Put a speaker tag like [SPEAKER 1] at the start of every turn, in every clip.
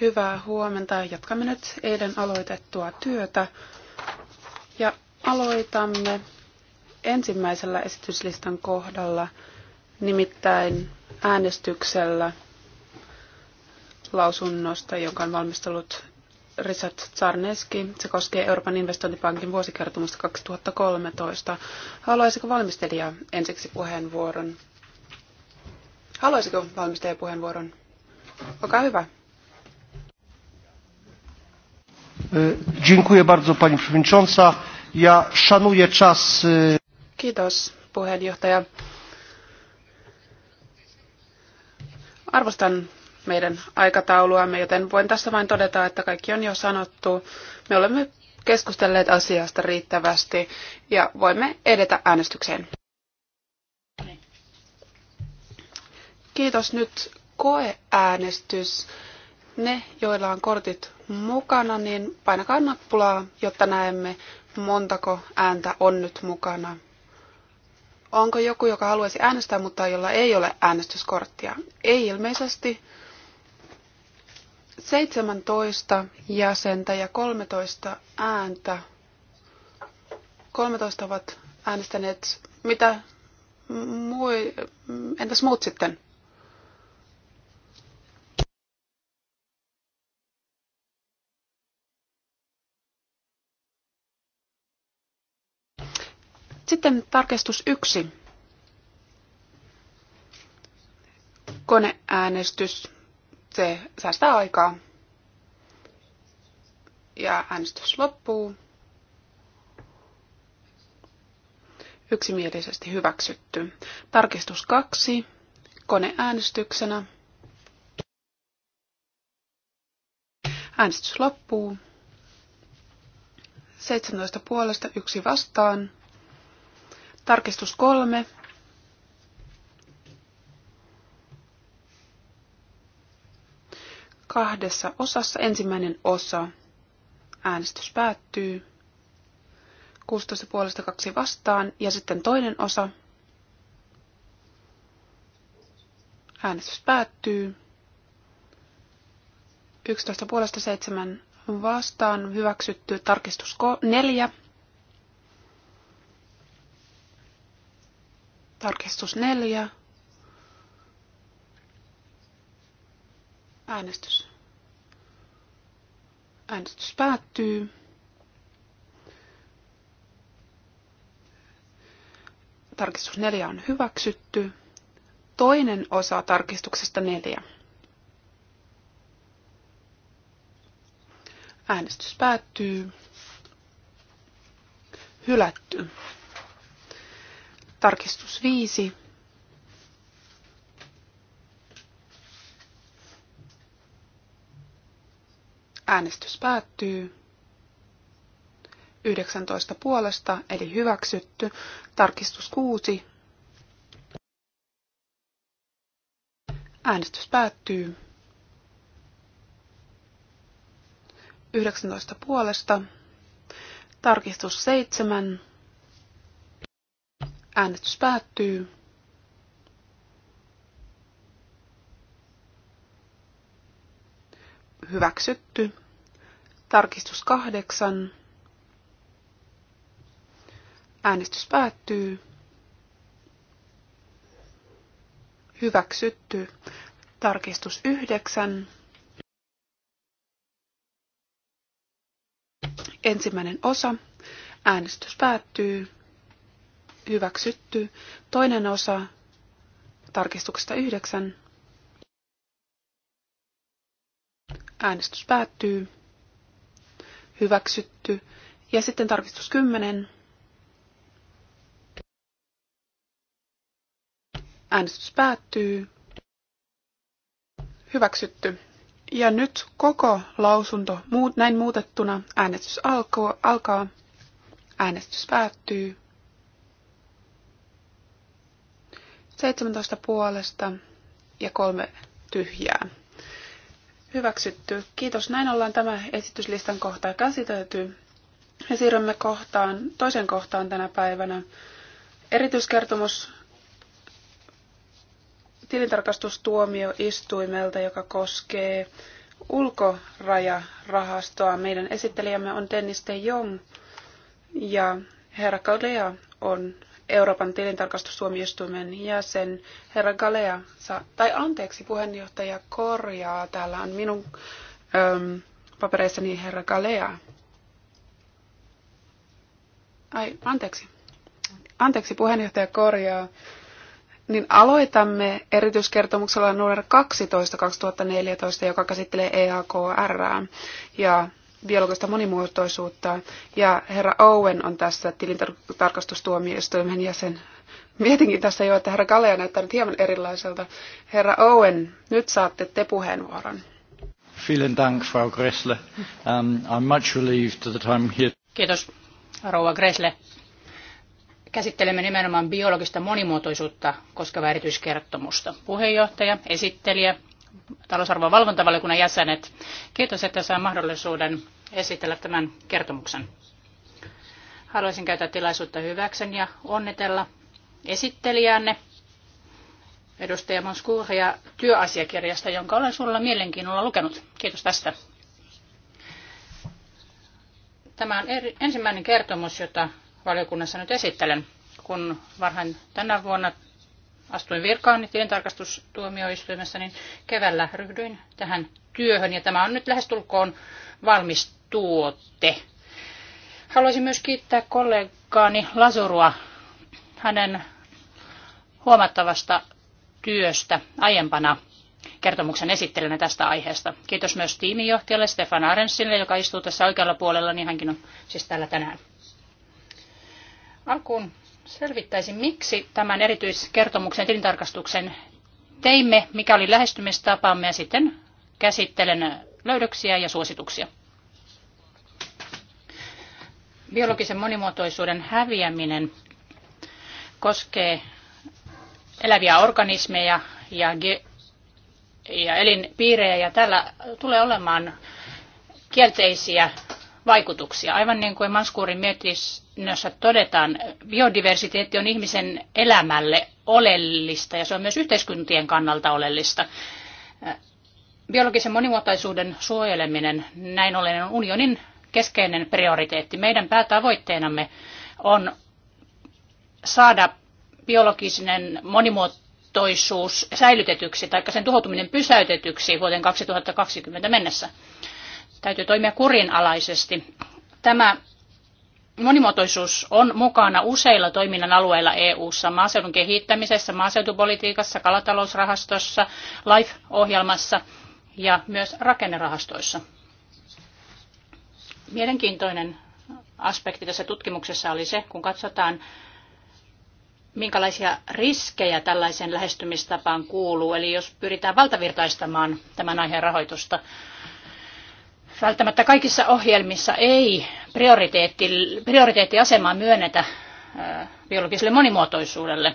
[SPEAKER 1] Hyvää huomenta. Jatkamme nyt eilen aloitettua työtä ja aloitamme ensimmäisellä esityslistan kohdalla, nimittäin äänestyksellä lausunnosta, jonka on valmistellut Richard Czarneski. Se koskee Euroopan investointipankin vuosikertomusta 2013. Haluaisiko valmistelija ensiksi puheenvuoron? Haluaisiko valmistaja puheenvuoron? Olkaa hyvä.
[SPEAKER 2] E, dziękuję bardzo pani przewodnicząca. Ja szanuję czas. E,
[SPEAKER 1] Kiitos puheenjohtaja. Arvostan meidän aikatauluamme, joten voin tässä vain todeta, että kaikki on jo sanottu. Me olemme keskustelleet asiasta riittävästi ja voimme edetä äänestykseen. Kiitos nyt koeäänestys. Ne, joilla on kortit mukana, niin painakaa nappulaa, jotta näemme, montako ääntä on nyt mukana. Onko joku, joka haluaisi äänestää, mutta jolla ei ole äänestyskorttia? Ei ilmeisesti. 17 jäsentä ja 13 ääntä. 13 ovat äänestäneet. Mitä? Mui, entäs muut sitten? Sitten tarkistus yksi. Koneäänestys. Se säästää aikaa. Ja äänestys loppuu. Yksimielisesti hyväksytty. Tarkistus kaksi. Koneäänestyksenä. Äänestys loppuu. 17 puolesta yksi vastaan. Tarkistus kolme. Kahdessa osassa ensimmäinen osa. Äänestys päättyy. 16 puolesta kaksi vastaan ja sitten toinen osa. Äänestys päättyy. 11 puolesta 7 vastaan hyväksytty tarkistus 4 Tarkistus neljä. Äänestys. Äänestys päättyy. Tarkistus neljä on hyväksytty. Toinen osa tarkistuksesta neljä. Äänestys päättyy. Hylätty. Tarkistus 5. Äänestys päättyy. 19 puolesta, eli hyväksytty. Tarkistus 6. Äänestys päättyy. 19 puolesta. Tarkistus 7. Äänestys päättyy. Hyväksytty. Tarkistus kahdeksan. Äänestys päättyy. Hyväksytty. Tarkistus yhdeksän. Ensimmäinen osa. Äänestys päättyy hyväksytty. Toinen osa tarkistuksesta yhdeksän. Äänestys päättyy. Hyväksytty. Ja sitten tarkistus kymmenen Äänestys päättyy. Hyväksytty. Ja nyt koko lausunto näin muutettuna. Äänestys alkaa. Äänestys päättyy. 17 puolesta ja kolme tyhjää. Hyväksytty. Kiitos. Näin ollaan tämä esityslistan kohta käsitelty. Ja siirrymme kohtaan, toisen kohtaan tänä päivänä. Erityiskertomus tilintarkastustuomioistuimelta, joka koskee ulkorajarahastoa. Meidän esittelijämme on Dennis de Jong ja herra Kalea on Euroopan tilintarkastustuomioistuimen jäsen herra Galea, tai anteeksi puheenjohtaja korjaa, täällä on minun äm, papereissani herra Galea. Ai, anteeksi. Anteeksi, puheenjohtaja korjaa. Niin aloitamme erityiskertomuksella numero 12 2014, joka käsittelee EAKR. Ja biologista monimuotoisuutta. Ja herra Owen on tässä tilintarkastustuomioistuimen jäsen. Mietinkin tässä jo, että herra Galea näyttää nyt hieman erilaiselta. Herra Owen, nyt saatte te puheenvuoron.
[SPEAKER 3] Vielen Dank, Frau Gressle. Um, I'm much relieved that I'm here.
[SPEAKER 2] Kiitos, rouva Gressle. Käsittelemme nimenomaan biologista monimuotoisuutta koskevaa erityiskertomusta. Puheenjohtaja, esittelijä talousarvon valvontavaliokunnan jäsenet. Kiitos, että saan mahdollisuuden esitellä tämän kertomuksen. Haluaisin käyttää tilaisuutta hyväkseni ja onnitella esittelijänne, edustaja Monskuuria, työasiakirjasta, jonka olen sulla mielenkiinnolla lukenut. Kiitos tästä. Tämä on eri, ensimmäinen kertomus, jota valiokunnassa nyt esittelen, kun varhain tänä vuonna astuin virkaani niin tilintarkastustuomioistuimessa, niin keväällä ryhdyin tähän työhön ja tämä on nyt lähestulkoon valmis tuote. Haluaisin myös kiittää kollegaani Lasurua hänen huomattavasta työstä aiempana kertomuksen esittelynä tästä aiheesta. Kiitos myös tiimijohtajalle Stefan Arensille, joka istuu tässä oikealla puolella, niin hänkin on siis täällä tänään. Alkuun selvittäisin, miksi tämän erityiskertomuksen tilintarkastuksen teimme, mikä oli lähestymistapamme ja sitten käsittelen löydöksiä ja suosituksia. Biologisen monimuotoisuuden häviäminen koskee eläviä organismeja ja, ja elinpiirejä ja tällä tulee olemaan kielteisiä vaikutuksia. Aivan niin kuin Manskuurin mietinnössä todetaan, biodiversiteetti on ihmisen elämälle oleellista ja se on myös yhteiskuntien kannalta oleellista. Biologisen monimuotoisuuden suojeleminen näin ollen on unionin keskeinen prioriteetti. Meidän päätavoitteenamme on saada biologinen monimuotoisuus säilytetyksi tai sen tuhoutuminen pysäytetyksi vuoteen 2020 mennessä. Täytyy toimia kurinalaisesti. Tämä monimuotoisuus on mukana useilla toiminnan alueilla EU-ssa, maaseudun kehittämisessä, maaseutupolitiikassa, kalatalousrahastossa, LIFE-ohjelmassa ja myös rakennerahastoissa. Mielenkiintoinen aspekti tässä tutkimuksessa oli se, kun katsotaan, minkälaisia riskejä tällaiseen lähestymistapaan kuuluu. Eli jos pyritään valtavirtaistamaan tämän aiheen rahoitusta, Välttämättä kaikissa ohjelmissa ei prioriteetti, prioriteettiasemaa myönnetä biologiselle monimuotoisuudelle.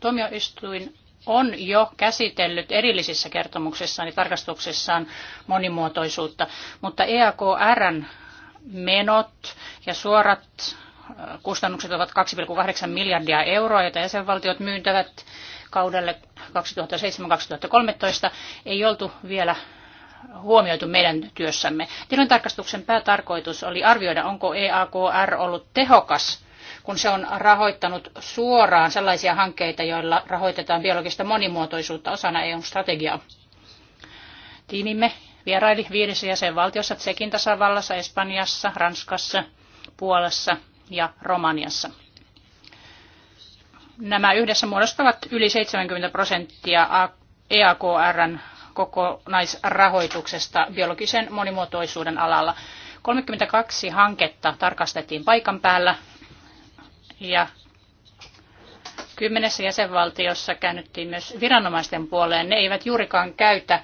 [SPEAKER 2] Tuomioistuin on jo käsitellyt erillisissä kertomuksissaan ja tarkastuksissaan monimuotoisuutta, mutta EAKRn menot ja suorat kustannukset ovat 2,8 miljardia euroa, jota jäsenvaltiot myyntävät kaudelle 2007-2013. Ei oltu vielä huomioitu meidän työssämme. Tilintarkastuksen päätarkoitus oli arvioida, onko EAKR ollut tehokas, kun se on rahoittanut suoraan sellaisia hankkeita, joilla rahoitetaan biologista monimuotoisuutta osana EUn strategiaa. Tiimimme vieraili viidessä jäsenvaltiossa, Tsekin tasavallassa, Espanjassa, Ranskassa, Puolassa ja Romaniassa. Nämä yhdessä muodostavat yli 70 prosenttia EAKRn kokonaisrahoituksesta biologisen monimuotoisuuden alalla. 32 hanketta tarkastettiin paikan päällä ja kymmenessä jäsenvaltiossa käännyttiin myös viranomaisten puoleen. Ne eivät juurikaan käytä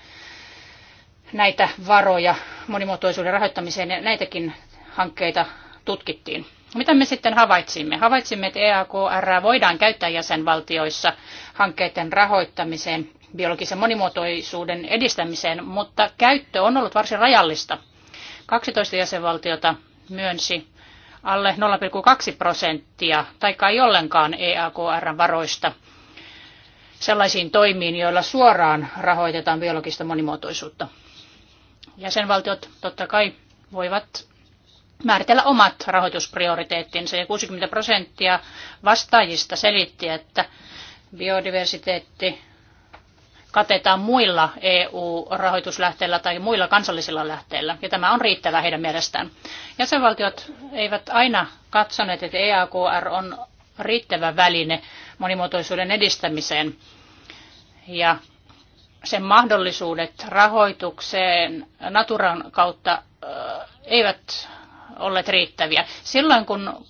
[SPEAKER 2] näitä varoja monimuotoisuuden rahoittamiseen ja näitäkin hankkeita tutkittiin. Mitä me sitten havaitsimme? Havaitsimme, että EAKR voidaan käyttää jäsenvaltioissa hankkeiden rahoittamiseen biologisen monimuotoisuuden edistämiseen, mutta käyttö on ollut varsin rajallista. 12 jäsenvaltiota myönsi alle 0,2 prosenttia, tai ei ollenkaan EAKRn varoista, sellaisiin toimiin, joilla suoraan rahoitetaan biologista monimuotoisuutta. Jäsenvaltiot totta kai voivat määritellä omat rahoitusprioriteettinsa, ja 60 prosenttia vastaajista selitti, että biodiversiteetti katetaan muilla EU-rahoituslähteillä tai muilla kansallisilla lähteillä, ja tämä on riittävää heidän mielestään. Jäsenvaltiot eivät aina katsoneet, että EAKR on riittävä väline monimuotoisuuden edistämiseen ja sen mahdollisuudet rahoitukseen Naturan kautta eivät olleet riittäviä. Silloin kun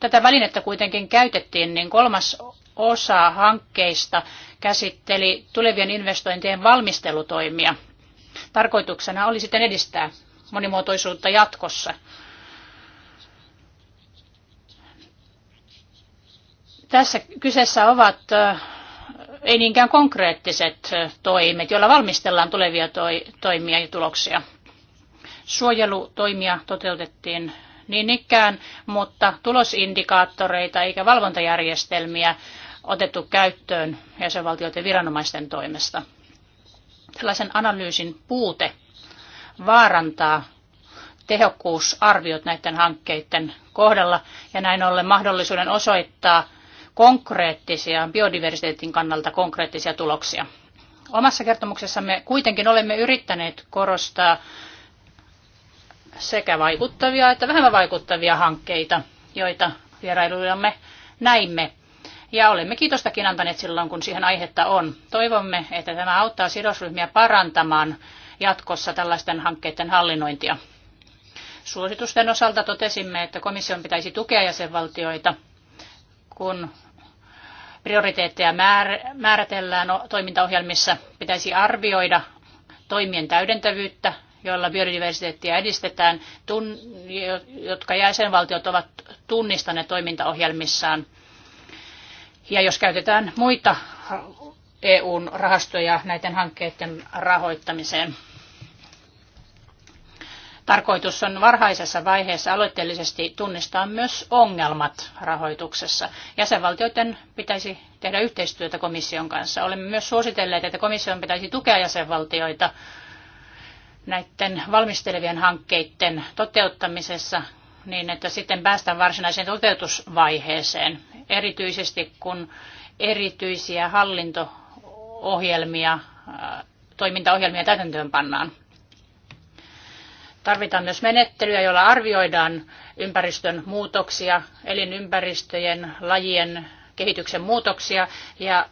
[SPEAKER 2] tätä välinettä kuitenkin käytettiin, niin kolmas osa hankkeista käsitteli tulevien investointien valmistelutoimia. Tarkoituksena oli sitten edistää monimuotoisuutta jatkossa. Tässä kyseessä ovat ei niinkään konkreettiset toimet, joilla valmistellaan tulevia toi, toimia ja tuloksia. Suojelutoimia toteutettiin niin ikään, mutta tulosindikaattoreita eikä valvontajärjestelmiä otettu käyttöön jäsenvaltioiden viranomaisten toimesta. Tällaisen analyysin puute vaarantaa tehokkuusarviot näiden hankkeiden kohdalla ja näin ollen mahdollisuuden osoittaa konkreettisia, biodiversiteetin kannalta konkreettisia tuloksia. Omassa kertomuksessamme kuitenkin olemme yrittäneet korostaa sekä vaikuttavia että vähemmän vaikuttavia hankkeita, joita vierailuillamme näimme. Ja olemme kiitostakin antaneet silloin, kun siihen aihetta on. Toivomme, että tämä auttaa sidosryhmiä parantamaan jatkossa tällaisten hankkeiden hallinnointia. Suositusten osalta totesimme, että komission pitäisi tukea jäsenvaltioita, kun prioriteetteja määritellään toimintaohjelmissa, pitäisi arvioida toimien täydentävyyttä joilla biodiversiteettiä edistetään, tun, jotka jäsenvaltiot ovat tunnistaneet toimintaohjelmissaan. Ja jos käytetään muita EUn rahastoja näiden hankkeiden rahoittamiseen. Tarkoitus on varhaisessa vaiheessa aloitteellisesti tunnistaa myös ongelmat rahoituksessa. Jäsenvaltioiden pitäisi tehdä yhteistyötä komission kanssa. Olemme myös suositelleet, että komission pitäisi tukea jäsenvaltioita näiden valmistelevien hankkeiden toteuttamisessa niin, että sitten päästään varsinaiseen toteutusvaiheeseen, erityisesti kun erityisiä hallintoohjelmia, äh, toimintaohjelmia täytäntöön pannaan. Tarvitaan myös menettelyä, jolla arvioidaan ympäristön muutoksia, elinympäristöjen, lajien kehityksen muutoksia ja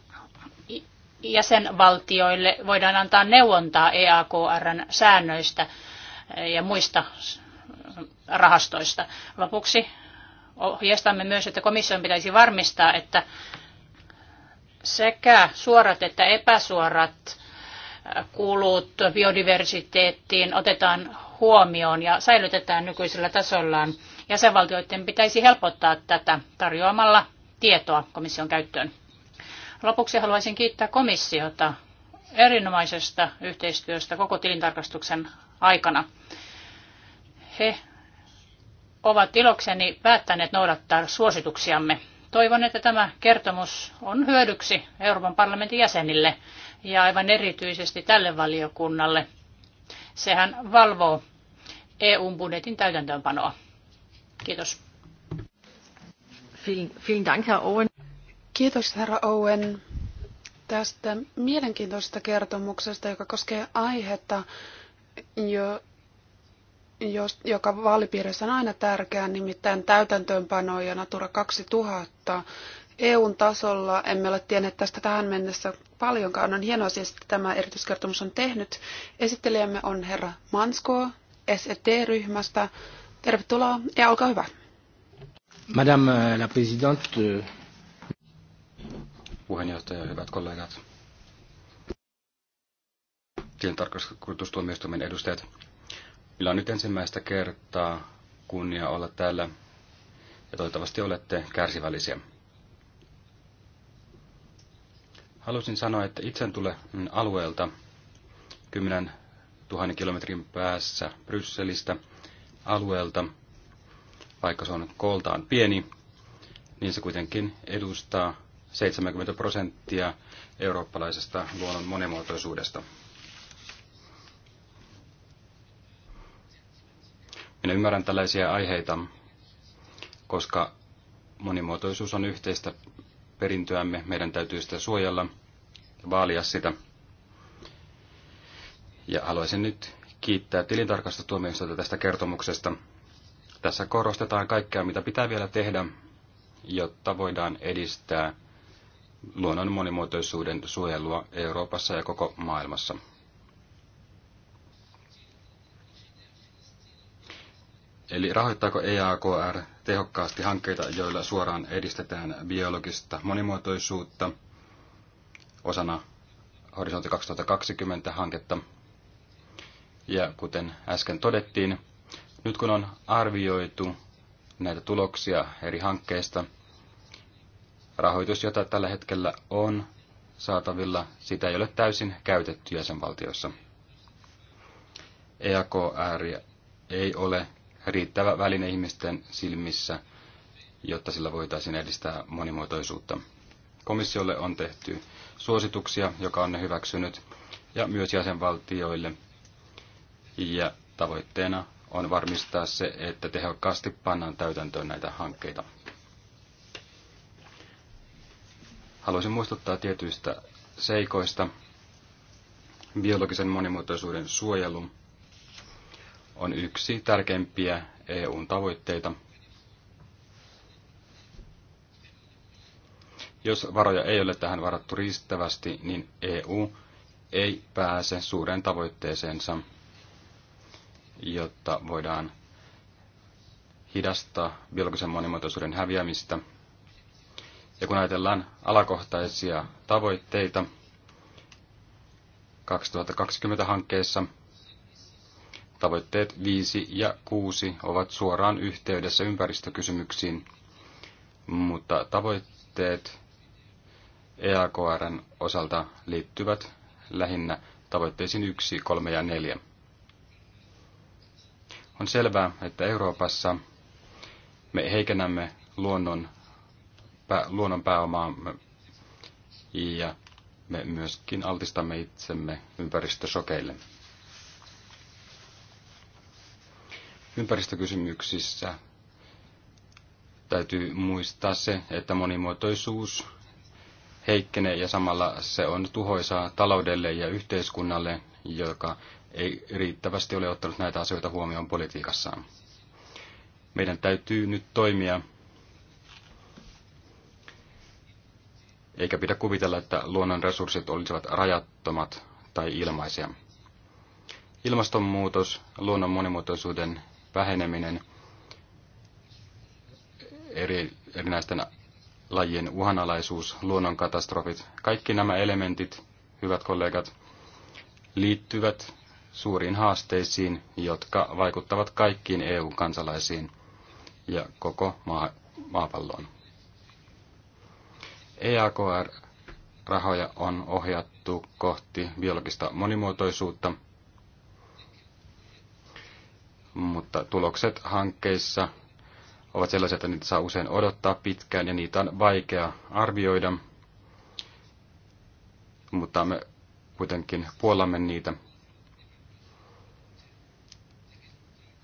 [SPEAKER 2] jäsenvaltioille voidaan antaa neuvontaa EAKRn säännöistä ja muista rahastoista. Lopuksi ohjeistamme myös, että komission pitäisi varmistaa, että sekä suorat että epäsuorat kulut biodiversiteettiin otetaan huomioon ja säilytetään nykyisellä tasollaan. Jäsenvaltioiden pitäisi helpottaa tätä tarjoamalla tietoa komission käyttöön. Lopuksi haluaisin kiittää komissiota erinomaisesta yhteistyöstä koko tilintarkastuksen aikana. He ovat ilokseni päättäneet noudattaa suosituksiamme. Toivon, että tämä kertomus on hyödyksi Euroopan parlamentin jäsenille ja aivan erityisesti tälle valiokunnalle. Sehän valvoo EU-budjetin täytäntöönpanoa. Kiitos. Vielen, vielen Dank, Herr Owen. Kiitos herra
[SPEAKER 1] Owen
[SPEAKER 2] tästä mielenkiintoisesta
[SPEAKER 1] kertomuksesta, joka koskee aihetta, jo, jo, joka vaalipiirissä on aina tärkeää, nimittäin täytäntöönpano ja Natura 2000. EUn tasolla emme ole tienneet tästä tähän mennessä paljonkaan. On hienoa siis, että tämä erityiskertomus on tehnyt. Esittelijämme on herra Mansko SET-ryhmästä. Tervetuloa ja olkaa hyvä.
[SPEAKER 4] Madame la présidente, puheenjohtaja, hyvät kollegat, tilintarkastustuomioistuimen edustajat. Meillä on nyt ensimmäistä kertaa kunnia olla täällä ja toivottavasti olette kärsivällisiä. Halusin sanoa, että itse tule alueelta 10 000 kilometrin päässä Brysselistä alueelta, vaikka se on koltaan pieni, niin se kuitenkin edustaa 70 prosenttia eurooppalaisesta luonnon monimuotoisuudesta. Minä ymmärrän tällaisia aiheita, koska monimuotoisuus on yhteistä perintöämme. Meidän täytyy sitä suojella ja vaalia sitä. Ja haluaisin nyt kiittää tilintarkastustuomioistuinta tästä kertomuksesta. Tässä korostetaan kaikkea, mitä pitää vielä tehdä, jotta voidaan edistää luonnon monimuotoisuuden suojelua Euroopassa ja koko maailmassa. Eli rahoittaako EAKR tehokkaasti hankkeita, joilla suoraan edistetään biologista monimuotoisuutta osana Horisontti 2020-hanketta? Ja kuten äsken todettiin, nyt kun on arvioitu näitä tuloksia eri hankkeista – rahoitus, jota tällä hetkellä on saatavilla, sitä ei ole täysin käytetty jäsenvaltioissa. EAKR ei ole riittävä väline ihmisten silmissä, jotta sillä voitaisiin edistää monimuotoisuutta. Komissiolle on tehty suosituksia, joka on ne hyväksynyt, ja myös jäsenvaltioille. Ja tavoitteena on varmistaa se, että tehokkaasti pannaan täytäntöön näitä hankkeita. Haluaisin muistuttaa tietyistä seikoista. Biologisen monimuotoisuuden suojelu on yksi tärkeimpiä EUn tavoitteita. Jos varoja ei ole tähän varattu riittävästi, niin EU ei pääse suureen tavoitteeseensa, jotta voidaan hidastaa biologisen monimuotoisuuden häviämistä – ja kun ajatellaan alakohtaisia tavoitteita 2020 hankkeessa tavoitteet 5 ja 6 ovat suoraan yhteydessä ympäristökysymyksiin, mutta tavoitteet EAKRn osalta liittyvät lähinnä tavoitteisiin 1, 3 ja 4. On selvää, että Euroopassa me heikennämme luonnon luonnon pääomaamme ja me myöskin altistamme itsemme ympäristösokeille. Ympäristökysymyksissä täytyy muistaa se, että monimuotoisuus heikkenee ja samalla se on tuhoisaa taloudelle ja yhteiskunnalle, joka ei riittävästi ole ottanut näitä asioita huomioon politiikassaan. Meidän täytyy nyt toimia eikä pidä kuvitella, että luonnon resurssit olisivat rajattomat tai ilmaisia. Ilmastonmuutos, luonnon monimuotoisuuden väheneminen, eri, erinäisten lajien uhanalaisuus, luonnonkatastrofit, kaikki nämä elementit, hyvät kollegat, liittyvät suuriin haasteisiin, jotka vaikuttavat kaikkiin EU-kansalaisiin ja koko maa, maapalloon. EAKR-rahoja on ohjattu kohti biologista monimuotoisuutta, mutta tulokset hankkeissa ovat sellaisia, että niitä saa usein odottaa pitkään ja niitä on vaikea arvioida, mutta me kuitenkin puolamme niitä.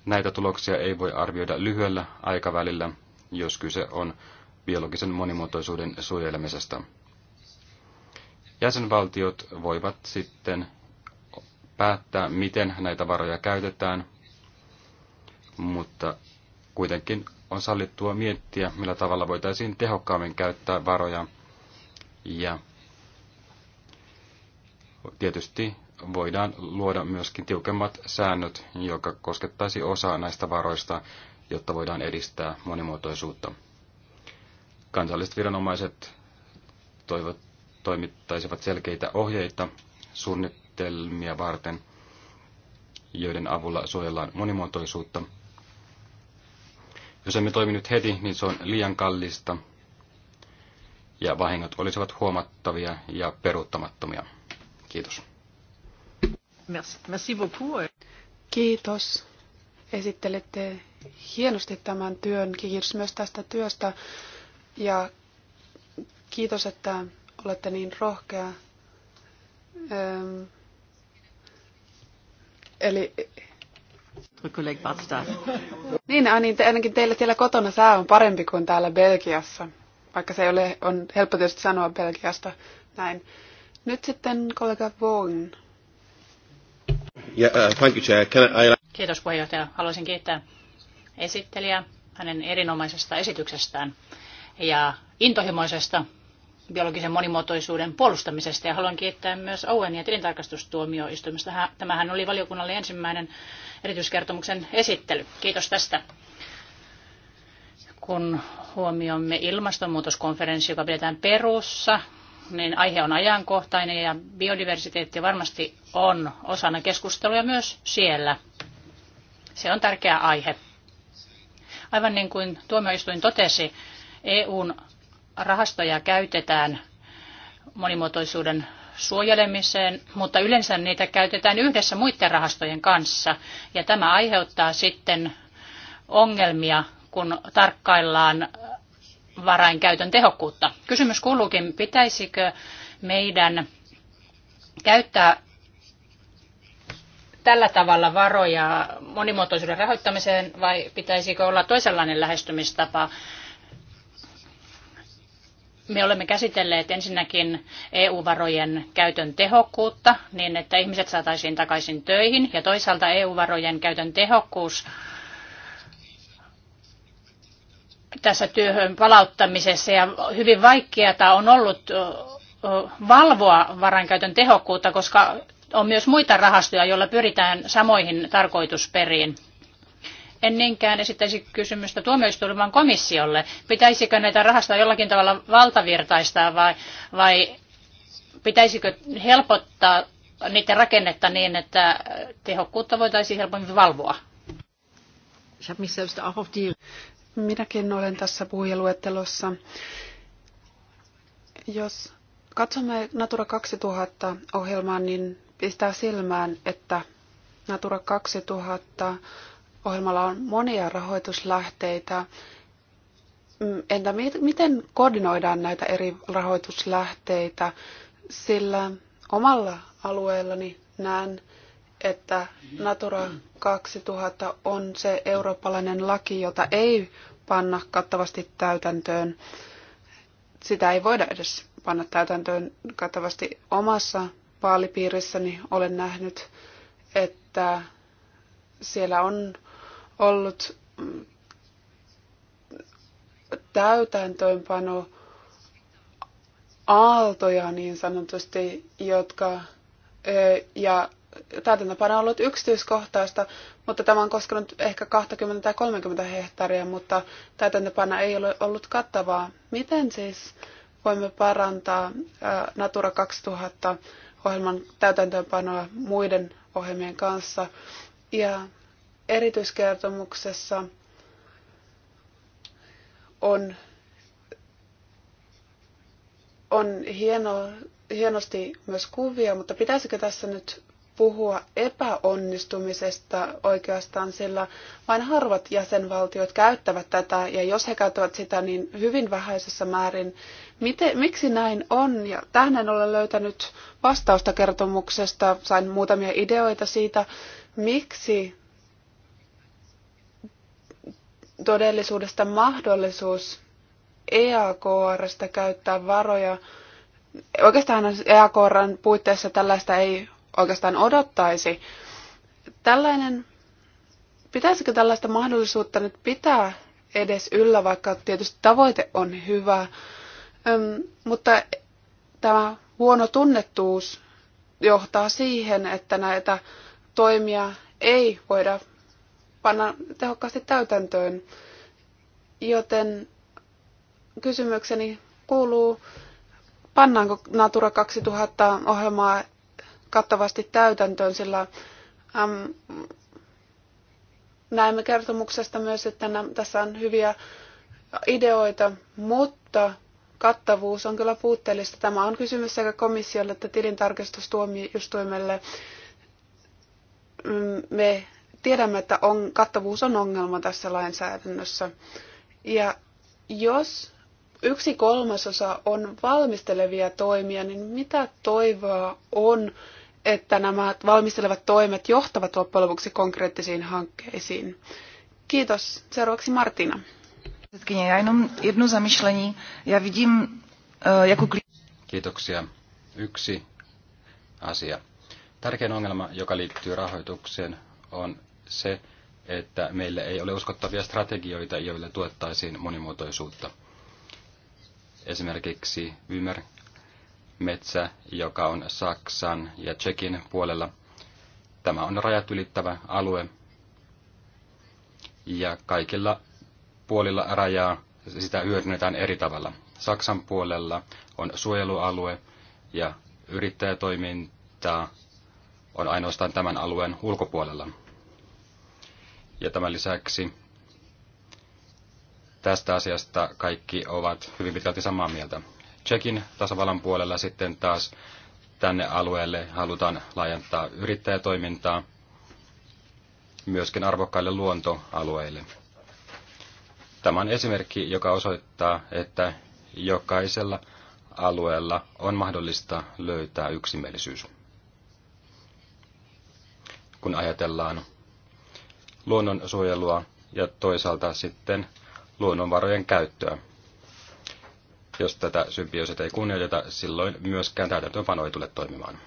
[SPEAKER 4] Näitä tuloksia ei voi arvioida lyhyellä aikavälillä, jos kyse on biologisen monimuotoisuuden suojelemisesta. Jäsenvaltiot voivat sitten päättää, miten näitä varoja käytetään, mutta kuitenkin on sallittua miettiä, millä tavalla voitaisiin tehokkaammin käyttää varoja. Ja tietysti voidaan luoda myöskin tiukemmat säännöt, joka koskettaisi osaa näistä varoista, jotta voidaan edistää monimuotoisuutta kansalliset viranomaiset toivot, toimittaisivat selkeitä ohjeita suunnitelmia varten, joiden avulla suojellaan monimuotoisuutta. Jos emme toimi nyt heti, niin se on liian kallista ja vahingot olisivat huomattavia ja peruuttamattomia. Kiitos.
[SPEAKER 1] Merci beaucoup. Kiitos. Esittelette hienosti tämän työn. Kiitos myös tästä työstä. Ja kiitos, että olette niin rohkea. Öm, eli... Niin, niin ainakin teillä siellä kotona sää on parempi kuin täällä Belgiassa, vaikka se ei ole, on helppo tietysti sanoa Belgiasta näin. Nyt sitten kollega Vaughan.
[SPEAKER 5] Yeah, uh, I...
[SPEAKER 2] Kiitos puheenjohtaja. Haluaisin kiittää esittelijää hänen erinomaisesta esityksestään ja intohimoisesta biologisen monimuotoisuuden puolustamisesta. Ja haluan kiittää myös Owen ja tilintarkastustuomioistuimesta. Tämähän oli valiokunnalle ensimmäinen erityiskertomuksen esittely. Kiitos tästä. Kun huomioimme ilmastonmuutoskonferenssi, joka pidetään Perussa, niin aihe on ajankohtainen ja biodiversiteetti varmasti on osana keskustelua myös siellä. Se on tärkeä aihe. Aivan niin kuin tuomioistuin totesi, EUn rahastoja käytetään monimuotoisuuden suojelemiseen, mutta yleensä niitä käytetään yhdessä muiden rahastojen kanssa. Ja tämä aiheuttaa sitten ongelmia, kun tarkkaillaan varainkäytön tehokkuutta. Kysymys kuuluukin, pitäisikö meidän käyttää tällä tavalla varoja monimuotoisuuden rahoittamiseen vai pitäisikö olla toisenlainen lähestymistapa me olemme käsitelleet ensinnäkin EU-varojen käytön tehokkuutta niin, että ihmiset saataisiin takaisin töihin ja toisaalta EU-varojen käytön tehokkuus tässä työhön palauttamisessa ja hyvin vaikeata on ollut valvoa varankäytön tehokkuutta, koska on myös muita rahastoja, joilla pyritään samoihin tarkoitusperiin. En niinkään esittäisi kysymystä tuomioistuiman komissiolle. Pitäisikö näitä rahastoja jollakin tavalla valtavirtaistaa vai, vai pitäisikö helpottaa niiden rakennetta niin, että tehokkuutta voitaisiin helpommin valvoa?
[SPEAKER 1] Minäkin olen tässä puhujaluettelossa. Jos katsomme Natura 2000-ohjelmaa, niin pistää silmään, että Natura 2000 ohjelmalla on monia rahoituslähteitä. Mm, entä miten koordinoidaan näitä eri rahoituslähteitä? Sillä omalla alueellani näen, että Natura 2000 on se eurooppalainen laki, jota ei panna kattavasti täytäntöön. Sitä ei voida edes panna täytäntöön kattavasti omassa vaalipiirissäni. Olen nähnyt, että siellä on ollut täytäntöönpano aaltoja niin sanotusti, jotka ja täytäntöpano on ollut yksityiskohtaista, mutta tämä on koskenut ehkä 20 tai 30 hehtaaria, mutta täytäntöpano ei ole ollut kattavaa. Miten siis voimme parantaa Natura 2000 ohjelman täytäntöönpanoa muiden ohjelmien kanssa? Ja erityiskertomuksessa on, on hieno, hienosti myös kuvia, mutta pitäisikö tässä nyt puhua epäonnistumisesta oikeastaan, sillä vain harvat jäsenvaltiot käyttävät tätä, ja jos he käyttävät sitä, niin hyvin vähäisessä määrin. Miten, miksi näin on? Ja tähän en ole löytänyt vastausta kertomuksesta, sain muutamia ideoita siitä, miksi todellisuudesta mahdollisuus EAKRstä käyttää varoja. Oikeastaan EAKRn puitteissa tällaista ei oikeastaan odottaisi. Tällainen, pitäisikö tällaista mahdollisuutta nyt pitää edes yllä, vaikka tietysti tavoite on hyvä, Öm, mutta tämä huono tunnettuus johtaa siihen, että näitä toimia ei voida panna tehokkaasti täytäntöön. Joten kysymykseni kuuluu, pannaanko Natura 2000-ohjelmaa kattavasti täytäntöön, sillä äm, näemme kertomuksesta myös, että nä, tässä on hyviä ideoita, mutta kattavuus on kyllä puutteellista. Tämä on kysymys sekä komissiolle että tilintarkastustuomioistuimelle. Mm, me tiedämme, että on, kattavuus on ongelma tässä lainsäädännössä. Ja jos yksi kolmasosa on valmistelevia toimia, niin mitä toivoa on, että nämä valmistelevat toimet johtavat loppujen lopuksi konkreettisiin hankkeisiin? Kiitos. Seuraavaksi Martina. Eh,
[SPEAKER 4] Kiitoksia. Yksi asia. Tärkein ongelma, joka liittyy rahoitukseen, on se, että meillä ei ole uskottavia strategioita, joilla tuettaisiin monimuotoisuutta. Esimerkiksi Ymer metsä, joka on Saksan ja Tsekin puolella. Tämä on rajat ylittävä alue. Ja kaikilla puolilla rajaa sitä hyödynnetään eri tavalla. Saksan puolella on suojelualue ja yrittäjätoimintaa on ainoastaan tämän alueen ulkopuolella. Ja tämän lisäksi tästä asiasta kaikki ovat hyvin pitkälti samaa mieltä. Tsekin tasavallan puolella sitten taas tänne alueelle halutaan laajentaa yrittäjätoimintaa myöskin arvokkaille luontoalueille. Tämä on esimerkki, joka osoittaa, että jokaisella alueella on mahdollista löytää yksimielisyys. Kun ajatellaan luonnonsuojelua ja toisaalta sitten luonnonvarojen käyttöä. Jos tätä symbioosia ei kunnioiteta, silloin myöskään täytäntöönpano ei tule toimimaan.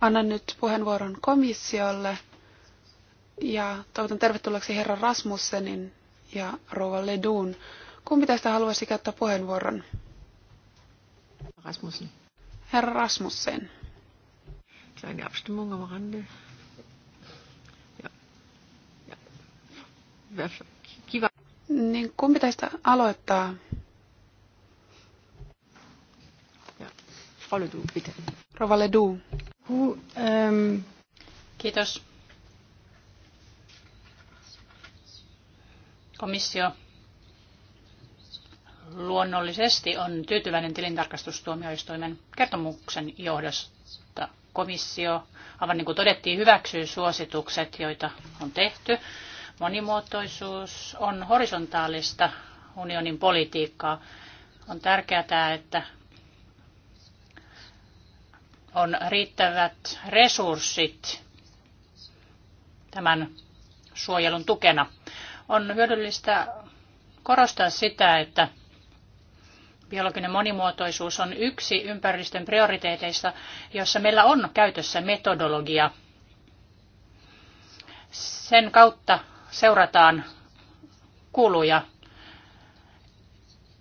[SPEAKER 1] Annan nyt puheenvuoron komissiolle ja toivotan tervetulleeksi herra Rasmussenin ja rouva Ledun. Kumpi tästä haluaisi käyttää puheenvuoron? Rasmussen. Herra Rasmussen. Kleine Abstimmung am Rande. Kiva. Niin kumpi tästä aloittaa?
[SPEAKER 2] Rova Ledu. Um, Kiitos. Komissio luonnollisesti on tyytyväinen tilintarkastustuomioistuimen kertomuksen johdosta. Komissio, aivan niin kuin todettiin, hyväksyy suositukset, joita on tehty. Monimuotoisuus on horisontaalista unionin politiikkaa. On tärkeää, että on riittävät resurssit tämän suojelun tukena. On hyödyllistä korostaa sitä, että biologinen monimuotoisuus on yksi ympäristön prioriteeteista, jossa meillä on käytössä metodologia. Sen kautta seurataan kuluja.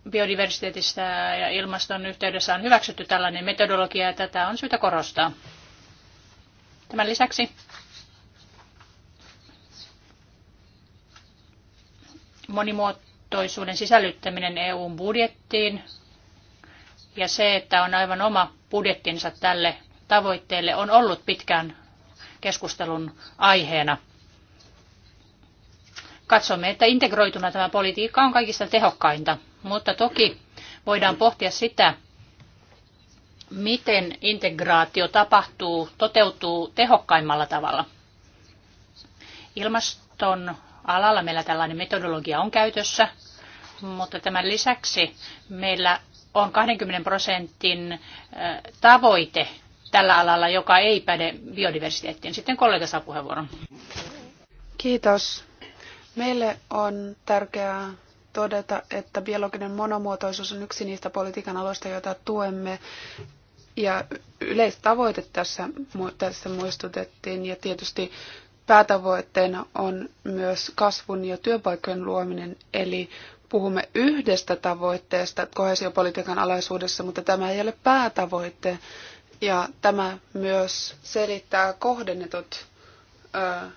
[SPEAKER 2] Biodiversiteetistä ja ilmaston yhteydessä on hyväksytty tällainen metodologia ja tätä on syytä korostaa. Tämän lisäksi monimuotoisuuden sisällyttäminen EUn budjettiin ja se, että on aivan oma budjettinsa tälle tavoitteelle, on ollut pitkään keskustelun aiheena – katsomme, että integroituna tämä politiikka on kaikista tehokkainta. Mutta toki voidaan pohtia sitä, miten integraatio tapahtuu, toteutuu tehokkaimmalla tavalla. Ilmaston alalla meillä tällainen metodologia on käytössä, mutta tämän lisäksi meillä on 20 prosentin tavoite tällä alalla, joka ei päde biodiversiteettiin. Sitten kollega saa puheenvuoron.
[SPEAKER 1] Kiitos. Meille on tärkeää todeta, että biologinen monomuotoisuus on yksi niistä politiikan aloista, joita tuemme. Ja yleistavoite tässä, tässä muistutettiin ja tietysti päätavoitteena on myös kasvun ja työpaikkojen luominen, eli puhumme yhdestä tavoitteesta kohesiopolitiikan alaisuudessa, mutta tämä ei ole päätavoite. Ja tämä myös selittää kohdennetut ö,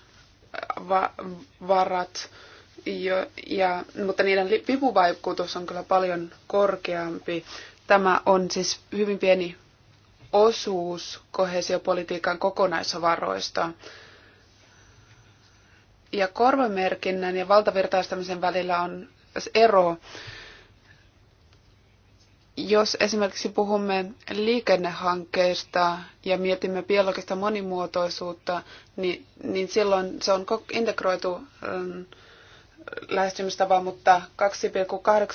[SPEAKER 1] va- varat, jo, ja, mutta niiden vipuvaikutus on kyllä paljon korkeampi. Tämä on siis hyvin pieni osuus kohesiopolitiikan kokonaisvaroista. Ja korvamerkinnän ja valtavirtaistamisen välillä on ero. Jos esimerkiksi puhumme liikennehankkeista ja mietimme biologista monimuotoisuutta, niin, niin silloin se on integroitu ähm, lähestymistapa, mutta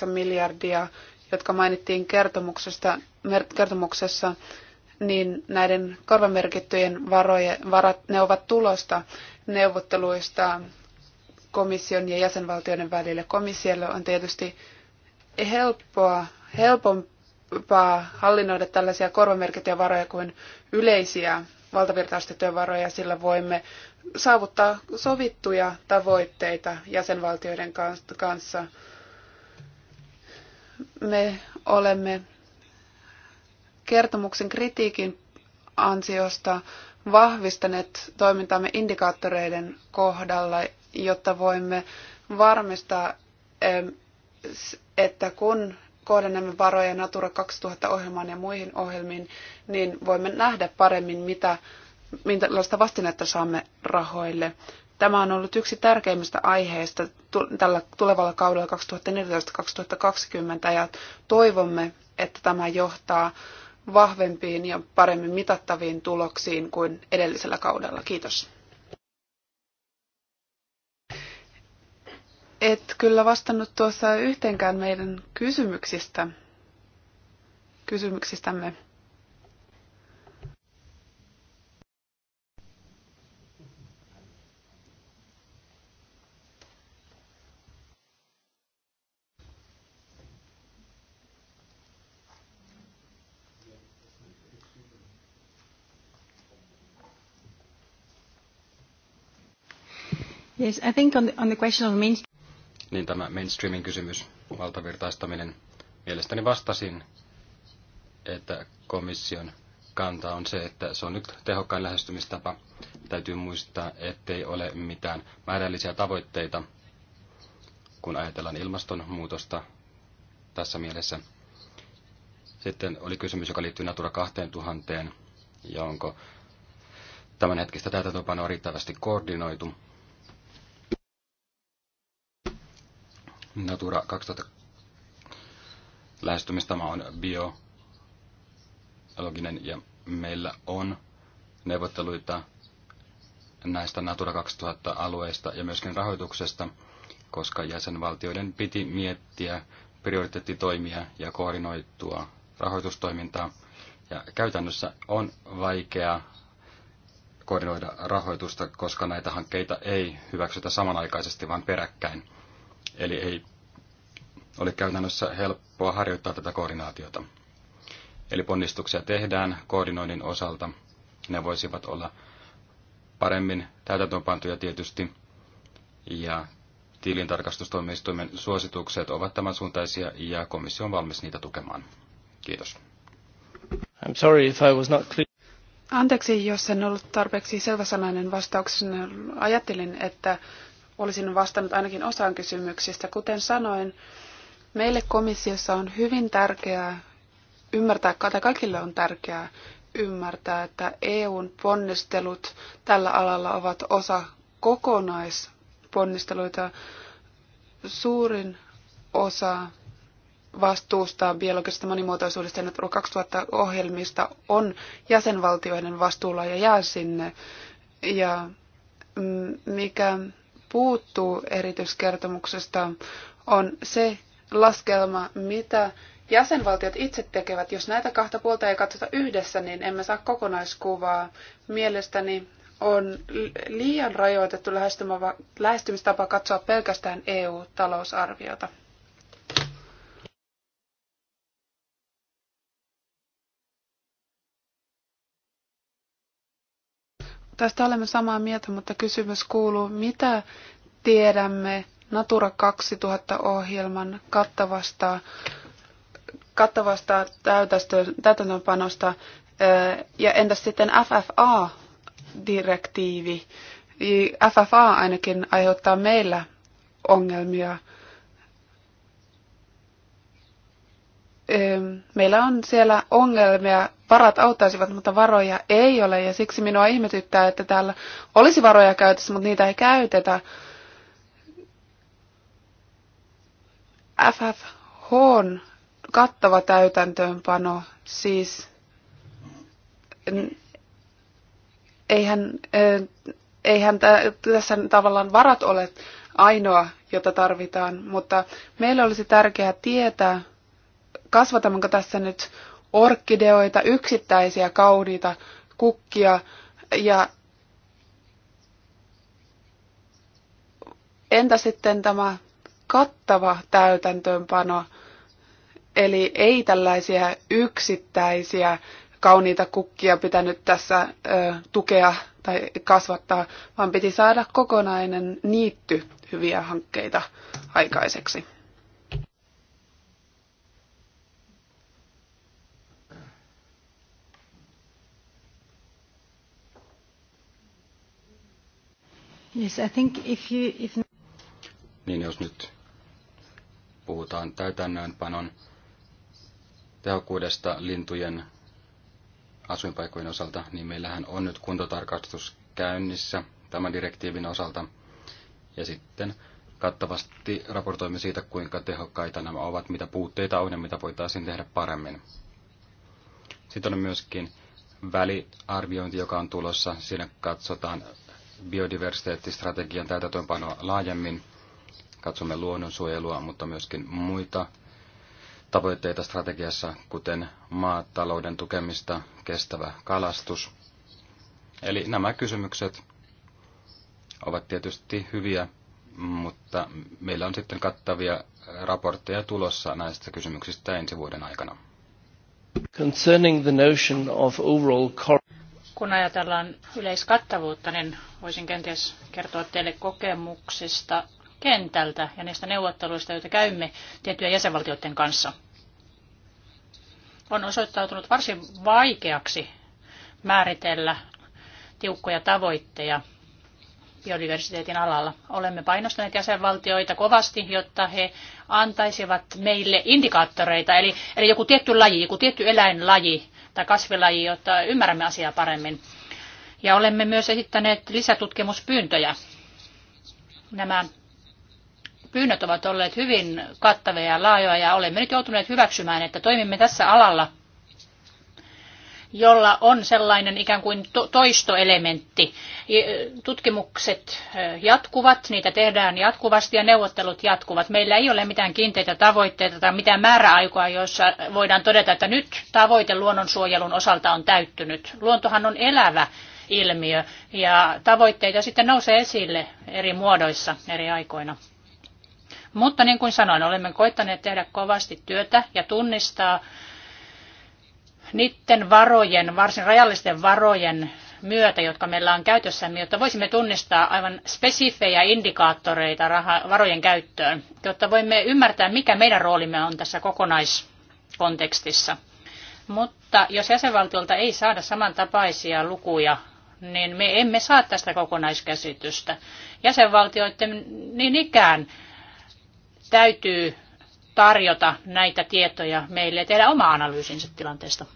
[SPEAKER 1] 2,8 miljardia, jotka mainittiin kertomuksesta, kertomuksessa, niin näiden korvamerkittyjen varoje, varat, ne ovat tulosta neuvotteluista komission ja jäsenvaltioiden välille. Komissiolle on tietysti helppoa helpompaa hallinnoida tällaisia korvamerkittyjä varoja kuin yleisiä valtavirtaistettuja varoja, sillä voimme saavuttaa sovittuja tavoitteita jäsenvaltioiden kanssa. Me olemme kertomuksen kritiikin ansiosta vahvistaneet toimintamme indikaattoreiden kohdalla, jotta voimme varmistaa, että kun kohdennamme varoja Natura 2000-ohjelmaan ja muihin ohjelmiin, niin voimme nähdä paremmin, mitä, minkälaista vastinetta saamme rahoille. Tämä on ollut yksi tärkeimmistä aiheista tällä tulevalla kaudella 2014-2020 ja toivomme, että tämä johtaa vahvempiin ja paremmin mitattaviin tuloksiin kuin edellisellä kaudella. Kiitos. et kyllä vastannut tuossa yhteenkään meidän kysymyksistä, kysymyksistämme.
[SPEAKER 2] Yes, I think on the, on the question of mainstream
[SPEAKER 4] niin tämä mainstreamin kysymys, valtavirtaistaminen, mielestäni vastasin, että komission kanta on se, että se on nyt tehokkain lähestymistapa. Täytyy muistaa, ettei ole mitään määrällisiä tavoitteita, kun ajatellaan ilmastonmuutosta tässä mielessä. Sitten oli kysymys, joka liittyy Natura 2000 ja onko tämänhetkistä täytäntöpanoa riittävästi koordinoitu. Natura 2000 lähestymistapa on biologinen ja meillä on neuvotteluita näistä Natura 2000 alueista ja myöskin rahoituksesta, koska jäsenvaltioiden piti miettiä prioriteettitoimia ja koordinoitua rahoitustoimintaa. Ja käytännössä on vaikea koordinoida rahoitusta, koska näitä hankkeita ei hyväksytä samanaikaisesti, vaan peräkkäin. Eli ei ole käytännössä helppoa harjoittaa tätä koordinaatiota. Eli ponnistuksia tehdään koordinoinnin osalta. Ne voisivat olla paremmin täytäntöönpantuja tietysti. Ja tilintarkastustoimistoimen suositukset ovat tämän suuntaisia ja komissio on valmis niitä tukemaan. Kiitos.
[SPEAKER 3] I'm sorry if I was not clear.
[SPEAKER 1] Anteeksi, jos en ollut tarpeeksi selväsanainen vastauksena. Ajattelin, että olisin vastannut ainakin osaan kysymyksistä. Kuten sanoin, meille komissiossa on hyvin tärkeää ymmärtää, tai kaikille on tärkeää ymmärtää, että EUn ponnistelut tällä alalla ovat osa kokonaisponnisteluita. Suurin osa vastuusta biologisesta monimuotoisuudesta ja 2000 ohjelmista on jäsenvaltioiden vastuulla ja jää sinne. Ja mikä puuttuu erityiskertomuksesta, on se laskelma, mitä jäsenvaltiot itse tekevät. Jos näitä kahta puolta ei katsota yhdessä, niin emme saa kokonaiskuvaa. Mielestäni on liian rajoitettu lähestymistapa katsoa pelkästään EU-talousarviota. Tästä olemme samaa mieltä, mutta kysymys kuuluu, mitä tiedämme Natura 2000-ohjelman kattavasta, kattavasta täytäntöönpanosta eh, ja entäs sitten FFA-direktiivi? FFA ainakin aiheuttaa meillä ongelmia. meillä on siellä ongelmia, varat auttaisivat, mutta varoja ei ole ja siksi minua ihmetyttää, että täällä olisi varoja käytössä, mutta niitä ei käytetä. FFH on kattava täytäntöönpano, siis eihän, eihän tässä tavallaan varat ole ainoa, jota tarvitaan, mutta meillä olisi tärkeää tietää, kasvatammeko tässä nyt orkideoita, yksittäisiä kauniita kukkia ja entä sitten tämä kattava täytäntöönpano, eli ei tällaisia yksittäisiä kauniita kukkia pitänyt tässä ö, tukea tai kasvattaa, vaan piti saada kokonainen niitty hyviä hankkeita aikaiseksi.
[SPEAKER 2] Yes, I think if you, if...
[SPEAKER 4] Niin jos nyt puhutaan täytännöönpanon tehokkuudesta lintujen asuinpaikkojen osalta, niin meillähän on nyt kuntotarkastus käynnissä tämän direktiivin osalta. Ja sitten kattavasti raportoimme siitä, kuinka tehokkaita nämä ovat, mitä puutteita on ja mitä voitaisiin tehdä paremmin. Sitten on myöskin väliarviointi, joka on tulossa. Siinä katsotaan biodiversiteettistrategian täytäntöönpanoa laajemmin. Katsomme luonnonsuojelua, mutta myöskin muita tavoitteita strategiassa, kuten maatalouden tukemista, kestävä kalastus. Eli nämä kysymykset ovat tietysti hyviä, mutta meillä on sitten kattavia raportteja tulossa näistä kysymyksistä ensi vuoden aikana.
[SPEAKER 3] Concerning the notion of overall
[SPEAKER 2] kun ajatellaan yleiskattavuutta, niin voisin kenties kertoa teille kokemuksista kentältä ja niistä neuvotteluista, joita käymme tiettyjen jäsenvaltioiden kanssa. On osoittautunut varsin vaikeaksi määritellä tiukkoja tavoitteja biodiversiteetin alalla. Olemme painostaneet jäsenvaltioita kovasti, jotta he antaisivat meille indikaattoreita, eli, eli joku tietty laji, joku tietty eläinlaji tai kasvilaji, jotta ymmärrämme asiaa paremmin. Ja olemme myös esittäneet lisätutkimuspyyntöjä. Nämä pyynnöt ovat olleet hyvin kattavia ja laajoja ja olemme nyt joutuneet hyväksymään, että toimimme tässä alalla jolla on sellainen ikään kuin toistoelementti. Tutkimukset jatkuvat, niitä tehdään jatkuvasti ja neuvottelut jatkuvat. Meillä ei ole mitään kiinteitä tavoitteita tai mitään määräaikoa, joissa voidaan todeta, että nyt tavoite luonnonsuojelun osalta on täyttynyt. Luontohan on elävä ilmiö ja tavoitteita sitten nousee esille eri muodoissa eri aikoina. Mutta niin kuin sanoin, olemme koittaneet tehdä kovasti työtä ja tunnistaa niiden varojen, varsin rajallisten varojen myötä, jotka meillä on käytössämme, niin jotta voisimme tunnistaa aivan spesifejä indikaattoreita varojen käyttöön, jotta voimme ymmärtää, mikä meidän roolimme on tässä kokonaiskontekstissa. Mutta jos jäsenvaltiolta ei saada samantapaisia lukuja, niin me emme saa tästä kokonaiskäsitystä. Jäsenvaltioiden niin ikään täytyy tarjota näitä tietoja meille ja tehdä oma analyysinsä tilanteesta.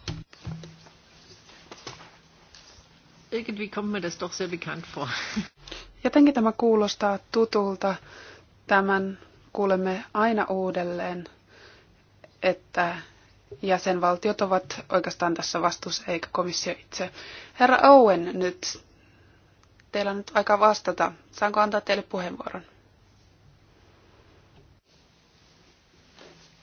[SPEAKER 2] Irgendwie kommt mir das doch sehr bekannt vor.
[SPEAKER 1] Jotenkin tämä kuulostaa tutulta. Tämän kuulemme aina uudelleen, että jäsenvaltiot ovat oikeastaan tässä vastuussa eikä komissio itse. Herra Owen nyt, teillä on nyt aika vastata. Saanko antaa teille puheenvuoron?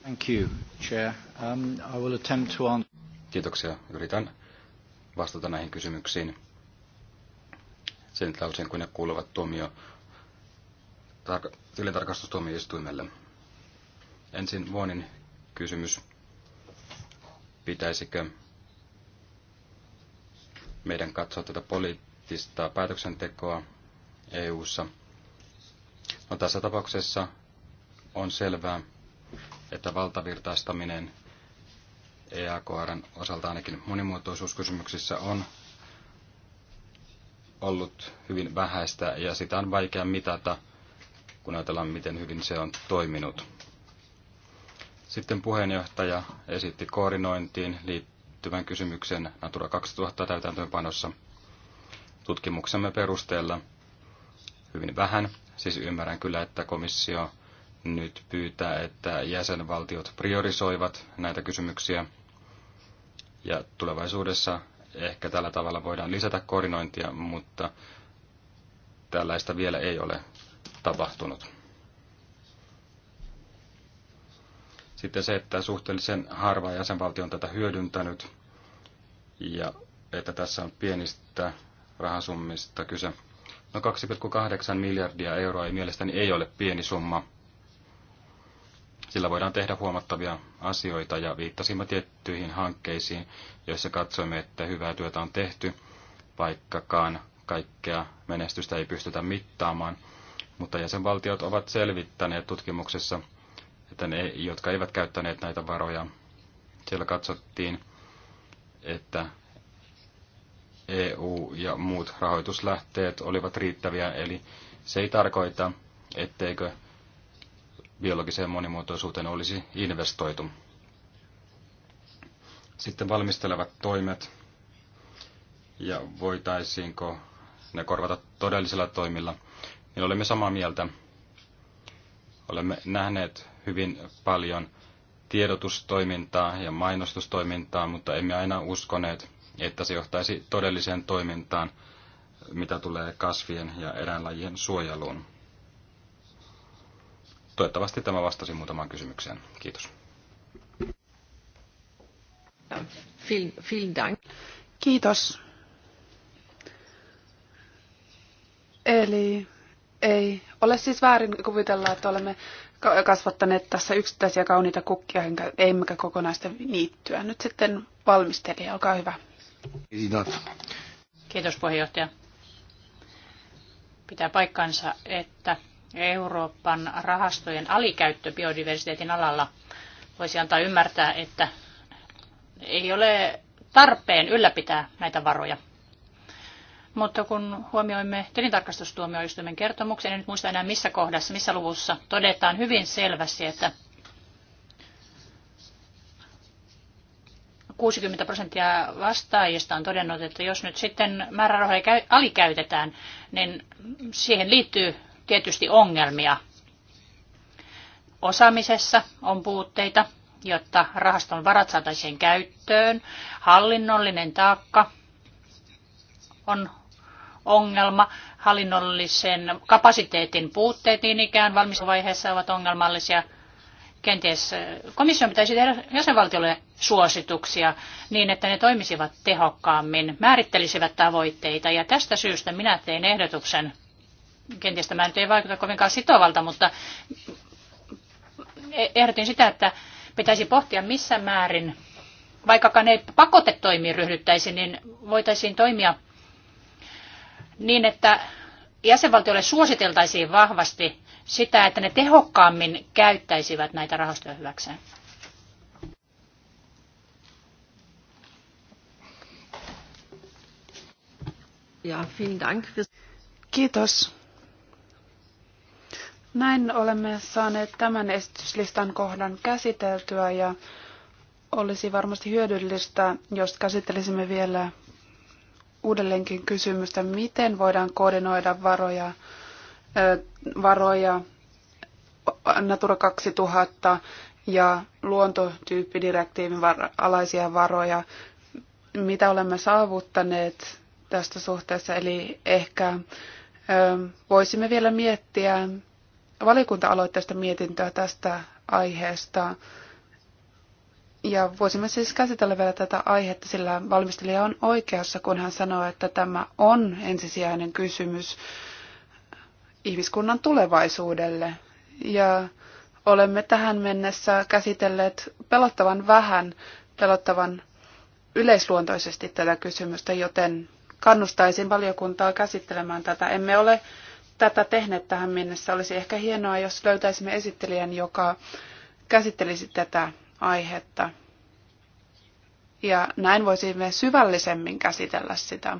[SPEAKER 4] Thank you, Chair. Um, I will
[SPEAKER 3] attempt to answer.
[SPEAKER 4] Kiitoksia. Yritän vastata näihin kysymyksiin sen lauseen, kun ne kuuluvat tuomio tarka, tilintarkastustuomioistuimelle. Ensin Vuonin kysymys. Pitäisikö meidän katsoa tätä poliittista päätöksentekoa EU-ssa? No, tässä tapauksessa on selvää, että valtavirtaistaminen EAKRn osalta ainakin monimuotoisuuskysymyksissä on ollut hyvin vähäistä ja sitä on vaikea mitata, kun ajatellaan, miten hyvin se on toiminut. Sitten puheenjohtaja esitti koordinointiin liittyvän kysymyksen Natura 2000 täytäntöönpanossa. Tutkimuksemme perusteella hyvin vähän, siis ymmärrän kyllä, että komissio nyt pyytää, että jäsenvaltiot priorisoivat näitä kysymyksiä. Ja tulevaisuudessa ehkä tällä tavalla voidaan lisätä koordinointia, mutta tällaista vielä ei ole tapahtunut. Sitten se, että suhteellisen harva jäsenvaltio on tätä hyödyntänyt ja että tässä on pienistä rahasummista kyse. No 2,8 miljardia euroa ei mielestäni ei ole pieni summa. Sillä voidaan tehdä huomattavia asioita ja viittasimme tiettyihin hankkeisiin, joissa katsoimme, että hyvää työtä on tehty, vaikkakaan kaikkea menestystä ei pystytä mittaamaan. Mutta jäsenvaltiot ovat selvittäneet tutkimuksessa, että ne, jotka eivät käyttäneet näitä varoja, siellä katsottiin, että EU ja muut rahoituslähteet olivat riittäviä, eli se ei tarkoita, etteikö biologiseen monimuotoisuuteen olisi investoitu. Sitten valmistelevat toimet ja voitaisiinko ne korvata todellisilla toimilla, niin olemme samaa mieltä. Olemme nähneet hyvin paljon tiedotustoimintaa ja mainostustoimintaa, mutta emme aina uskoneet, että se johtaisi todelliseen toimintaan, mitä tulee kasvien ja eräänlajien suojeluun. Toivottavasti tämä vastasi muutamaan kysymykseen. Kiitos.
[SPEAKER 1] Kiitos. Eli ei ole siis väärin kuvitella, että olemme kasvattaneet tässä yksittäisiä kauniita kukkia, enkä, emmekä kokonaista niittyä. Nyt sitten valmistelija, olkaa hyvä.
[SPEAKER 2] Kiitos puheenjohtaja. Pitää paikkansa, että Euroopan rahastojen alikäyttö biodiversiteetin alalla voisi antaa ymmärtää, että ei ole tarpeen ylläpitää näitä varoja. Mutta kun huomioimme tilintarkastustuomioistuimen kertomuksen, en nyt muista enää missä kohdassa, missä luvussa, todetaan hyvin selvästi, että 60 prosenttia vastaajista on todennut, että jos nyt sitten määrärahoja alikäytetään, niin siihen liittyy tietysti ongelmia. Osaamisessa on puutteita, jotta rahaston varat saataisiin käyttöön. Hallinnollinen taakka on ongelma. Hallinnollisen kapasiteetin puutteet niin ikään valmisvaiheessa ovat ongelmallisia. Kenties eh, komissio pitäisi tehdä jäsenvaltiolle suosituksia niin, että ne toimisivat tehokkaammin, määrittelisivät tavoitteita. Ja tästä syystä minä tein ehdotuksen Kenties tämä nyt ei vaikuta kovinkaan sitovalta, mutta ehdotin sitä, että pitäisi pohtia missä määrin, vaikkakaan ei pakotetoimiin ryhdyttäisi, niin voitaisiin toimia niin, että jäsenvaltioille suositeltaisiin vahvasti sitä, että ne tehokkaammin käyttäisivät näitä rahastoja hyväkseen.
[SPEAKER 1] Ja, vielen Dank. Kiitos näin olemme saaneet tämän esityslistan kohdan käsiteltyä ja olisi varmasti hyödyllistä, jos käsittelisimme vielä uudelleenkin kysymystä, miten voidaan koordinoida varoja, varoja Natura 2000 ja luontotyyppidirektiivin alaisia varoja, mitä olemme saavuttaneet tästä suhteessa. Eli ehkä voisimme vielä miettiä valiokunta-aloitteesta mietintöä tästä aiheesta. Ja voisimme siis käsitellä vielä tätä aihetta, sillä valmistelija on oikeassa, kun hän sanoo, että tämä on ensisijainen kysymys ihmiskunnan tulevaisuudelle. Ja olemme tähän mennessä käsitelleet pelottavan vähän, pelottavan yleisluontoisesti tätä kysymystä, joten kannustaisin valiokuntaa käsittelemään tätä. Emme ole tätä tehneet tähän mennessä. Olisi ehkä hienoa, jos löytäisimme esittelijän, joka käsittelisi tätä aihetta. Ja näin voisimme syvällisemmin käsitellä sitä.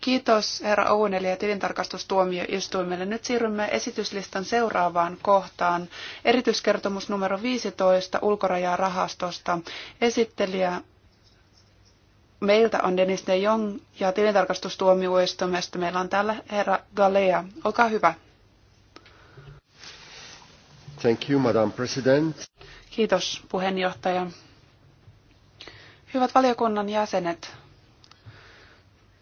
[SPEAKER 1] Kiitos herra Ouneli ja tilintarkastustuomioistuimelle. Nyt siirrymme esityslistan seuraavaan kohtaan. Erityiskertomus numero 15 ulkorajarahastosta. Esittelijä meiltä on Dennis de Jong ja tilintarkastustuomioistumesta meillä on täällä herra Galea. Olkaa hyvä.
[SPEAKER 5] Thank you, Madam President.
[SPEAKER 1] Kiitos, puheenjohtaja. Hyvät valiokunnan jäsenet,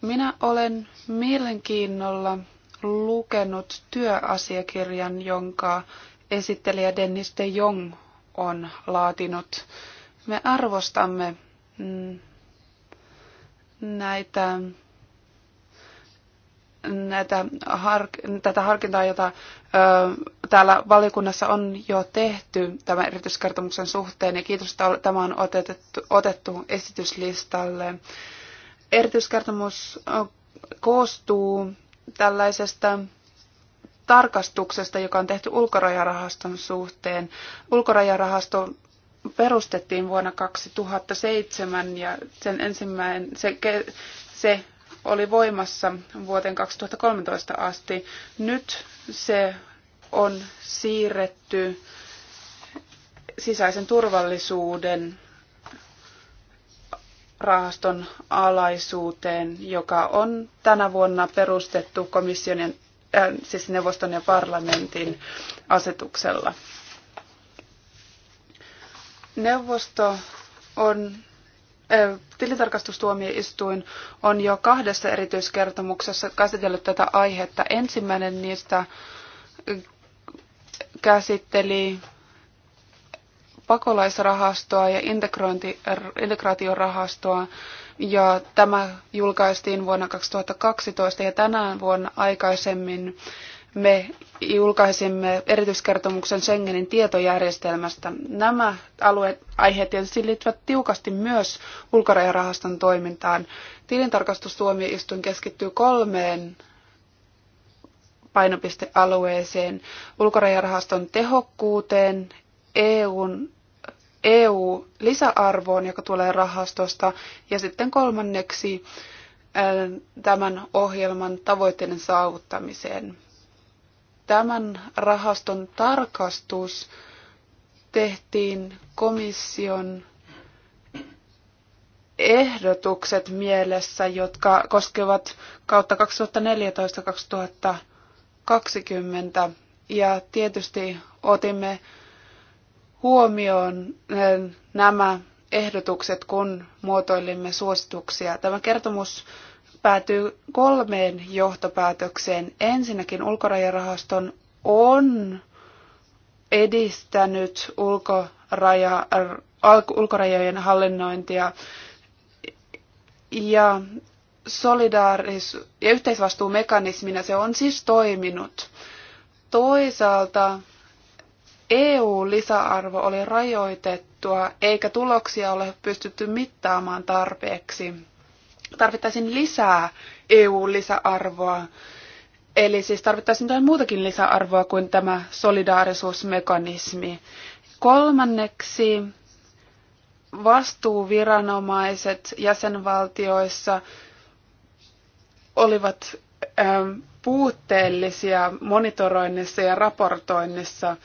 [SPEAKER 1] minä olen mielenkiinnolla lukenut työasiakirjan, jonka esittelijä Dennis de Jong on laatinut. Me arvostamme mm, näitä, näitä hark, tätä harkintaa, jota ö, täällä valiokunnassa on jo tehty tämän erityiskertomuksen suhteen, ja kiitos, että tämä on otettu, otettu esityslistalle. Erityiskertomus koostuu tällaisesta tarkastuksesta, joka on tehty ulkorajarahaston suhteen. Ulkorajarahasto perustettiin vuonna 2007 ja sen ensimmäinen, se, se oli voimassa vuoteen 2013 asti. Nyt se on siirretty sisäisen turvallisuuden rahaston alaisuuteen, joka on tänä vuonna perustettu komission ja, äh, siis neuvoston ja parlamentin asetuksella. Neuvosto on äh, tilintarkastustuomioistuin on jo kahdessa erityiskertomuksessa käsitellyt tätä aihetta. Ensimmäinen niistä äh, käsitteli pakolaisrahastoa ja integraatiorahastoa, ja tämä julkaistiin vuonna 2012, ja tänään vuonna aikaisemmin me julkaisimme erityiskertomuksen Schengenin tietojärjestelmästä. Nämä alueet, aiheet tietysti liittyvät tiukasti myös ulkorajarahaston toimintaan. Tilintarkastustuomioistuin keskittyy kolmeen painopistealueeseen, ulkorajarahaston tehokkuuteen, EUn EU-lisäarvoon, joka tulee rahastosta, ja sitten kolmanneksi tämän ohjelman tavoitteiden saavuttamiseen. Tämän rahaston tarkastus tehtiin komission ehdotukset mielessä, jotka koskevat kautta 2014-2020. Ja tietysti otimme huomioon eh, nämä ehdotukset, kun muotoilimme suosituksia. Tämä kertomus päätyy kolmeen johtopäätökseen. Ensinnäkin ulkorajarahaston on edistänyt ulkoraja, ulkorajojen hallinnointia ja solidaaris- ja yhteisvastuumekanismina se on siis toiminut. Toisaalta EU-lisäarvo oli rajoitettua, eikä tuloksia ole pystytty mittaamaan tarpeeksi tarvittaisiin lisää EU-lisäarvoa. Eli siis tarvittaisiin jotain muutakin lisäarvoa kuin tämä solidaarisuusmekanismi. Kolmanneksi vastuuviranomaiset jäsenvaltioissa olivat ähm, puutteellisia monitoroinnissa ja raportoinnissa.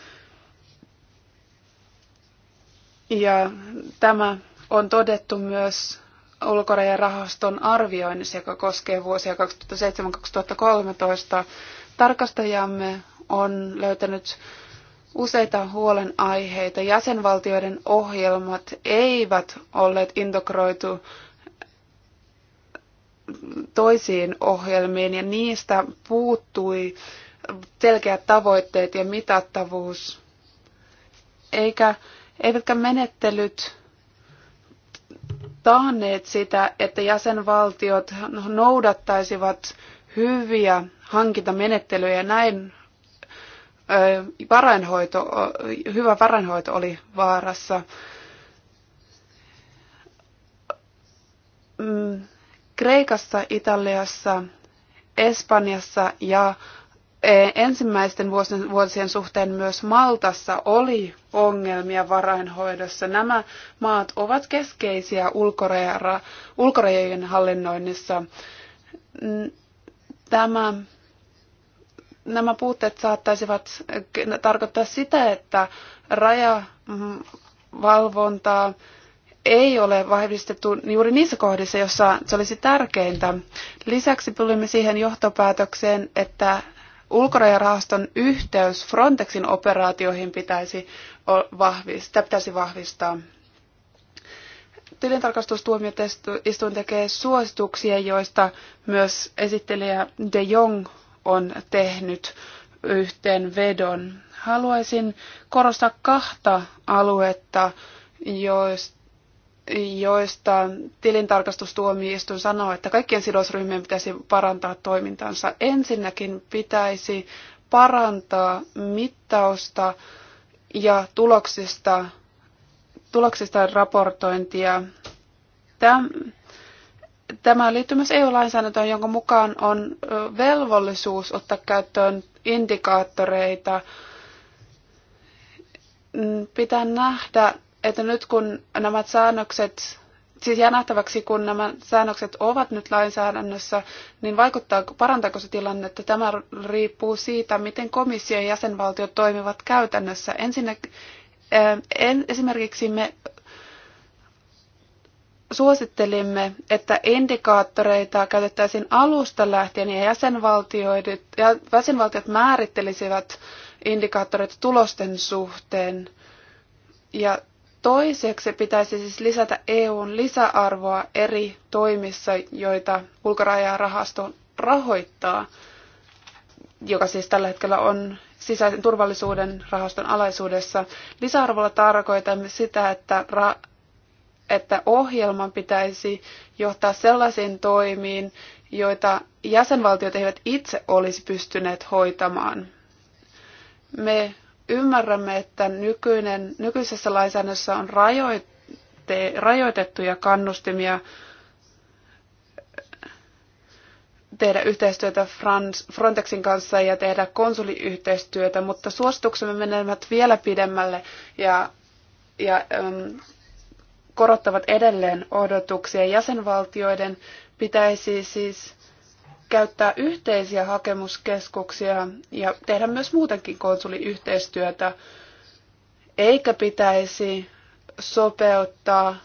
[SPEAKER 1] Ja tämä on todettu myös ulkorajarahaston arvioinnissa, joka koskee vuosia 2007-2013. Tarkastajamme on löytänyt useita huolenaiheita. Jäsenvaltioiden ohjelmat eivät olleet integroitu toisiin ohjelmiin ja niistä puuttui selkeät tavoitteet ja mitattavuus, eikä, eivätkä menettelyt tahneet sitä, että jäsenvaltiot noudattaisivat hyviä hankintamenettelyjä. Näin varainhoito, hyvä varainhoito oli vaarassa. Mm, Kreikassa, Italiassa, Espanjassa ja Eh, ensimmäisten vuosien, suhteen myös Maltassa oli ongelmia varainhoidossa. Nämä maat ovat keskeisiä ulkorajojen hallinnoinnissa. Tämä, nämä puutteet saattaisivat tarkoittaa sitä, että rajavalvontaa ei ole vahvistettu juuri niissä kohdissa, joissa se olisi tärkeintä. Lisäksi tulimme siihen johtopäätökseen, että ulkorajarahaston yhteys Frontexin operaatioihin pitäisi vahvistaa, pitäisi vahvistaa. Tilintarkastustuomioistuin tekee suosituksia, joista myös esittelijä De Jong on tehnyt yhteenvedon. Haluaisin korostaa kahta aluetta, joista joista tilintarkastustuomioistuin sanoo, että kaikkien sidosryhmien pitäisi parantaa toimintansa. Ensinnäkin pitäisi parantaa mittausta ja tuloksista, tuloksista raportointia. Tämä liittyy myös EU-lainsäädäntöön, jonka mukaan on velvollisuus ottaa käyttöön indikaattoreita. Pitää nähdä että nyt kun nämä säännökset, siis jää nähtäväksi, kun nämä säännökset ovat nyt lainsäädännössä, niin vaikuttaa, parantaako se tilanne, että tämä riippuu siitä, miten komissio ja jäsenvaltiot toimivat käytännössä. Ensin eh, en, esimerkiksi me suosittelimme, että indikaattoreita käytettäisiin alusta lähtien ja jäsenvaltiot, ja jäsenvaltiot määrittelisivät indikaattoreita tulosten suhteen. Ja Toiseksi pitäisi siis lisätä EUn lisäarvoa eri toimissa, joita ulkorajarahasto rahoittaa, joka siis tällä hetkellä on sisäisen turvallisuuden rahaston alaisuudessa. Lisäarvolla tarkoitamme sitä, että, ra- että ohjelman pitäisi johtaa sellaisiin toimiin, joita jäsenvaltiot eivät itse olisi pystyneet hoitamaan. Me Ymmärrämme, että nykyinen, nykyisessä lainsäädännössä on rajoite, rajoitettuja kannustimia tehdä yhteistyötä Frontexin kanssa ja tehdä konsuliyhteistyötä, mutta suosituksemme menevät vielä pidemmälle ja, ja ähm, korottavat edelleen odotuksia. Jäsenvaltioiden pitäisi siis käyttää yhteisiä hakemuskeskuksia ja tehdä myös muutenkin konsuliyhteistyötä, eikä pitäisi sopeuttaa,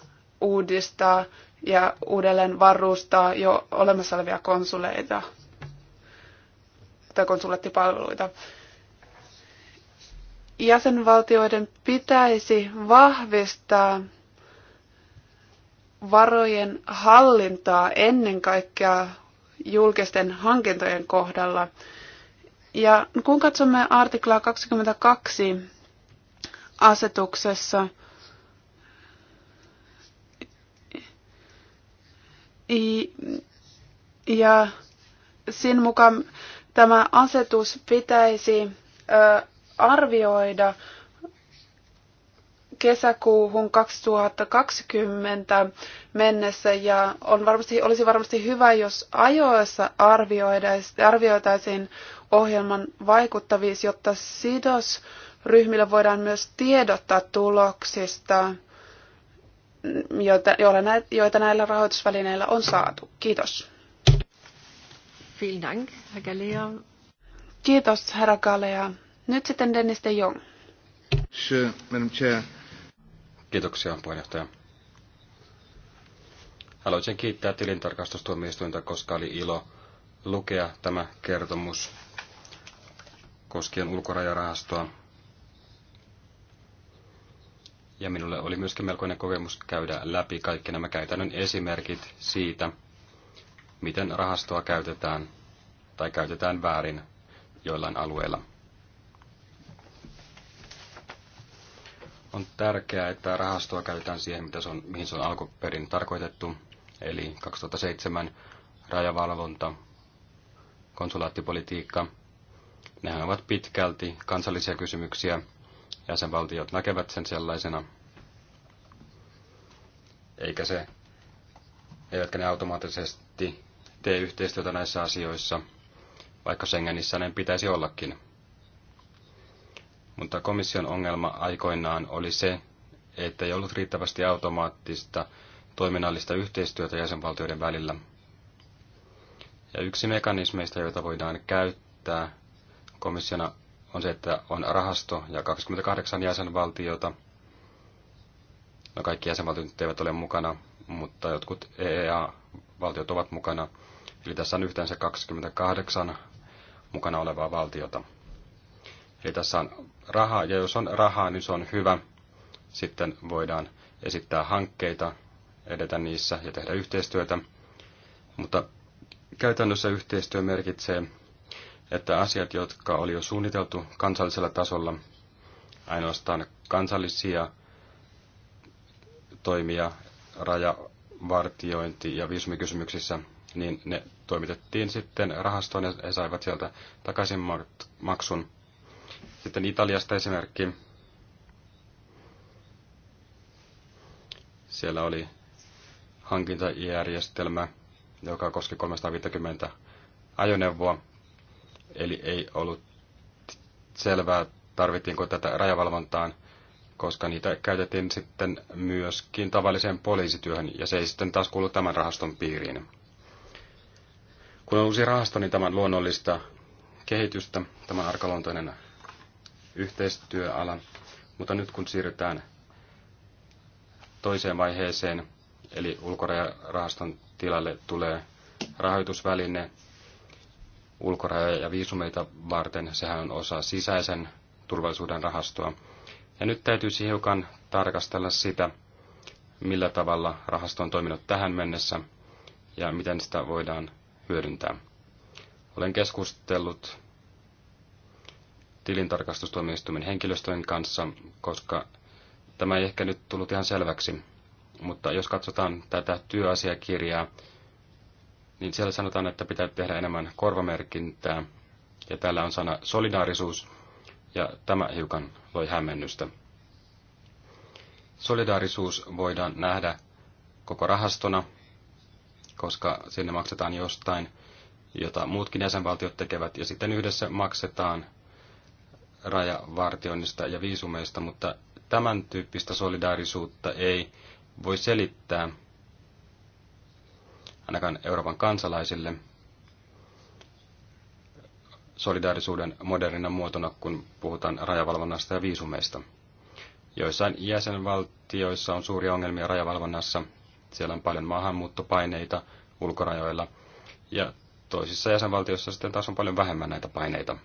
[SPEAKER 1] uudistaa ja uudelleen varustaa jo olemassa olevia konsuleita tai konsulettipalveluita. Jäsenvaltioiden pitäisi vahvistaa varojen hallintaa ennen kaikkea julkisten hankintojen kohdalla. Ja kun katsomme artiklaa 22 asetuksessa, ja sen mukaan tämä asetus pitäisi arvioida kesäkuuhun 2020 mennessä ja on varmasti, olisi varmasti hyvä, jos ajoissa arvioitaisiin ohjelman vaikuttavuus, jotta sidosryhmille voidaan myös tiedottaa tuloksista, joita, joita näillä rahoitusvälineillä on saatu. Kiitos. Vielen Dank, Herr Galea. Kiitos, herra Galea. Nyt sitten Dennis de Jong.
[SPEAKER 4] Sure, Madam Chair. Kiitoksia, puheenjohtaja. Haluaisin kiittää tilintarkastustuomioistuinta, koska oli ilo lukea tämä kertomus koskien ulkorajarahastoa. Ja minulle oli myöskin melkoinen kokemus käydä läpi kaikki nämä käytännön esimerkit siitä, miten rahastoa käytetään tai käytetään väärin joillain alueilla. On tärkeää, että rahastoa käytetään siihen, mitä se on, mihin se on alkuperin tarkoitettu, eli 2007 rajavalvonta, konsulaattipolitiikka. Nehän ovat pitkälti kansallisia kysymyksiä. Jäsenvaltiot näkevät sen sellaisena, eikä se, eivätkä ne automaattisesti tee yhteistyötä näissä asioissa, vaikka Schengenissä ne pitäisi ollakin. Mutta komission ongelma aikoinaan oli se, että ei ollut riittävästi automaattista toiminnallista yhteistyötä jäsenvaltioiden välillä. Ja yksi mekanismeista, joita voidaan käyttää komissiona, on se, että on rahasto ja 28 jäsenvaltiota. No kaikki jäsenvaltiot eivät ole mukana, mutta jotkut EEA-valtiot ovat mukana. Eli tässä on yhteensä 28 mukana olevaa valtiota. Eli tässä on rahaa, ja jos on rahaa, niin se on hyvä. Sitten voidaan esittää hankkeita, edetä niissä ja tehdä yhteistyötä. Mutta käytännössä yhteistyö merkitsee, että asiat, jotka oli jo suunniteltu kansallisella tasolla, ainoastaan kansallisia toimia rajavartiointi- ja viisumikysymyksissä, niin ne toimitettiin sitten rahastoon ja he saivat sieltä takaisin maksun. Sitten Italiasta esimerkki. Siellä oli hankintajärjestelmä, joka koski 350 ajoneuvoa. Eli ei ollut selvää, tarvittiinko tätä rajavalvontaan, koska niitä käytettiin sitten myöskin tavalliseen poliisityöhön, ja se ei sitten taas kuulu tämän rahaston piiriin. Kun on uusi rahasto, niin tämän luonnollista kehitystä, tämän arkaluontoinen yhteistyöala, mutta nyt kun siirrytään toiseen vaiheeseen, eli ulkorajarahaston tilalle tulee rahoitusväline ulkorajoja ja viisumeita varten, sehän on osa sisäisen turvallisuuden rahastoa. Ja nyt täytyy hiukan tarkastella sitä, millä tavalla rahasto on toiminut tähän mennessä ja miten sitä voidaan hyödyntää. Olen keskustellut tilintarkastustuomioistuimen henkilöstön kanssa, koska tämä ei ehkä nyt tullut ihan selväksi. Mutta jos katsotaan tätä työasiakirjaa, niin siellä sanotaan, että pitää tehdä enemmän korvamerkintää, ja täällä on sana solidaarisuus, ja tämä hiukan loi hämmennystä. Solidaarisuus voidaan nähdä koko rahastona, koska sinne maksetaan jostain, jota muutkin jäsenvaltiot tekevät, ja sitten yhdessä maksetaan rajavartioinnista ja viisumeista, mutta tämän tyyppistä solidaarisuutta ei voi selittää ainakaan Euroopan kansalaisille solidaarisuuden modernina muotona, kun puhutaan rajavalvonnasta ja viisumeista. Joissain jäsenvaltioissa on suuria ongelmia rajavalvonnassa. Siellä on paljon maahanmuuttopaineita ulkorajoilla. Ja toisissa jäsenvaltioissa sitten taas on paljon vähemmän näitä paineita.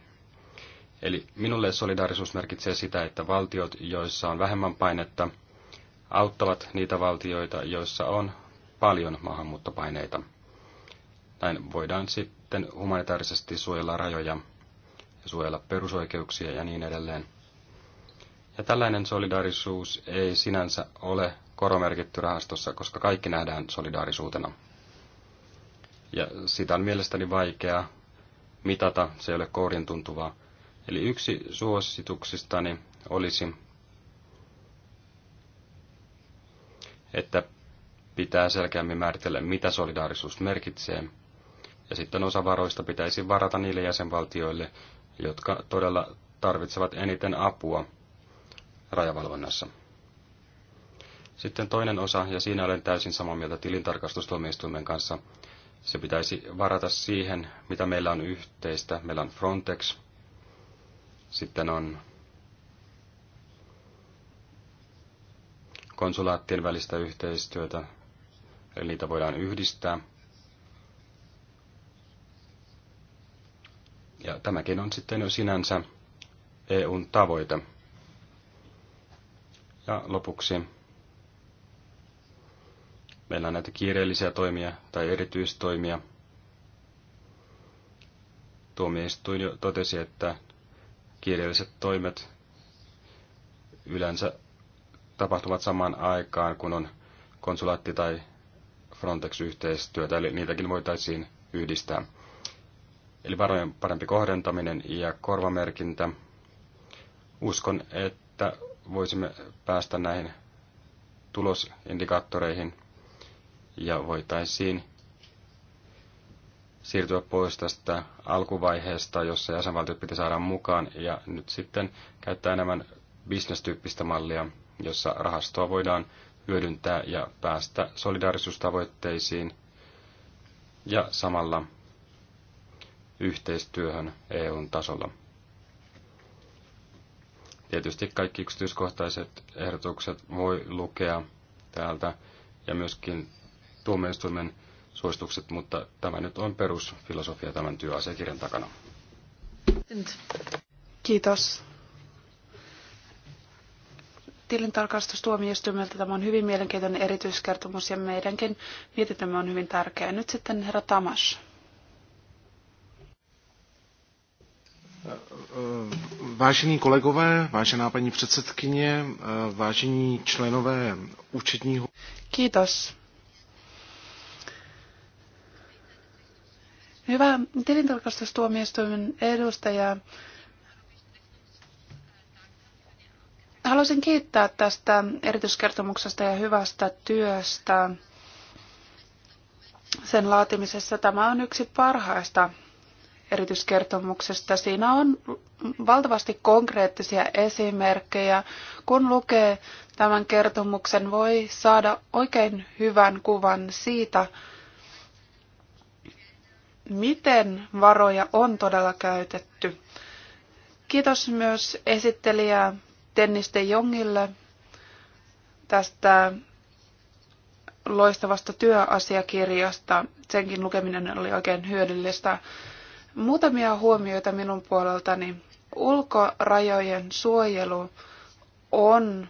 [SPEAKER 4] Eli minulle solidaarisuus merkitsee sitä, että valtiot, joissa on vähemmän painetta, auttavat niitä valtioita, joissa on paljon maahanmuuttopaineita. Näin voidaan sitten humanitaarisesti suojella rajoja, ja suojella perusoikeuksia ja niin edelleen. Ja tällainen solidaarisuus ei sinänsä ole koromerkitty rahastossa, koska kaikki nähdään solidaarisuutena. Ja sitä on mielestäni vaikea mitata, se ei ole kourin tuntuvaa, Eli yksi suosituksistani olisi, että pitää selkeämmin määritellä, mitä solidaarisuus merkitsee, ja sitten osa varoista pitäisi varata niille jäsenvaltioille, jotka todella tarvitsevat eniten apua rajavalvonnassa. Sitten toinen osa, ja siinä olen täysin samaa mieltä tilintarkastustuomioistuimen kanssa, se pitäisi varata siihen, mitä meillä on yhteistä. Meillä on Frontex, sitten on konsulaattien välistä yhteistyötä, eli niitä voidaan yhdistää. Ja tämäkin on sitten jo sinänsä EUn tavoite. Ja lopuksi meillä on näitä kiireellisiä toimia tai erityistoimia. Tuomioistuin jo totesi, että kielelliset toimet yleensä tapahtuvat samaan aikaan, kun on konsulaatti- tai Frontex-yhteistyötä, eli niitäkin voitaisiin yhdistää. Eli varojen parempi kohdentaminen ja korvamerkintä. Uskon, että voisimme päästä näihin tulosindikaattoreihin ja voitaisiin siirtyä pois tästä alkuvaiheesta, jossa jäsenvaltiot piti saada mukaan, ja nyt sitten käyttää enemmän bisnestyyppistä mallia, jossa rahastoa voidaan hyödyntää ja päästä solidaarisuustavoitteisiin ja samalla yhteistyöhön EUn tasolla. Tietysti kaikki yksityiskohtaiset ehdotukset voi lukea täältä ja myöskin tuomioistuimen suositukset, mutta tämä nyt on perusfilosofia tämän työasiakirjan takana.
[SPEAKER 1] Kiitos. Tilintarkastustuomioistuimelta tämä on hyvin mielenkiintoinen erityiskertomus ja meidänkin mietintämme on hyvin tärkeä. Nyt sitten herra Tamas.
[SPEAKER 5] Vážení kolegové, vážená paní předsedkyně, vážení členové účetního...
[SPEAKER 1] Kiitos Hyvä tilintarkastustuomioistuimen edustaja. Haluaisin kiittää tästä erityiskertomuksesta ja hyvästä työstä sen laatimisessa. Tämä on yksi parhaista erityiskertomuksesta. Siinä on valtavasti konkreettisia esimerkkejä. Kun lukee tämän kertomuksen, voi saada oikein hyvän kuvan siitä, miten varoja on todella käytetty. Kiitos myös esittelijä Tenniste Jongille tästä loistavasta työasiakirjasta. Senkin lukeminen oli oikein hyödyllistä. Muutamia huomioita minun puoleltani. Ulkorajojen suojelu on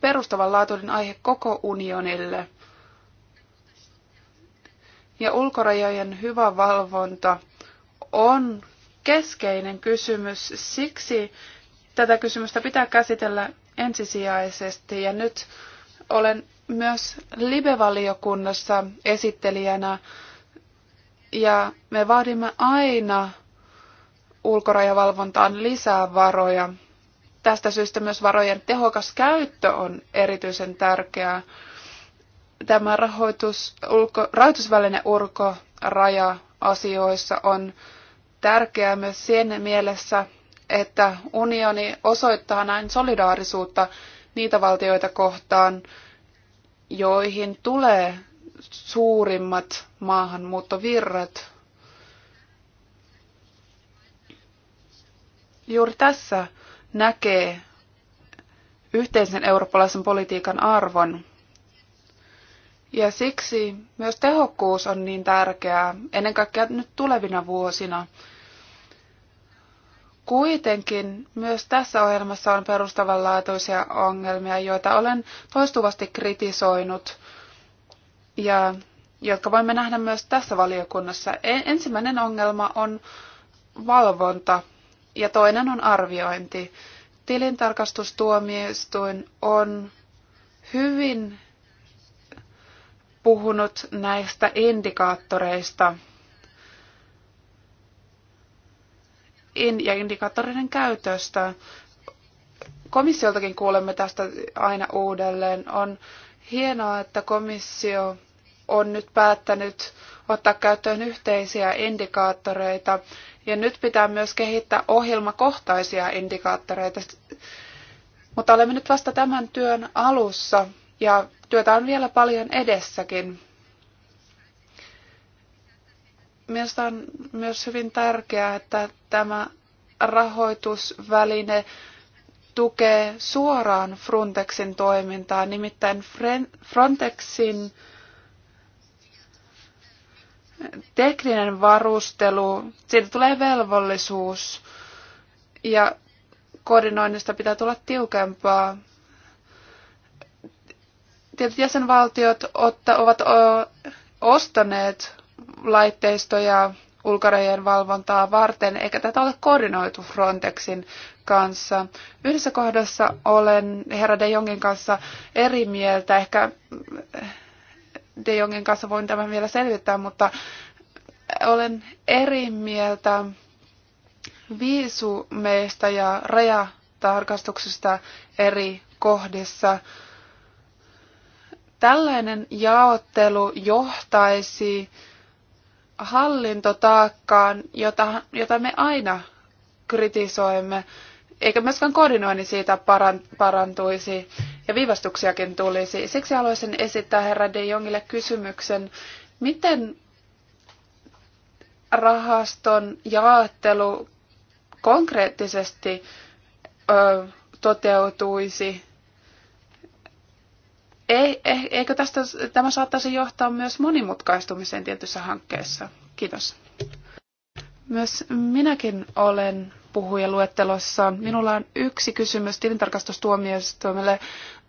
[SPEAKER 1] perustavanlaatuinen aihe koko unionille ja ulkorajojen hyvä valvonta on keskeinen kysymys. Siksi tätä kysymystä pitää käsitellä ensisijaisesti ja nyt olen myös libevaliokunnassa valiokunnassa esittelijänä ja me vaadimme aina ulkorajavalvontaan lisää varoja. Tästä syystä myös varojen tehokas käyttö on erityisen tärkeää tämä rahoitus, ulko, rahoitusväline urko raja-asioissa on tärkeää myös siinä mielessä, että unioni osoittaa näin solidaarisuutta niitä valtioita kohtaan, joihin tulee suurimmat maahanmuuttovirrat. Juuri tässä näkee yhteisen eurooppalaisen politiikan arvon. Ja siksi myös tehokkuus on niin tärkeää, ennen kaikkea nyt tulevina vuosina. Kuitenkin myös tässä ohjelmassa on perustavanlaatuisia ongelmia, joita olen toistuvasti kritisoinut ja jotka voimme nähdä myös tässä valiokunnassa. Ensimmäinen ongelma on valvonta ja toinen on arviointi. Tilintarkastustuomioistuin on hyvin puhunut näistä indikaattoreista in- ja indikaattoreiden käytöstä. Komissioltakin kuulemme tästä aina uudelleen. On hienoa, että komissio on nyt päättänyt ottaa käyttöön yhteisiä indikaattoreita. Ja nyt pitää myös kehittää ohjelmakohtaisia indikaattoreita. Mutta olemme nyt vasta tämän työn alussa. Ja työtä on vielä paljon edessäkin. Mielestäni on myös hyvin tärkeää, että tämä rahoitusväline tukee suoraan Frontexin toimintaa, nimittäin Frontexin tekninen varustelu, siitä tulee velvollisuus ja koordinoinnista pitää tulla tiukempaa tietyt jäsenvaltiot otta, ovat ostaneet laitteistoja ulkorajojen valvontaa varten, eikä tätä ole koordinoitu Frontexin kanssa. Yhdessä kohdassa olen herra De Jongin kanssa eri mieltä. Ehkä De Jongin kanssa voin tämän vielä selvittää, mutta olen eri mieltä viisumeista ja rajatarkastuksista eri kohdissa. Tällainen jaottelu johtaisi hallintotaakkaan, jota, jota me aina kritisoimme, eikä myöskään koordinoinnin siitä parantuisi ja viivastuksiakin tulisi. Siksi haluaisin esittää herra De Jongille kysymyksen, miten rahaston jaottelu konkreettisesti ö, toteutuisi ei, eh, eikö tästä, tämä saattaisi johtaa myös monimutkaistumiseen tietyissä hankkeissa? Kiitos. Myös minäkin olen puhujaluettelossa. Minulla on yksi kysymys tilintarkastustuomioistuimelle.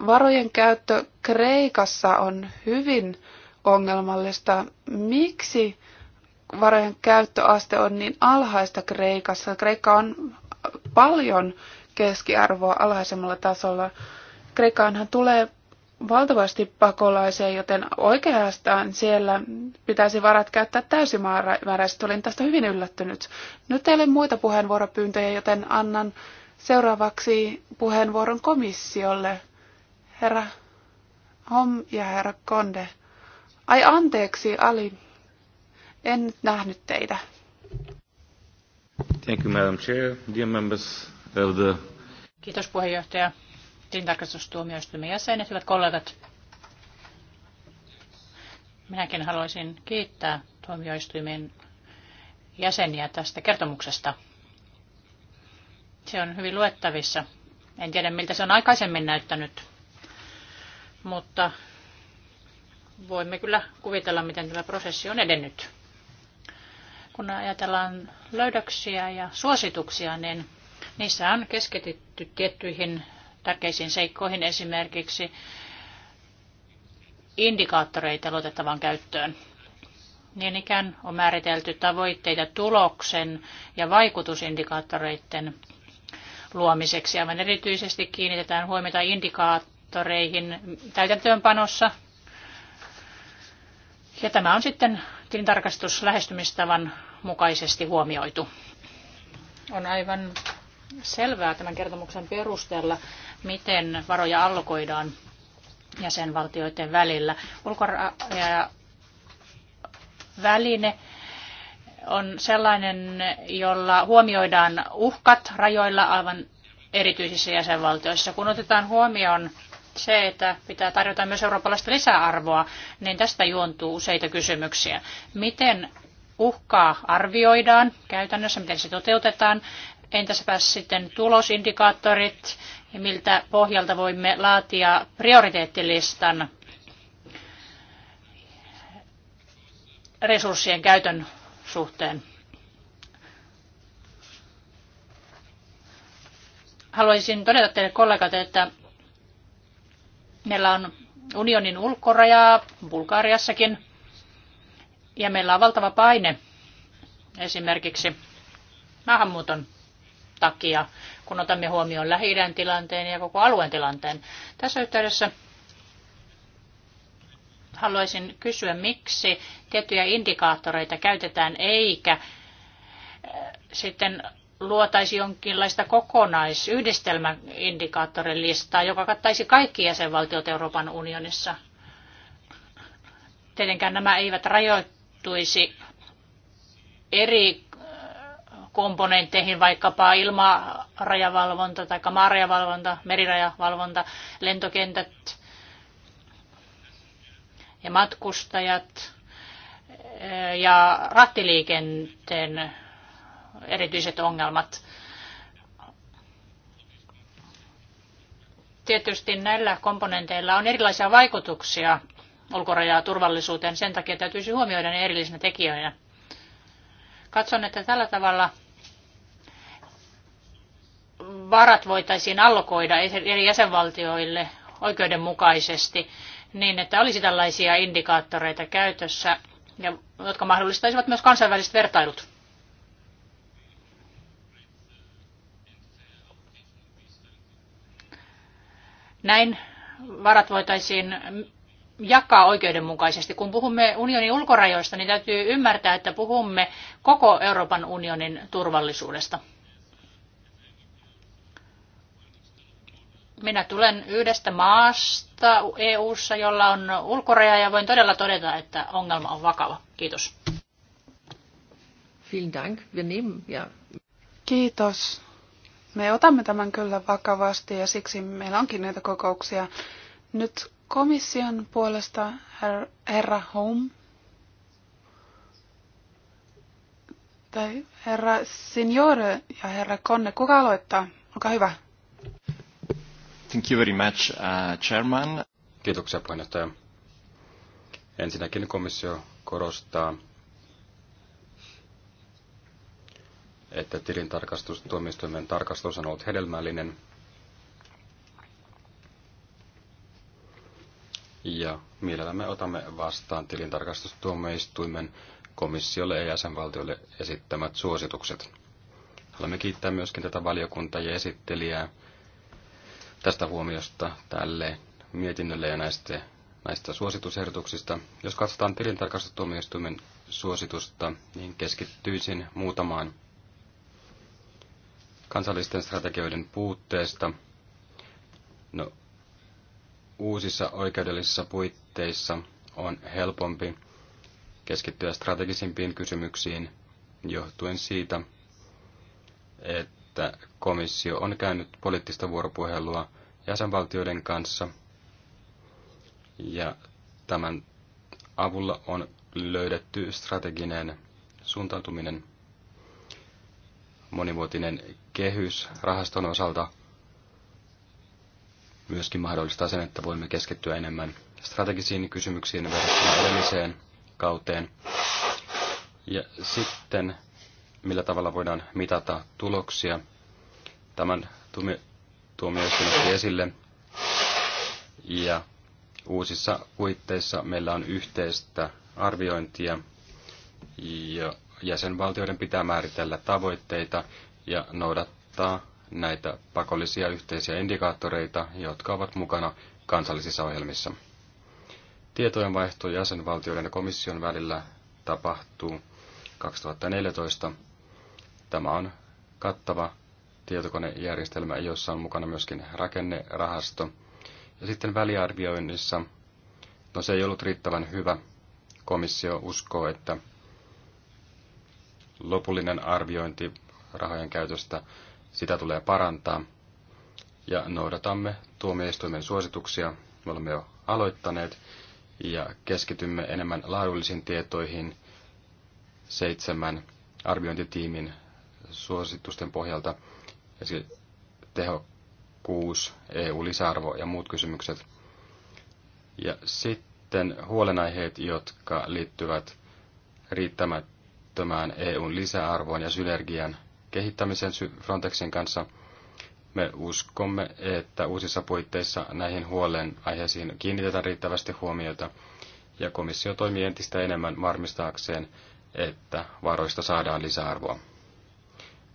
[SPEAKER 1] Varojen käyttö Kreikassa on hyvin ongelmallista. Miksi varojen käyttöaste on niin alhaista Kreikassa? Kreikka on paljon keskiarvoa alhaisemmalla tasolla. Kreikkaanhan tulee valtavasti pakolaisia, joten oikeastaan siellä pitäisi varat käyttää täysimääräisesti. Olin tästä hyvin yllättynyt. Nyt ei ole muita puheenvuoropyyntöjä, joten annan seuraavaksi puheenvuoron komissiolle. Herra Hom ja herra Konde. Ai anteeksi, Ali. En nyt
[SPEAKER 2] nähnyt teitä.
[SPEAKER 4] Thank you, Madam Chair. Dear members
[SPEAKER 2] of the... Kiitos puheenjohtaja tilintarkastustuomioistuimen jäsenet, hyvät kollegat. Minäkin haluaisin kiittää tuomioistuimen jäseniä tästä kertomuksesta. Se on hyvin luettavissa. En tiedä, miltä se on aikaisemmin näyttänyt, mutta voimme kyllä kuvitella, miten tämä prosessi on edennyt. Kun ajatellaan löydöksiä ja suosituksia, niin niissä on keskitytty tiettyihin tärkeisiin seikkoihin, esimerkiksi indikaattoreita luotettavan käyttöön. Niin ikään on määritelty tavoitteita tuloksen ja vaikutusindikaattoreiden luomiseksi. Aivan erityisesti kiinnitetään huomiota indikaattoreihin täytäntöönpanossa. Ja tämä on sitten tilintarkastuslähestymistavan mukaisesti huomioitu. On aivan selvää tämän kertomuksen perusteella, miten varoja allokoidaan jäsenvaltioiden välillä. Ulkoraja väline on sellainen, jolla huomioidaan uhkat rajoilla aivan erityisissä jäsenvaltioissa. Kun otetaan huomioon se, että pitää tarjota myös eurooppalaista lisäarvoa, niin tästä juontuu useita kysymyksiä. Miten uhkaa arvioidaan käytännössä, miten se toteutetaan, Entäspä sitten tulosindikaattorit ja miltä pohjalta voimme laatia prioriteettilistan resurssien käytön suhteen? Haluaisin todeta teille kollegat, että meillä on unionin ulkorajaa Bulgariassakin ja meillä on valtava paine esimerkiksi maahanmuuton takia, kun otamme huomioon lähi tilanteen ja koko alueen tilanteen. Tässä yhteydessä haluaisin kysyä, miksi tiettyjä indikaattoreita käytetään eikä sitten luotaisi jonkinlaista listaa, joka kattaisi kaikki jäsenvaltiot Euroopan unionissa. Tietenkään nämä eivät rajoittuisi eri komponentteihin, vaikkapa ilmarajavalvonta tai maarajavalvonta, merirajavalvonta, lentokentät ja matkustajat eh, ja rattiliikenteen erityiset ongelmat. Tietysti näillä komponenteilla on erilaisia vaikutuksia ulkorajaa turvallisuuteen, sen takia täytyisi huomioida ne erillisinä tekijöinä. Katson, että tällä tavalla varat voitaisiin allokoida eri jäsenvaltioille oikeudenmukaisesti niin, että olisi tällaisia indikaattoreita käytössä, jotka mahdollistaisivat myös kansainväliset vertailut. Näin varat voitaisiin jakaa oikeudenmukaisesti. Kun puhumme unionin ulkorajoista, niin täytyy ymmärtää, että puhumme koko Euroopan unionin turvallisuudesta. Minä tulen yhdestä maasta EU-ssa, jolla on ulkoraja ja voin todella todeta, että ongelma on vakava. Kiitos. Vielen Dank. Wir nehmen, ja. Kiitos. Me otamme
[SPEAKER 1] tämän kyllä vakavasti ja siksi meillä onkin näitä kokouksia. Nyt komission puolesta her, herra Home tai herra Signore ja herra Konne, kuka aloittaa? Olkaa hyvä.
[SPEAKER 4] Thank you very much, uh, Chairman. Kiitoksia puheenjohtaja. Ensinnäkin komissio korostaa, että tilintarkastustuomioistuimen tarkastus on ollut hedelmällinen ja mielellämme otamme vastaan tilintarkastustuomioistuimen komissiolle ja jäsenvaltiolle esittämät suositukset. Haluamme kiittää myöskin tätä valiokuntaa ja esittelijää tästä huomiosta tälle mietinnölle ja näistä, näistä suositusehdotuksista. Jos katsotaan tilintarkastustuomioistuimen suositusta, niin keskittyisin muutamaan kansallisten strategioiden puutteesta. No, uusissa oikeudellisissa puitteissa on helpompi keskittyä strategisimpiin kysymyksiin johtuen siitä, että että komissio on käynyt poliittista vuoropuhelua jäsenvaltioiden kanssa ja tämän avulla on löydetty strateginen suuntautuminen monivuotinen kehys rahaston osalta myöskin mahdollistaa sen, että voimme keskittyä enemmän strategisiin kysymyksiin verrattuna edelliseen kauteen. Ja sitten millä tavalla voidaan mitata tuloksia. Tämän tuomioistuin otti esille. Ja uusissa puitteissa meillä on yhteistä arviointia ja jäsenvaltioiden pitää määritellä tavoitteita ja noudattaa näitä pakollisia yhteisiä indikaattoreita, jotka ovat mukana kansallisissa ohjelmissa. Tietojenvaihto jäsenvaltioiden ja komission välillä tapahtuu 2014 Tämä on kattava tietokonejärjestelmä, jossa on mukana myöskin rakennerahasto. Ja sitten väliarvioinnissa, no se ei ollut riittävän hyvä. Komissio uskoo, että lopullinen arviointi rahojen käytöstä, sitä tulee parantaa. Ja noudatamme tuomioistuimen suosituksia, me olemme jo aloittaneet, ja keskitymme enemmän laadullisiin tietoihin seitsemän arviointitiimin suositusten pohjalta, esimerkiksi tehokkuus, EU-lisäarvo ja muut kysymykset. Ja sitten huolenaiheet, jotka liittyvät riittämättömään EUn lisäarvoon ja synergian kehittämisen Frontexin kanssa. Me uskomme, että uusissa puitteissa näihin huolenaiheisiin kiinnitetään riittävästi huomiota, ja komissio toimii entistä enemmän varmistaakseen, että varoista saadaan lisäarvoa.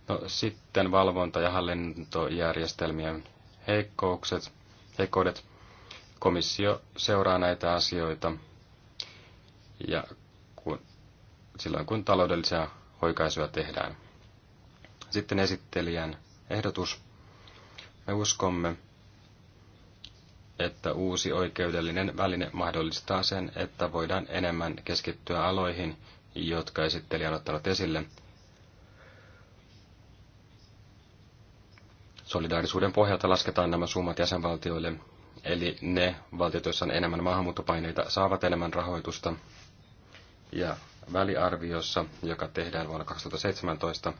[SPEAKER 4] No, sitten valvonta- ja hallintojärjestelmien heikkoukset, heikkoudet. Komissio seuraa näitä asioita ja kun, silloin kun taloudellisia hoikaisuja tehdään. Sitten esittelijän ehdotus. Me uskomme, että uusi oikeudellinen väline mahdollistaa sen, että voidaan enemmän keskittyä aloihin, jotka esittelijä on ottanut esille – solidaarisuuden pohjalta lasketaan nämä summat jäsenvaltioille, eli ne valtiot, joissa on enemmän maahanmuuttopaineita, saavat enemmän rahoitusta. Ja väliarviossa, joka tehdään vuonna 2017,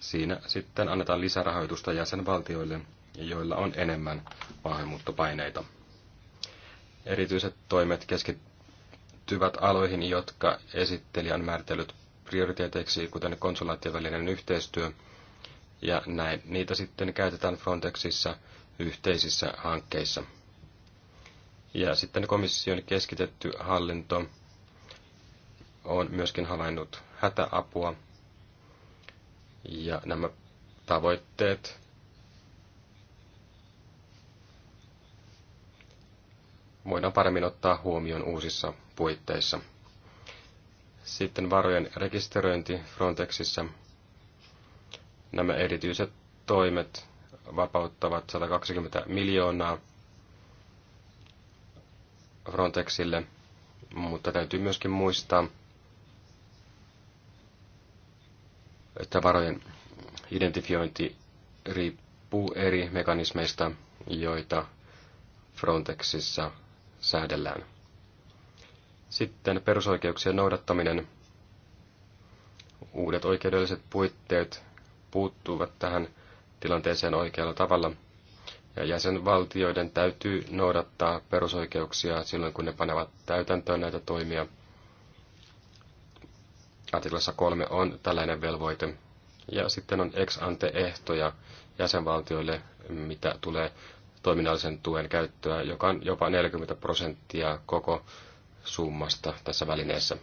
[SPEAKER 4] siinä sitten annetaan lisärahoitusta jäsenvaltioille, joilla on enemmän maahanmuuttopaineita. Erityiset toimet keskittyvät aloihin, jotka esittelijän määritellyt prioriteeteiksi, kuten konsulaattien välinen yhteistyö – ja näin niitä sitten käytetään Frontexissa yhteisissä hankkeissa. Ja sitten komission keskitetty hallinto on myöskin havainnut hätäapua ja nämä tavoitteet voidaan paremmin ottaa huomioon uusissa puitteissa. Sitten varojen rekisteröinti Frontexissa – Nämä erityiset toimet vapauttavat 120 miljoonaa Frontexille, mutta täytyy myöskin muistaa, että varojen identifiointi riippuu eri mekanismeista, joita Frontexissa säädellään. Sitten perusoikeuksien noudattaminen, uudet oikeudelliset puitteet, puuttuvat tähän tilanteeseen oikealla tavalla. Ja jäsenvaltioiden täytyy noudattaa perusoikeuksia silloin, kun ne panevat täytäntöön näitä toimia. Artiklassa kolme on tällainen velvoite. Ja sitten on ex ante ehtoja jäsenvaltioille, mitä tulee toiminnallisen tuen käyttöä, joka on jopa 40 prosenttia koko summasta tässä välineessä.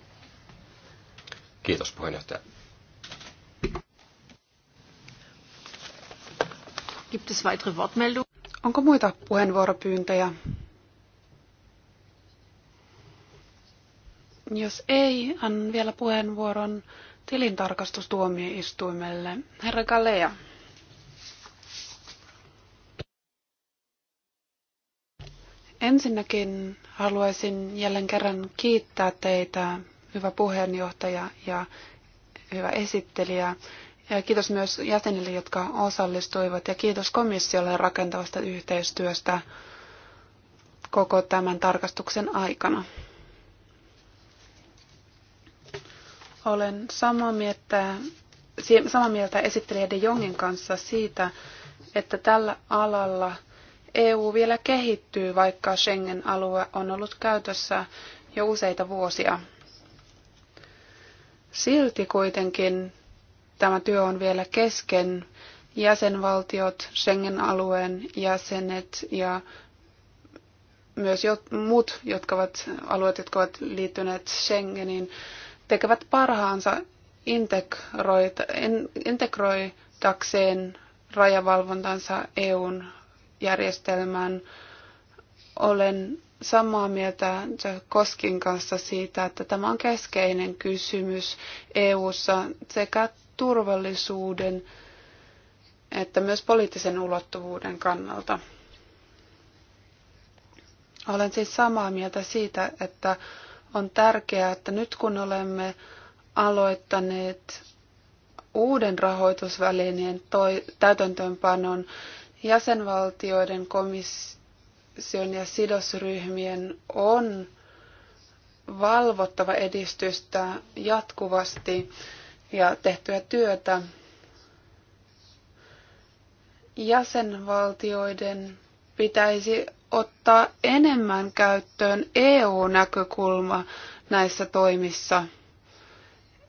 [SPEAKER 4] Kiitos puheenjohtaja.
[SPEAKER 1] Gibt es weitere Wortmeldungen? Onko muita puheenvuoropyyntöjä? Jos ei, annan vielä puheenvuoron tilintarkastustuomioistuimelle. Herra Kalea. Ensinnäkin haluaisin jälleen kerran kiittää teitä, hyvä puheenjohtaja ja hyvä esittelijä, ja kiitos myös jäsenille, jotka osallistuivat ja kiitos komissiolle rakentavasta yhteistyöstä koko tämän tarkastuksen aikana. Olen samaa mieltä, samaa mieltä esittelijä De Jongin kanssa siitä, että tällä alalla EU vielä kehittyy, vaikka Schengen-alue on ollut käytössä jo useita vuosia. Silti kuitenkin tämä työ on vielä kesken. Jäsenvaltiot, Schengen-alueen jäsenet ja myös jo, muut jotka ovat, alueet, jotka ovat liittyneet Schengeniin, tekevät parhaansa integroidakseen rajavalvontansa EUn järjestelmään. Olen samaa mieltä Koskin kanssa siitä, että tämä on keskeinen kysymys EU:ssa sekä turvallisuuden että myös poliittisen ulottuvuuden kannalta. Olen siis samaa mieltä siitä, että on tärkeää, että nyt kun olemme aloittaneet uuden rahoitusvälineen toi, täytäntöönpanon jäsenvaltioiden komission ja sidosryhmien on valvottava edistystä jatkuvasti ja tehtyä työtä jäsenvaltioiden pitäisi ottaa enemmän käyttöön EU-näkökulma näissä toimissa,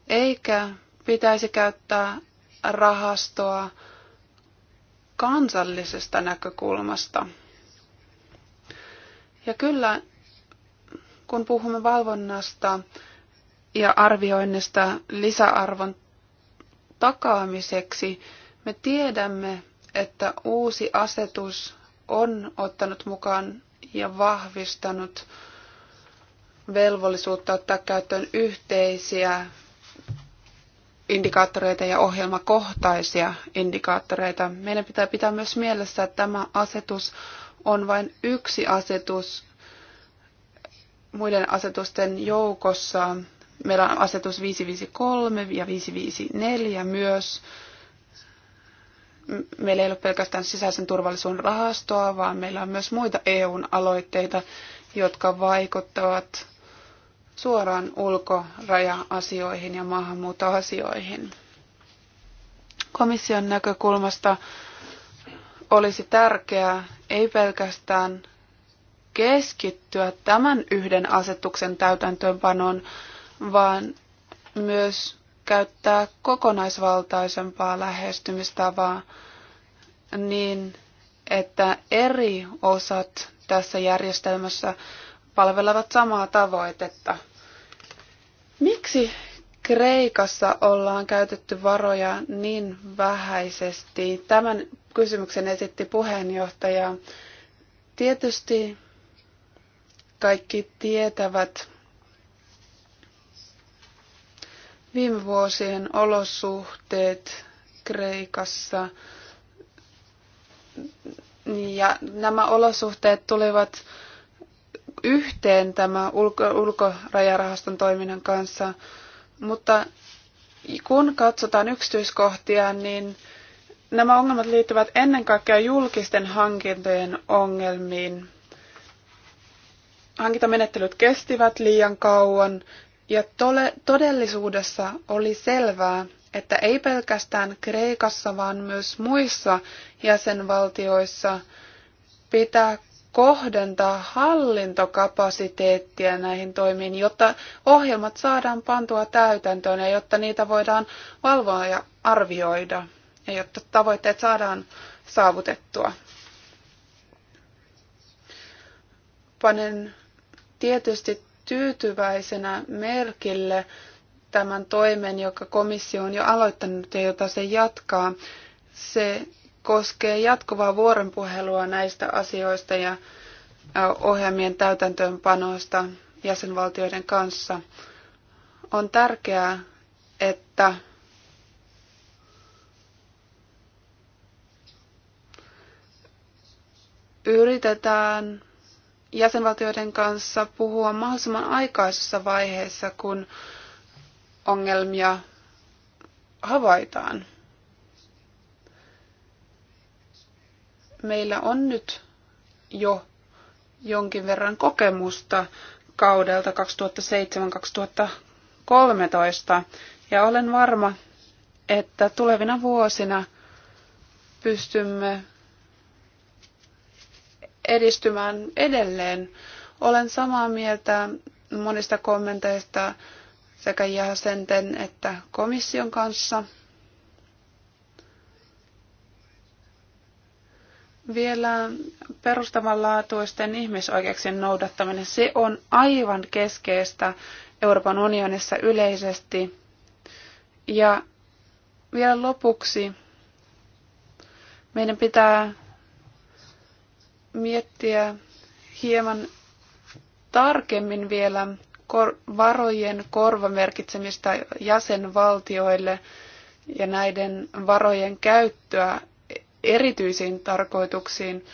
[SPEAKER 1] eikä pitäisi käyttää rahastoa kansallisesta näkökulmasta. Ja kyllä, kun puhumme valvonnasta, ja arvioinnista lisäarvon takaamiseksi. Me tiedämme, että uusi asetus on ottanut mukaan ja vahvistanut velvollisuutta ottaa käyttöön yhteisiä indikaattoreita ja ohjelmakohtaisia indikaattoreita. Meidän pitää pitää myös mielessä, että tämä asetus on vain yksi asetus muiden asetusten joukossa, Meillä on asetus 553 ja 554 myös. Meillä ei ole pelkästään sisäisen turvallisuuden rahastoa, vaan meillä on myös muita EUn aloitteita, jotka vaikuttavat suoraan ulkoraja-asioihin ja maahanmuuttoasioihin. Komission näkökulmasta olisi tärkeää ei pelkästään keskittyä tämän yhden asetuksen täytäntöönpanoon, vaan myös käyttää kokonaisvaltaisempaa lähestymistavaa niin, että eri osat tässä järjestelmässä palvelevat samaa tavoitetta. Miksi Kreikassa ollaan käytetty varoja niin vähäisesti? Tämän kysymyksen esitti puheenjohtaja. Tietysti kaikki tietävät, Viime vuosien olosuhteet Kreikassa ja nämä olosuhteet tulivat yhteen tämä ulko, ulkorajarahaston toiminnan kanssa, mutta kun katsotaan yksityiskohtia, niin nämä ongelmat liittyvät ennen kaikkea julkisten hankintojen ongelmiin. Hankintamenettelyt kestivät liian kauan ja tole, todellisuudessa oli selvää, että ei pelkästään Kreikassa, vaan myös muissa jäsenvaltioissa pitää kohdentaa hallintokapasiteettia näihin toimiin, jotta ohjelmat saadaan pantua täytäntöön ja jotta niitä voidaan valvoa ja arvioida ja jotta tavoitteet saadaan saavutettua. Panen tietysti tyytyväisenä merkille tämän toimen, joka komissio on jo aloittanut ja jota se jatkaa. Se koskee jatkuvaa vuoropuhelua näistä asioista ja ohjelmien täytäntöönpanosta jäsenvaltioiden kanssa. On tärkeää, että yritetään jäsenvaltioiden kanssa puhua mahdollisimman aikaisessa vaiheessa, kun ongelmia havaitaan. Meillä on nyt jo jonkin verran kokemusta kaudelta 2007-2013 ja olen varma, että tulevina vuosina pystymme edistymään edelleen. Olen samaa mieltä monista kommenteista sekä jäsenten että komission kanssa. Vielä perustavanlaatuisten ihmisoikeuksien noudattaminen, se on aivan keskeistä Euroopan unionissa yleisesti. Ja vielä lopuksi meidän pitää miettiä hieman tarkemmin vielä varojen korvamerkitsemistä jäsenvaltioille ja näiden varojen käyttöä erityisiin tarkoituksiin.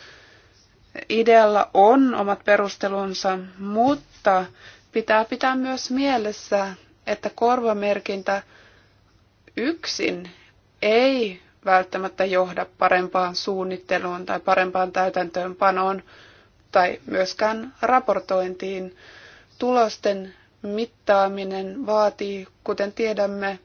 [SPEAKER 1] Idealla on omat perustelunsa, mutta pitää pitää myös mielessä, että korvamerkintä yksin ei välttämättä johda parempaan suunnitteluun tai parempaan täytäntöönpanoon tai myöskään raportointiin. Tulosten mittaaminen vaatii, kuten tiedämme,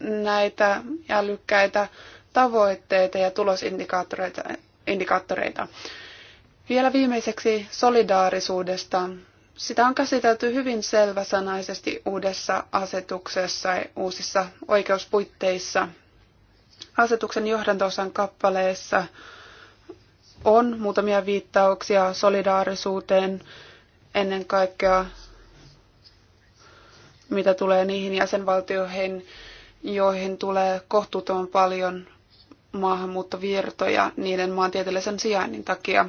[SPEAKER 1] näitä älykkäitä tavoitteita ja tulosindikaattoreita. Vielä viimeiseksi solidaarisuudesta sitä on käsitelty hyvin selväsanaisesti uudessa asetuksessa ja uusissa oikeuspuitteissa. Asetuksen johdantosan kappaleessa on muutamia viittauksia solidaarisuuteen ennen kaikkea, mitä tulee niihin jäsenvaltioihin, joihin tulee kohtuuttoman paljon maahanmuuttovirtoja niiden maantieteellisen sijainnin takia.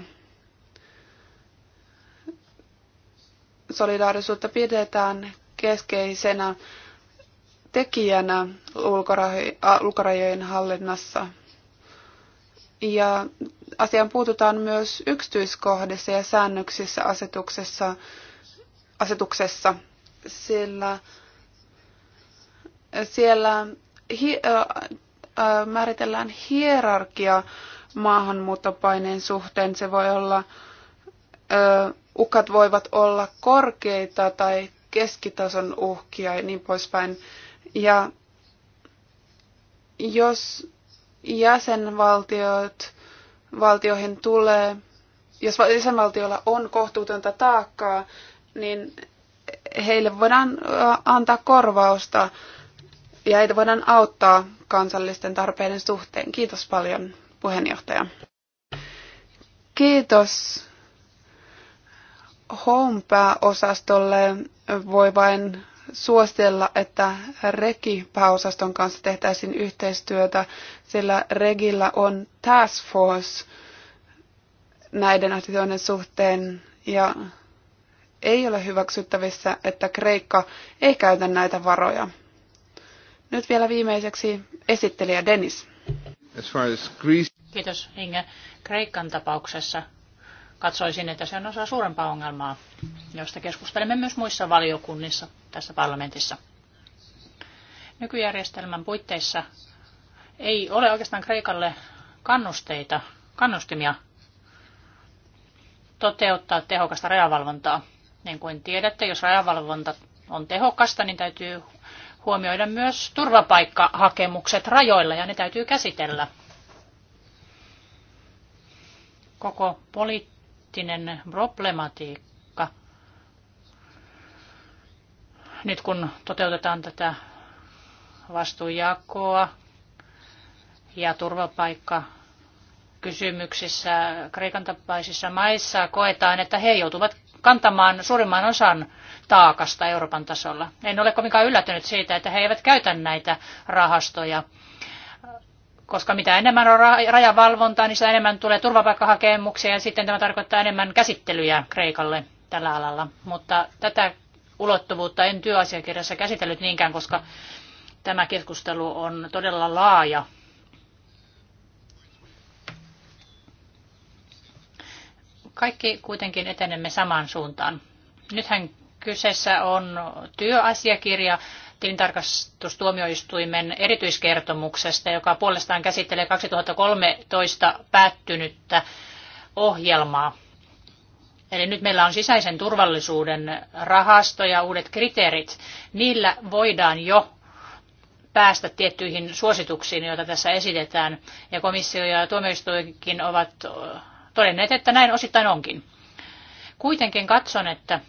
[SPEAKER 1] solidaarisuutta pidetään keskeisenä tekijänä ulkorajojen hallinnassa. Ja asiaan puututaan myös yksityiskohdissa ja säännöksissä asetuksessa, asetuksessa sillä siellä hi, äh, äh, määritellään hierarkia maahanmuuttopaineen suhteen. Se voi olla äh, ukat voivat olla korkeita tai keskitason uhkia ja niin poispäin. Ja jos jäsenvaltiot, valtioihin tulee, jos jäsenvaltiolla on kohtuutonta taakkaa, niin heille voidaan antaa korvausta ja heitä voidaan auttaa kansallisten tarpeiden suhteen. Kiitos paljon, puheenjohtaja. Kiitos Home pääosastolle voi vain suositella, että Regi pääosaston kanssa tehtäisiin yhteistyötä, sillä Regillä on task force näiden asioiden suhteen ja ei ole hyväksyttävissä, että Kreikka ei käytä näitä varoja. Nyt vielä viimeiseksi
[SPEAKER 2] esittelijä Dennis.
[SPEAKER 3] As far as Greece...
[SPEAKER 2] Kiitos Inge. Kreikan tapauksessa katsoisin, että se on osa suurempaa ongelmaa, josta keskustelemme myös muissa valiokunnissa tässä parlamentissa. Nykyjärjestelmän puitteissa ei ole oikeastaan Kreikalle kannusteita, kannustimia toteuttaa tehokasta rajavalvontaa. Niin kuin tiedätte, jos rajavalvonta on tehokasta, niin täytyy huomioida myös turvapaikkahakemukset rajoilla ja ne täytyy käsitellä. Koko poliittinen eettinen problematiikka. Nyt kun toteutetaan tätä vastuujakoa ja turvapaikka kysymyksissä Kreikan tapaisissa maissa koetaan, että he joutuvat kantamaan suurimman osan taakasta Euroopan tasolla. En ole kovinkaan yllättynyt siitä, että he eivät käytä näitä rahastoja koska mitä enemmän on rajavalvontaa, niin sitä enemmän tulee turvapaikkahakemuksia ja sitten tämä tarkoittaa enemmän käsittelyjä Kreikalle tällä alalla. Mutta tätä ulottuvuutta en työasiakirjassa käsitellyt niinkään, koska tämä keskustelu on todella laaja. Kaikki kuitenkin etenemme samaan suuntaan. Nythän kyseessä on työasiakirja, tilintarkastustuomioistuimen erityiskertomuksesta, joka puolestaan käsittelee 2013 päättynyttä ohjelmaa. Eli nyt meillä on sisäisen turvallisuuden rahasto ja uudet kriteerit. Niillä voidaan jo päästä tiettyihin suosituksiin, joita tässä esitetään. Ja komissio ja tuomioistuinkin ovat todenneet, että näin osittain onkin. Kuitenkin katson, että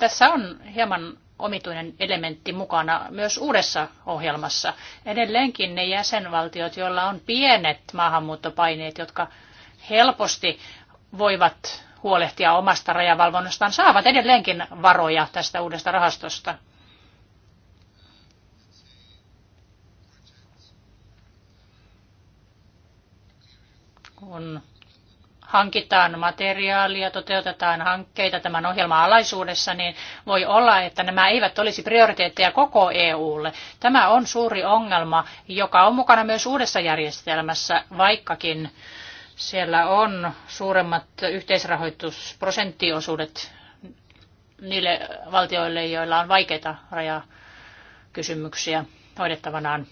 [SPEAKER 2] tässä on hieman omituinen elementti mukana myös uudessa ohjelmassa. Edelleenkin ne jäsenvaltiot, joilla on pienet maahanmuuttopaineet, jotka helposti voivat huolehtia omasta rajavalvonnastaan, saavat edelleenkin varoja tästä uudesta rahastosta. Kun hankitaan materiaalia, toteutetaan hankkeita tämän ohjelman alaisuudessa, niin voi olla, että nämä eivät olisi prioriteetteja koko EUlle. Tämä on suuri ongelma, joka on mukana myös uudessa järjestelmässä, vaikkakin siellä on suuremmat yhteisrahoitusprosenttiosuudet niille valtioille, joilla on vaikeita rajakysymyksiä hoidettavanaan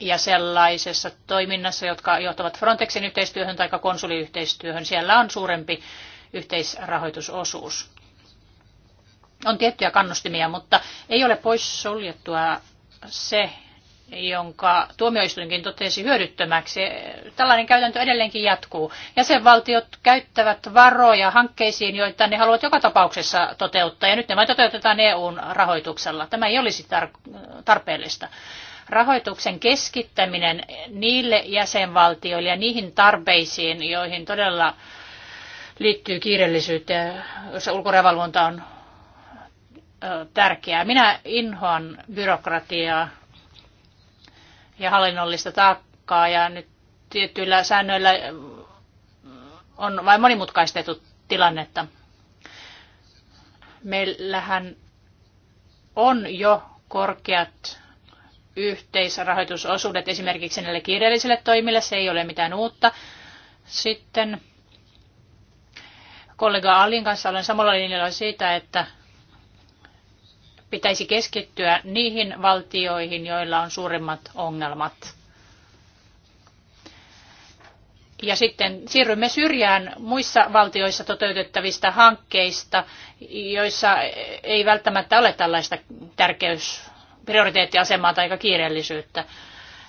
[SPEAKER 2] ja sellaisessa toiminnassa, jotka johtavat Frontexin yhteistyöhön tai konsuliyhteistyöhön, siellä on suurempi yhteisrahoitusosuus. On tiettyjä kannustimia, mutta ei ole pois suljettua se, jonka tuomioistuinkin totesi hyödyttömäksi. Tällainen käytäntö edelleenkin jatkuu. Jäsenvaltiot käyttävät varoja hankkeisiin, joita ne haluavat joka tapauksessa toteuttaa, ja nyt ne vain toteutetaan EUn rahoituksella. Tämä ei olisi tar- tarpeellista rahoituksen keskittäminen niille jäsenvaltioille ja niihin tarpeisiin, joihin todella liittyy kiireellisyyttä, jossa ulkorajavalvonta on tärkeää. Minä inhoan byrokratiaa ja hallinnollista taakkaa ja nyt tietyillä säännöillä on vain monimutkaistettu tilannetta. Meillähän on jo korkeat yhteisrahoitusosuudet esimerkiksi näille kirjallisille toimille, se ei ole mitään uutta. Sitten kollega Alin kanssa olen samalla linjalla siitä, että pitäisi keskittyä niihin valtioihin, joilla on suurimmat ongelmat. Ja sitten siirrymme syrjään muissa valtioissa toteutettavista hankkeista, joissa ei välttämättä ole tällaista tärkeys prioriteettiasemaa tai kiireellisyyttä.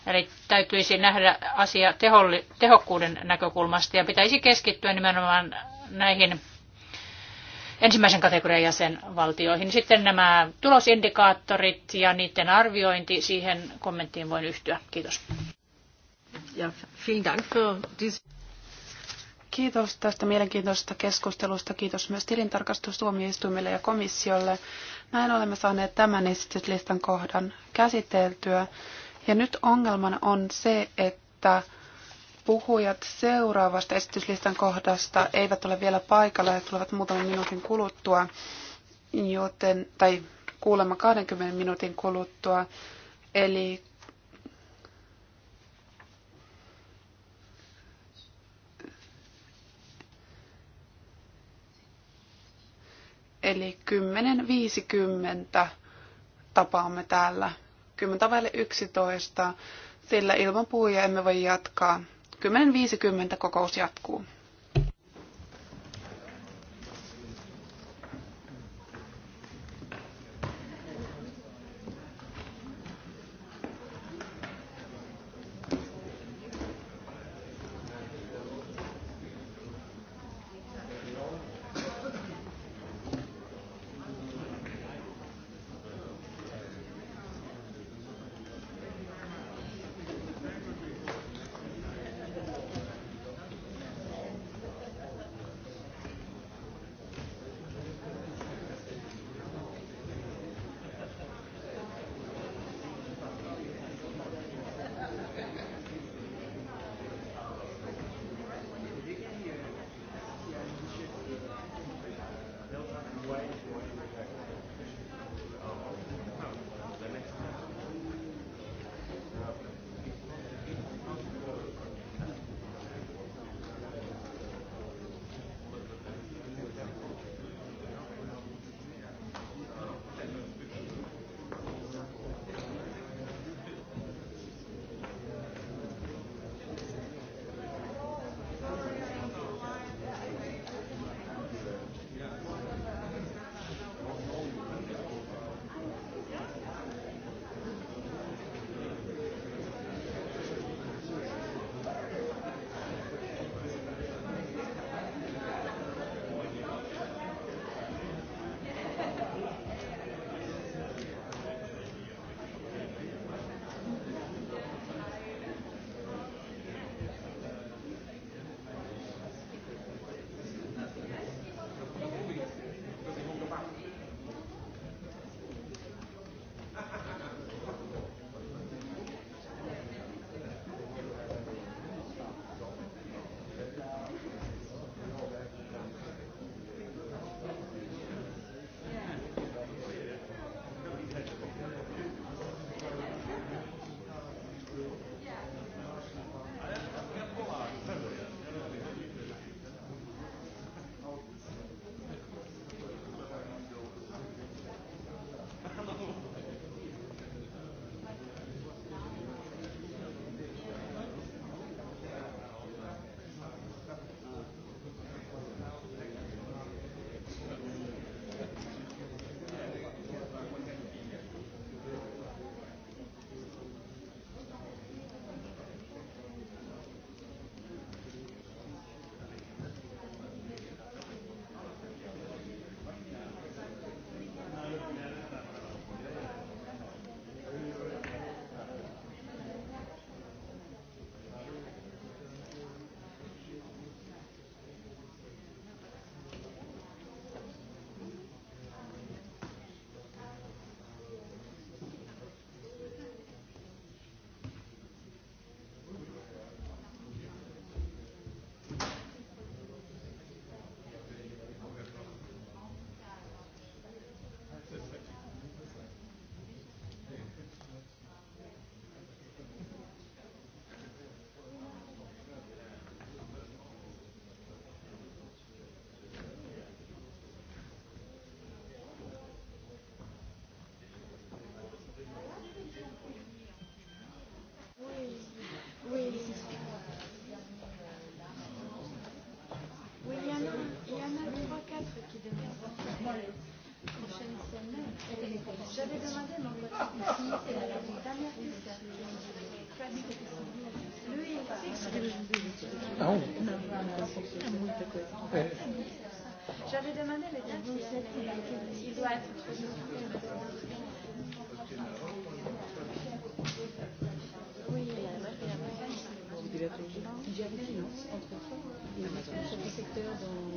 [SPEAKER 2] Eli täytyisi nähdä asia teholli, tehokkuuden näkökulmasta ja pitäisi keskittyä nimenomaan näihin ensimmäisen kategorian jäsenvaltioihin. Sitten nämä tulosindikaattorit ja niiden arviointi, siihen kommenttiin voin yhtyä. Kiitos. Ja, vielen Dank für Kiitos
[SPEAKER 1] tästä mielenkiintoisesta keskustelusta. Kiitos myös tilintarkastustuomioistuimille ja komissiolle. Näin olemme saaneet tämän esityslistan kohdan käsiteltyä. Ja nyt ongelmana on se, että puhujat seuraavasta esityslistan kohdasta eivät ole vielä paikalla ja tulevat muutaman minuutin kuluttua, joten, tai kuulemma 20 minuutin kuluttua. Eli Eli 10.50 tapaamme täällä 10 vaille 11, sillä ilman puhuja emme voi jatkaa. 10.50 kokous jatkuu.
[SPEAKER 5] J'avais demandé il doit être
[SPEAKER 1] Oui, il y a la entre
[SPEAKER 5] secteur dans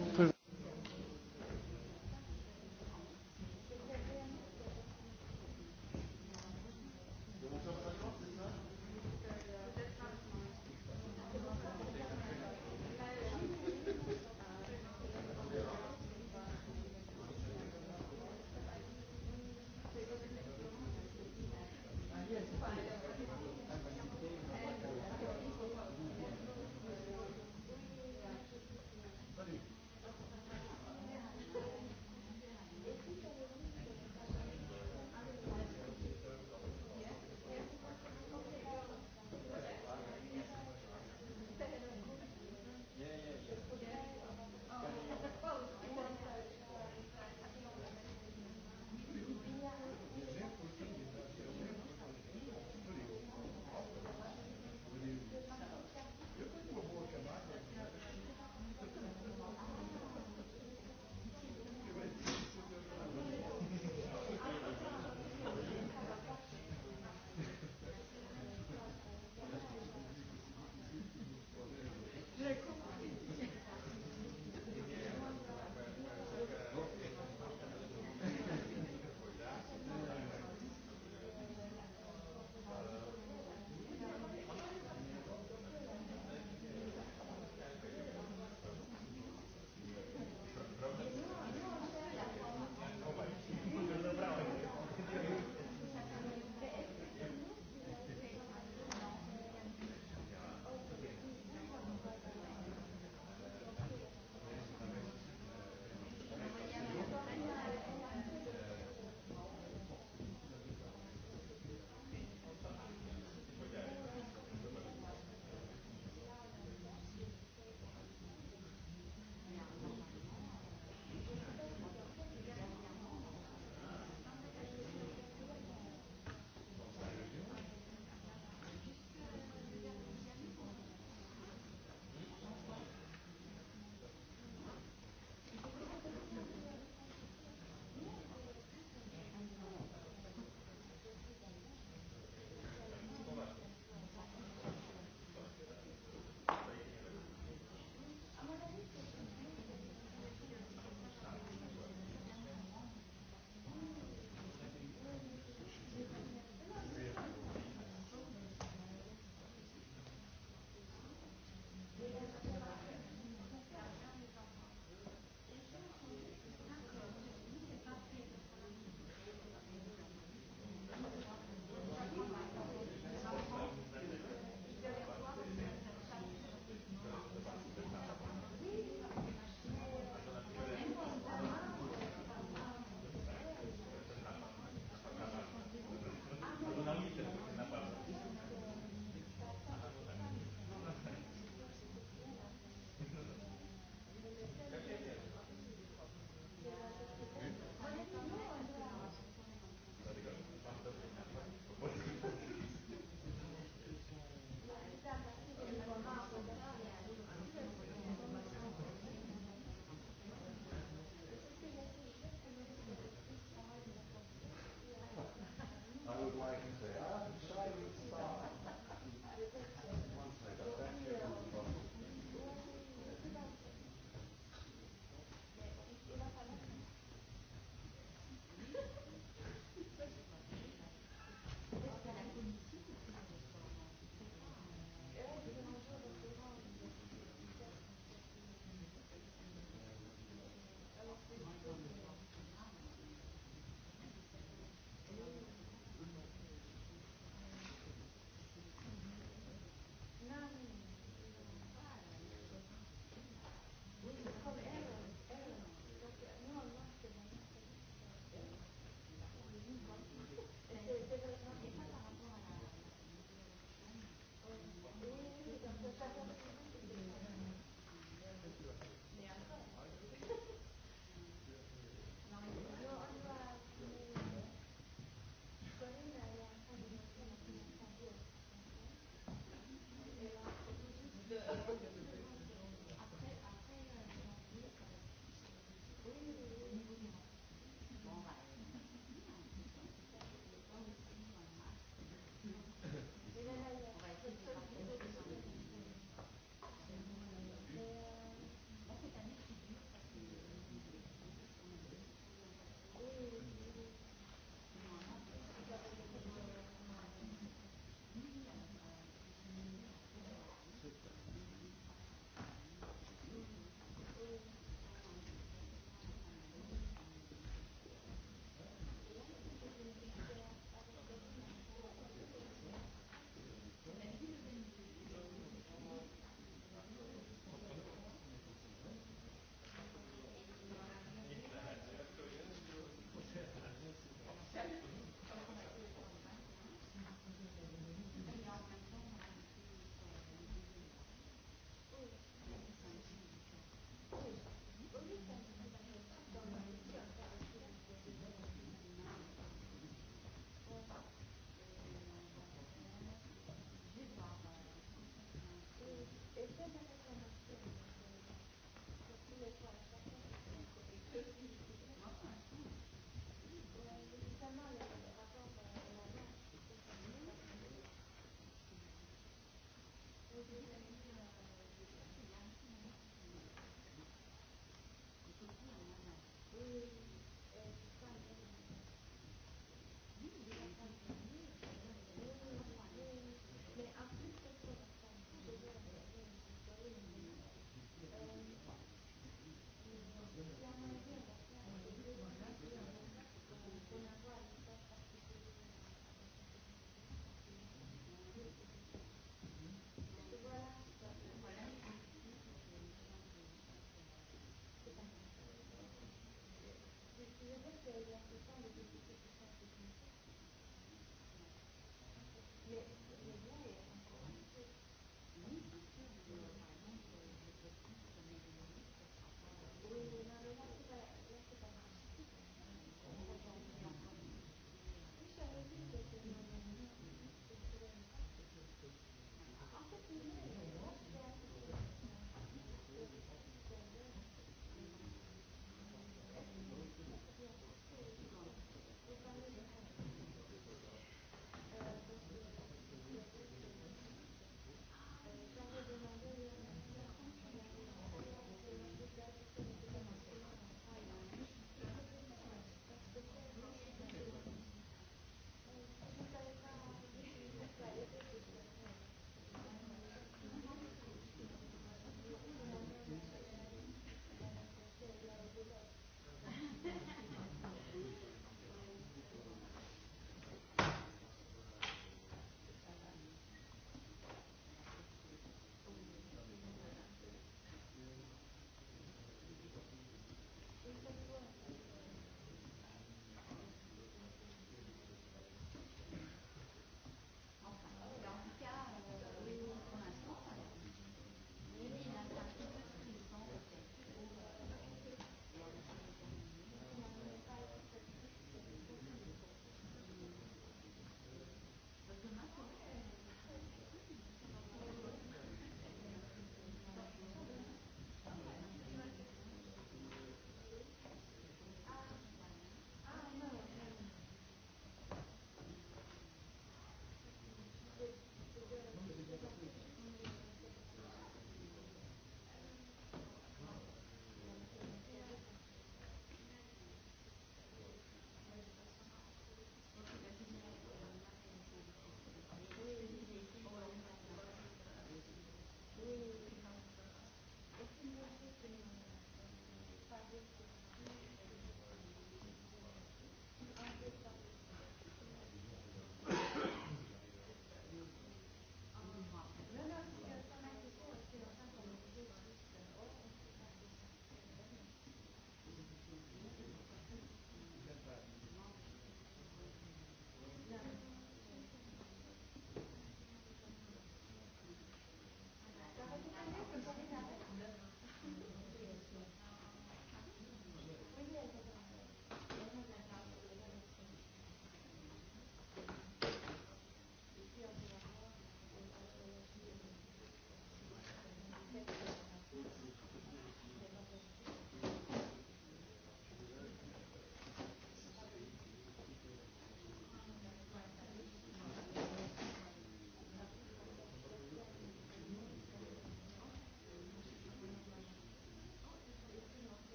[SPEAKER 5] Thank you.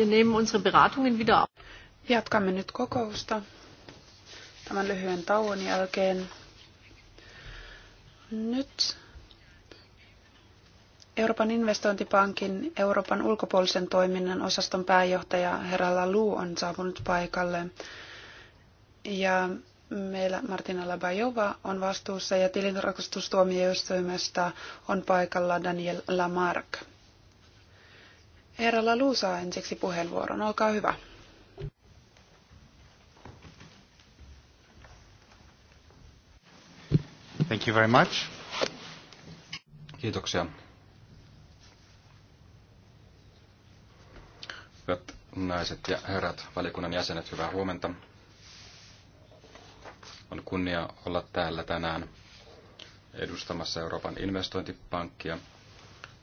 [SPEAKER 2] Wir nehmen unsere Beratungen
[SPEAKER 1] wieder auf. Jatkamme nyt kokousta tämän lyhyen tauon jälkeen. Nyt Euroopan investointipankin Euroopan ulkopuolisen toiminnan osaston pääjohtaja herra Lalu on saapunut paikalle. Ja meillä Martina Labajova on vastuussa ja tilintarkastustuomioistuimesta on paikalla Daniel Lamarck. Erala Lu saa ensiksi puheenvuoron. Olkaa hyvä.
[SPEAKER 4] Thank you very much. Kiitoksia. Hyvät naiset ja herrat, valikunnan jäsenet, hyvää huomenta. On kunnia olla täällä tänään edustamassa Euroopan investointipankkia.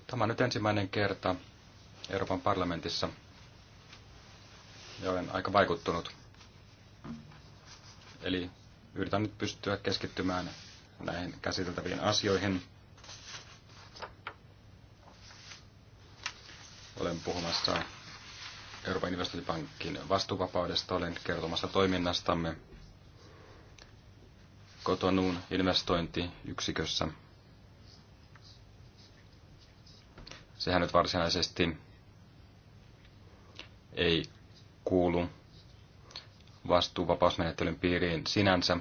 [SPEAKER 4] Tämä on nyt ensimmäinen kerta, Euroopan parlamentissa ja olen aika vaikuttunut. Eli yritän nyt pystyä keskittymään näihin käsiteltäviin asioihin. Olen puhumassa Euroopan investointipankin vastuuvapaudesta, olen kertomassa toiminnastamme Kotonuun investointiyksikössä. Sehän nyt varsinaisesti ei kuulu vastuuvapausmenettelyn piiriin sinänsä,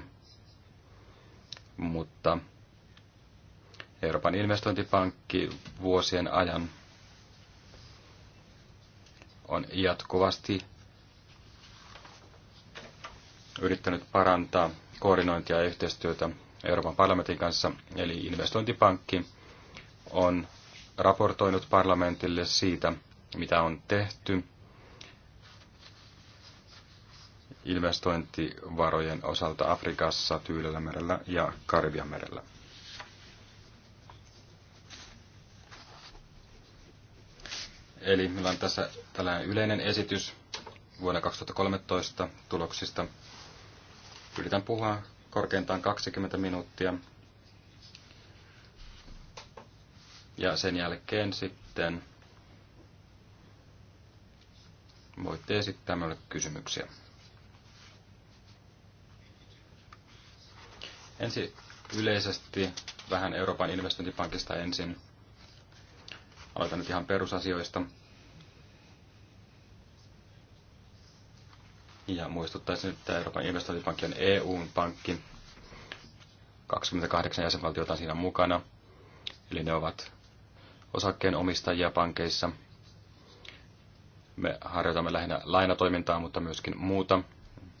[SPEAKER 4] mutta Euroopan investointipankki vuosien ajan on jatkuvasti yrittänyt parantaa koordinointia ja yhteistyötä Euroopan parlamentin kanssa, eli investointipankki on raportoinut parlamentille siitä, mitä on tehty investointivarojen osalta Afrikassa, Tyylällä merellä ja Karibian merellä. Eli meillä on tässä tällainen yleinen esitys vuonna 2013 tuloksista. Yritän puhua korkeintaan 20 minuuttia. Ja sen jälkeen sitten voitte esittää meille kysymyksiä. ensin yleisesti vähän Euroopan investointipankista ensin. Aloitan nyt ihan perusasioista. Ja muistuttaisin, että Euroopan investointipankki on EUn pankki. 28 jäsenvaltiota on siinä mukana. Eli ne ovat osakkeenomistajia pankeissa. Me harjoitamme lähinnä lainatoimintaa, mutta myöskin muuta.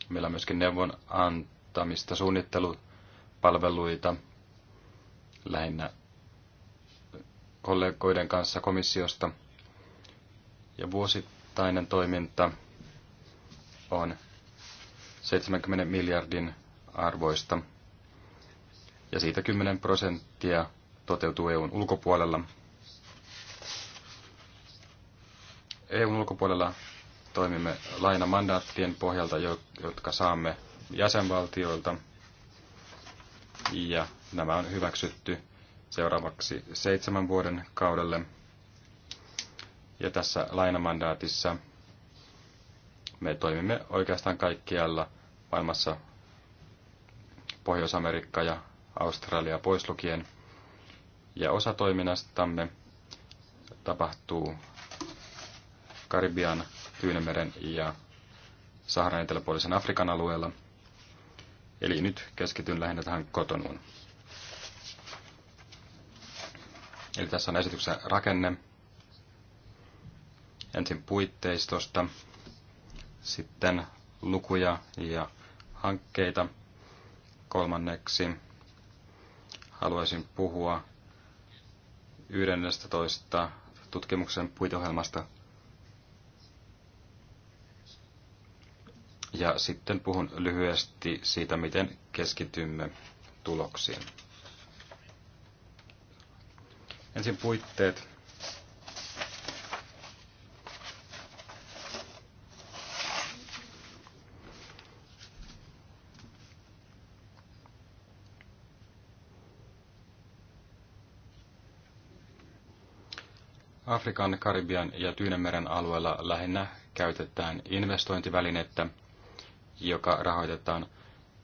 [SPEAKER 4] Meillä on myöskin neuvon antamista, suunnittelu, palveluita lähinnä kollegoiden kanssa komissiosta. Ja vuosittainen toiminta on 70 miljardin arvoista. Ja siitä 10 prosenttia toteutuu EUn ulkopuolella. EUn ulkopuolella toimimme lainamandaattien pohjalta, jotka saamme jäsenvaltioilta – ja nämä on hyväksytty seuraavaksi seitsemän vuoden kaudelle. Ja tässä lainamandaatissa me toimimme oikeastaan kaikkialla maailmassa Pohjois-Amerikka ja Australia pois lukien. Ja osa toiminnastamme tapahtuu Karibian, Tyynemeren ja Saharan eteläpuolisen Afrikan alueella – Eli nyt keskityn lähinnä tähän kotonuun. Eli tässä on esityksen rakenne. Ensin puitteistosta, sitten lukuja ja hankkeita. Kolmanneksi haluaisin puhua 11 tutkimuksen puiteohjelmasta Ja sitten puhun lyhyesti siitä, miten keskitymme tuloksiin. Ensin puitteet. Afrikan, Karibian ja Tyynemeren alueella lähinnä käytetään investointivälinettä – joka rahoitetaan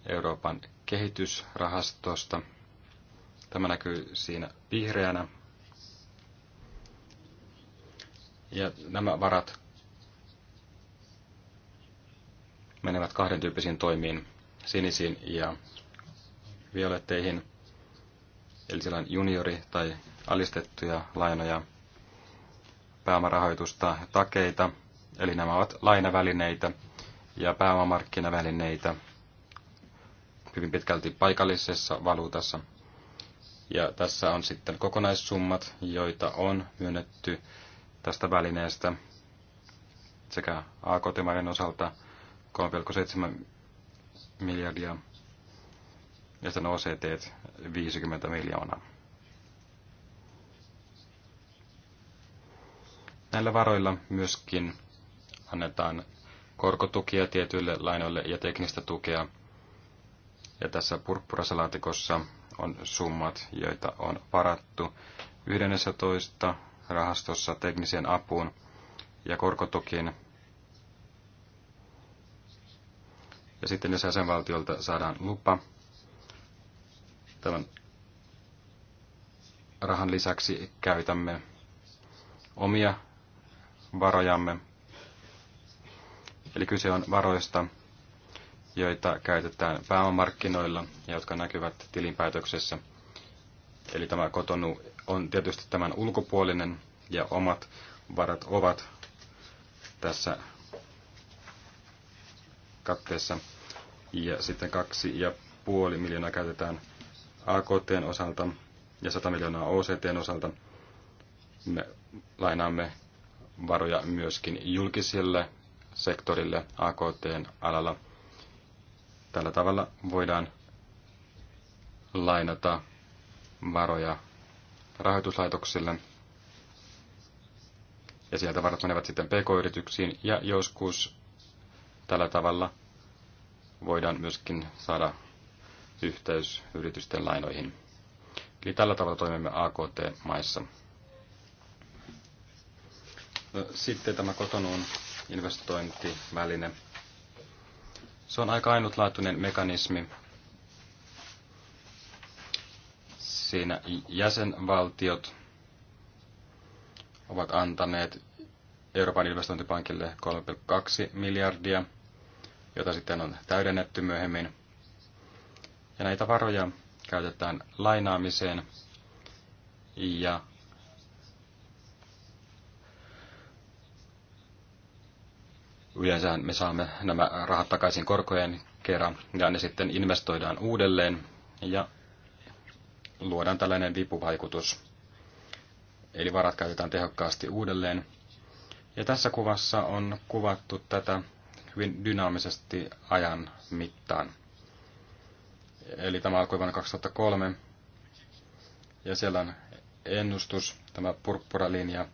[SPEAKER 4] Euroopan kehitysrahastosta. Tämä näkyy siinä vihreänä. Ja nämä varat menevät kahden tyyppisiin toimiin, sinisiin ja violetteihin. Eli siellä on juniori- tai alistettuja lainoja, pääomarahoitusta, takeita, eli nämä ovat lainavälineitä, ja pääomamarkkinavälineitä hyvin pitkälti paikallisessa valuutassa. Ja tässä on sitten kokonaissummat, joita on myönnetty tästä välineestä sekä AKT-maiden osalta 3,7 miljardia ja sen OCT 50 miljoonaa. Näillä varoilla myöskin annetaan korkotukia tietyille lainoille ja teknistä tukea. Ja tässä purppurasalaatikossa on summat, joita on varattu 11 rahastossa tekniseen apuun ja korkotukin. Ja sitten jos jäsenvaltiolta saadaan lupa tämän rahan lisäksi käytämme omia varojamme Eli kyse on varoista, joita käytetään pääomamarkkinoilla ja jotka näkyvät tilinpäätöksessä. Eli tämä kotonu on tietysti tämän ulkopuolinen ja omat varat ovat tässä katteessa. Ja sitten kaksi ja puoli miljoonaa käytetään AKTn osalta ja 100 miljoonaa OCTn osalta. Me lainaamme varoja myöskin julkisille sektorille AKT-alalla. Tällä tavalla voidaan lainata varoja rahoituslaitoksille. Ja sieltä varat menevät sitten pk-yrityksiin ja joskus tällä tavalla voidaan myöskin saada yhteys yritysten lainoihin. Eli tällä tavalla toimimme AKT-maissa. No, sitten tämä kotonuun investointiväline. Se on aika ainutlaatuinen mekanismi. Siinä jäsenvaltiot ovat antaneet Euroopan investointipankille 3,2 miljardia, jota sitten on täydennetty myöhemmin. Ja näitä varoja käytetään lainaamiseen ja Yleensä me saamme nämä rahat takaisin korkojen kerran ja ne sitten investoidaan uudelleen ja luodaan tällainen vipuvaikutus. Eli varat käytetään tehokkaasti uudelleen. Ja tässä kuvassa on kuvattu tätä hyvin dynaamisesti ajan mittaan. Eli tämä alkoi vuonna 2003. Ja siellä on ennustus, tämä purppuralinja, linja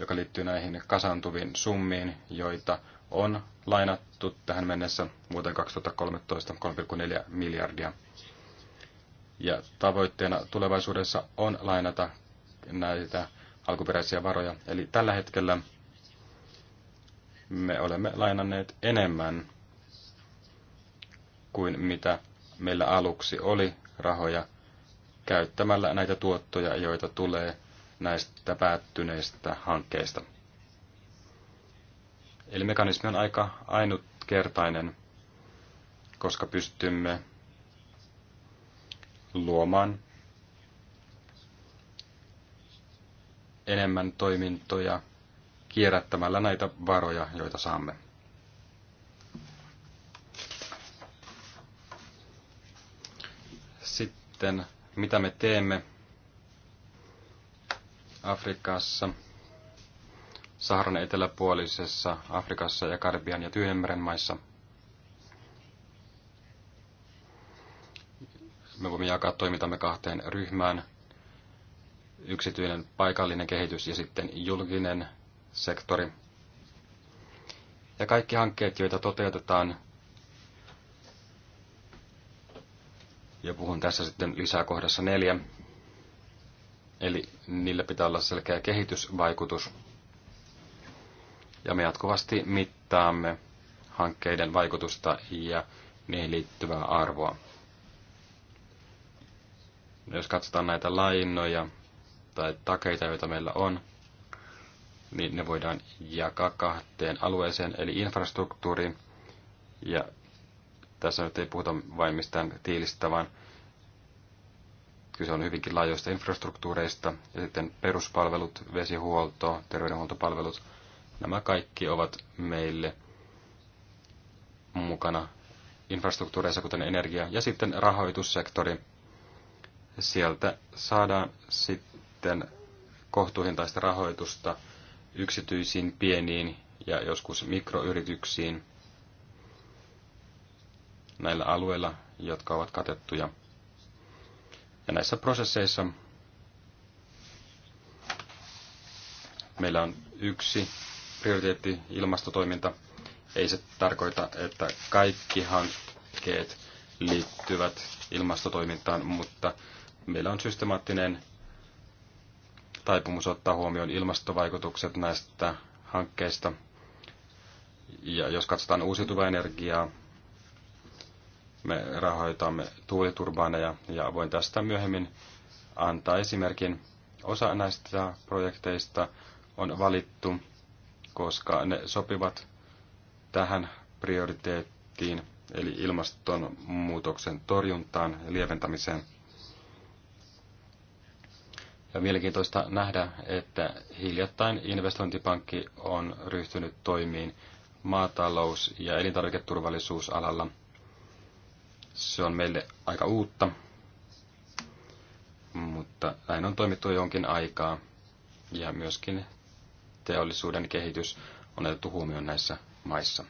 [SPEAKER 4] joka liittyy näihin kasantuviin summiin, joita on lainattu tähän mennessä vuoteen 2013 3,4 miljardia. Ja tavoitteena tulevaisuudessa on lainata näitä alkuperäisiä varoja. Eli tällä hetkellä me olemme lainanneet enemmän kuin mitä meillä aluksi oli rahoja käyttämällä näitä tuottoja, joita tulee näistä päättyneistä hankkeista. Eli mekanismi on aika ainutkertainen, koska pystymme luomaan enemmän toimintoja kierrättämällä näitä varoja, joita saamme. Sitten mitä me teemme Afrikassa, Saharan eteläpuolisessa Afrikassa ja Karibian ja Tyynenmeren maissa. Me voimme jakaa toimintamme kahteen ryhmään. Yksityinen paikallinen kehitys ja sitten julkinen sektori. Ja kaikki hankkeet, joita toteutetaan, ja puhun tässä sitten lisää kohdassa neljä, Eli niillä pitää olla selkeä kehitysvaikutus. Ja me jatkuvasti mittaamme hankkeiden vaikutusta ja niihin liittyvää arvoa. No, jos katsotaan näitä lainoja tai takeita, joita meillä on, niin ne voidaan jakaa kahteen alueeseen, eli infrastruktuuriin. Ja tässä nyt ei puhuta vain mistään tiilistä, vaan Kyse on hyvinkin laajoista infrastruktuureista ja sitten peruspalvelut, vesihuolto, terveydenhuoltopalvelut. Nämä kaikki ovat meille mukana infrastruktuureissa, kuten energia. Ja sitten rahoitussektori. Sieltä saadaan sitten kohtuuhintaista rahoitusta yksityisiin, pieniin ja joskus mikroyrityksiin näillä alueilla, jotka ovat katettuja ja näissä prosesseissa meillä on yksi prioriteetti ilmastotoiminta. Ei se tarkoita, että kaikki hankkeet liittyvät ilmastotoimintaan, mutta meillä on systemaattinen taipumus ottaa huomioon ilmastovaikutukset näistä hankkeista. Ja jos katsotaan uusiutuvaa energiaa, me rahoitamme tuuliturbaaneja ja voin tästä myöhemmin antaa esimerkin. Osa näistä projekteista on valittu, koska ne sopivat tähän prioriteettiin, eli ilmastonmuutoksen torjuntaan ja lieventämiseen. Ja mielenkiintoista nähdä, että hiljattain investointipankki on ryhtynyt toimiin maatalous- ja elintarviketurvallisuusalalla – se on meille aika uutta, mutta näin on toimittu jonkin aikaa ja myöskin teollisuuden kehitys on otettu huomioon näissä maissa.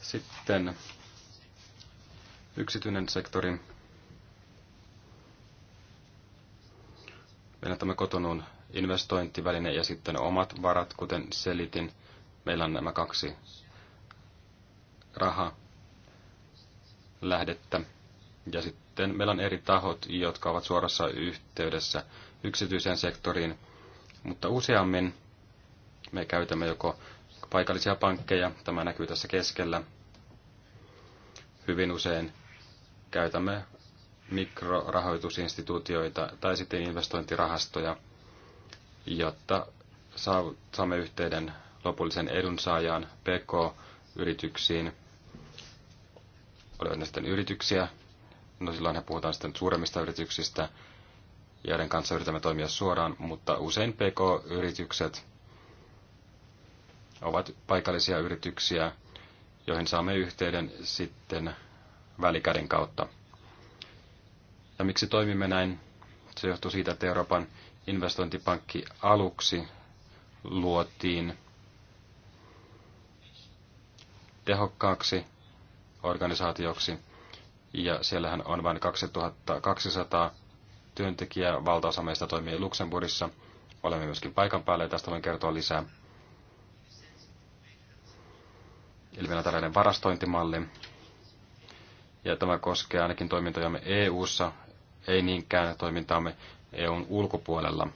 [SPEAKER 4] Sitten yksityinen sektori. Meillä on tämä kotonuun investointiväline ja sitten omat varat, kuten selitin. Meillä on nämä kaksi raha lähdettä. Ja sitten meillä on eri tahot, jotka ovat suorassa yhteydessä yksityiseen sektoriin, mutta useammin me käytämme joko paikallisia pankkeja, tämä näkyy tässä keskellä. Hyvin usein käytämme mikrorahoitusinstituutioita tai sitten investointirahastoja, jotta saamme yhteyden lopullisen edunsaajaan, pk-yrityksiin, olivat ne sitten yrityksiä, no he puhutaan sitten suuremmista yrityksistä, joiden kanssa yritämme toimia suoraan, mutta usein PK-yritykset ovat paikallisia yrityksiä, joihin saamme yhteyden sitten välikäden kautta. Ja miksi toimimme näin? Se johtuu siitä, että Euroopan investointipankki aluksi luotiin tehokkaaksi organisaatioksi. Ja siellähän on vain 2200 työntekijää. Valtaosa meistä toimii Luxemburgissa. Olemme myöskin paikan päällä ja tästä voin kertoa lisää. Eli meillä on tällainen varastointimalli. Ja tämä koskee ainakin toimintojamme EU-ssa, ei niinkään toimintaamme EUn ulkopuolella.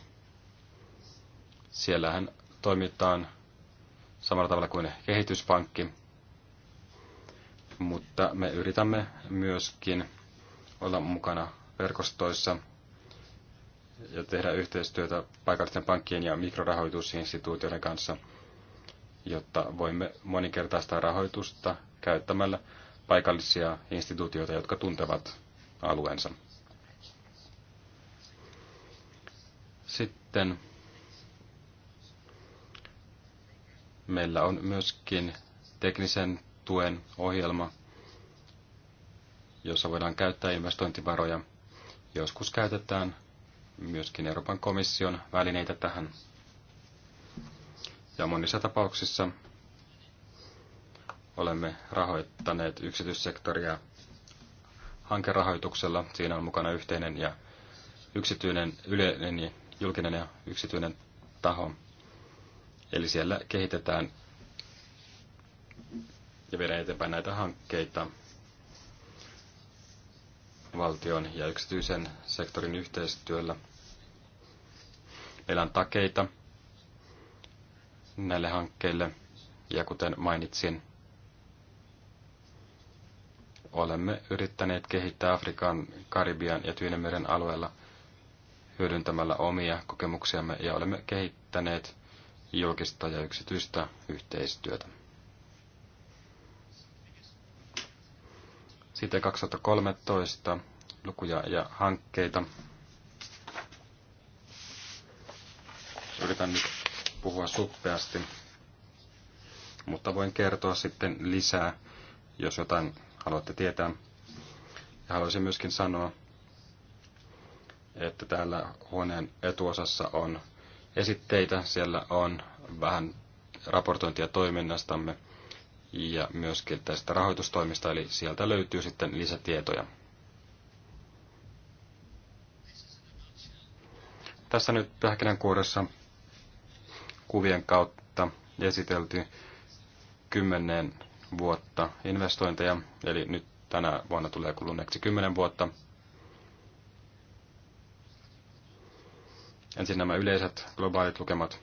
[SPEAKER 4] Siellähän toimitaan samalla tavalla kuin kehityspankki mutta me yritämme myöskin olla mukana verkostoissa ja tehdä yhteistyötä paikallisten pankkien ja mikrorahoitusinstituutioiden kanssa, jotta voimme moninkertaistaa rahoitusta käyttämällä paikallisia instituutioita, jotka tuntevat alueensa. Sitten meillä on myöskin teknisen tuen ohjelma, jossa voidaan käyttää investointivaroja. Joskus käytetään myöskin Euroopan komission välineitä tähän. Ja monissa tapauksissa olemme rahoittaneet yksityissektoria hankerahoituksella. Siinä on mukana yhteinen ja yksityinen, yleinen, julkinen ja yksityinen taho. Eli siellä kehitetään ja viedä eteenpäin näitä hankkeita valtion ja yksityisen sektorin yhteistyöllä. Meillä on takeita näille hankkeille ja kuten mainitsin, olemme yrittäneet kehittää Afrikan, Karibian ja Tyynemeren alueella hyödyntämällä omia kokemuksiamme ja olemme kehittäneet julkista ja yksityistä yhteistyötä. Sitten 2013 lukuja ja hankkeita. Yritän nyt puhua suppeasti, mutta voin kertoa sitten lisää, jos jotain haluatte tietää. Ja haluaisin myöskin sanoa, että täällä huoneen etuosassa on esitteitä. Siellä on vähän raportointia toiminnastamme ja myöskin tästä rahoitustoimista, eli sieltä löytyy sitten lisätietoja. Tässä nyt pähkinän kuoressa kuvien kautta esitelty kymmenen vuotta investointeja, eli nyt tänä vuonna tulee kuluneeksi kymmenen vuotta. Ensin nämä yleiset globaalit lukemat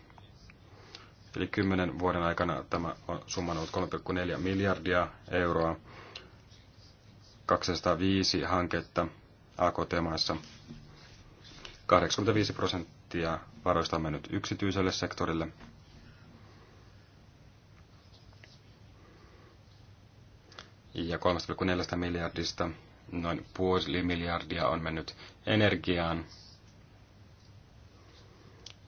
[SPEAKER 4] Eli kymmenen vuoden aikana tämä on summa ollut 3,4 miljardia euroa, 205 hanketta AKT-maissa. 85 prosenttia varoista on mennyt yksityiselle sektorille. Ja 3,4 miljardista noin puoli miljardia on mennyt energiaan.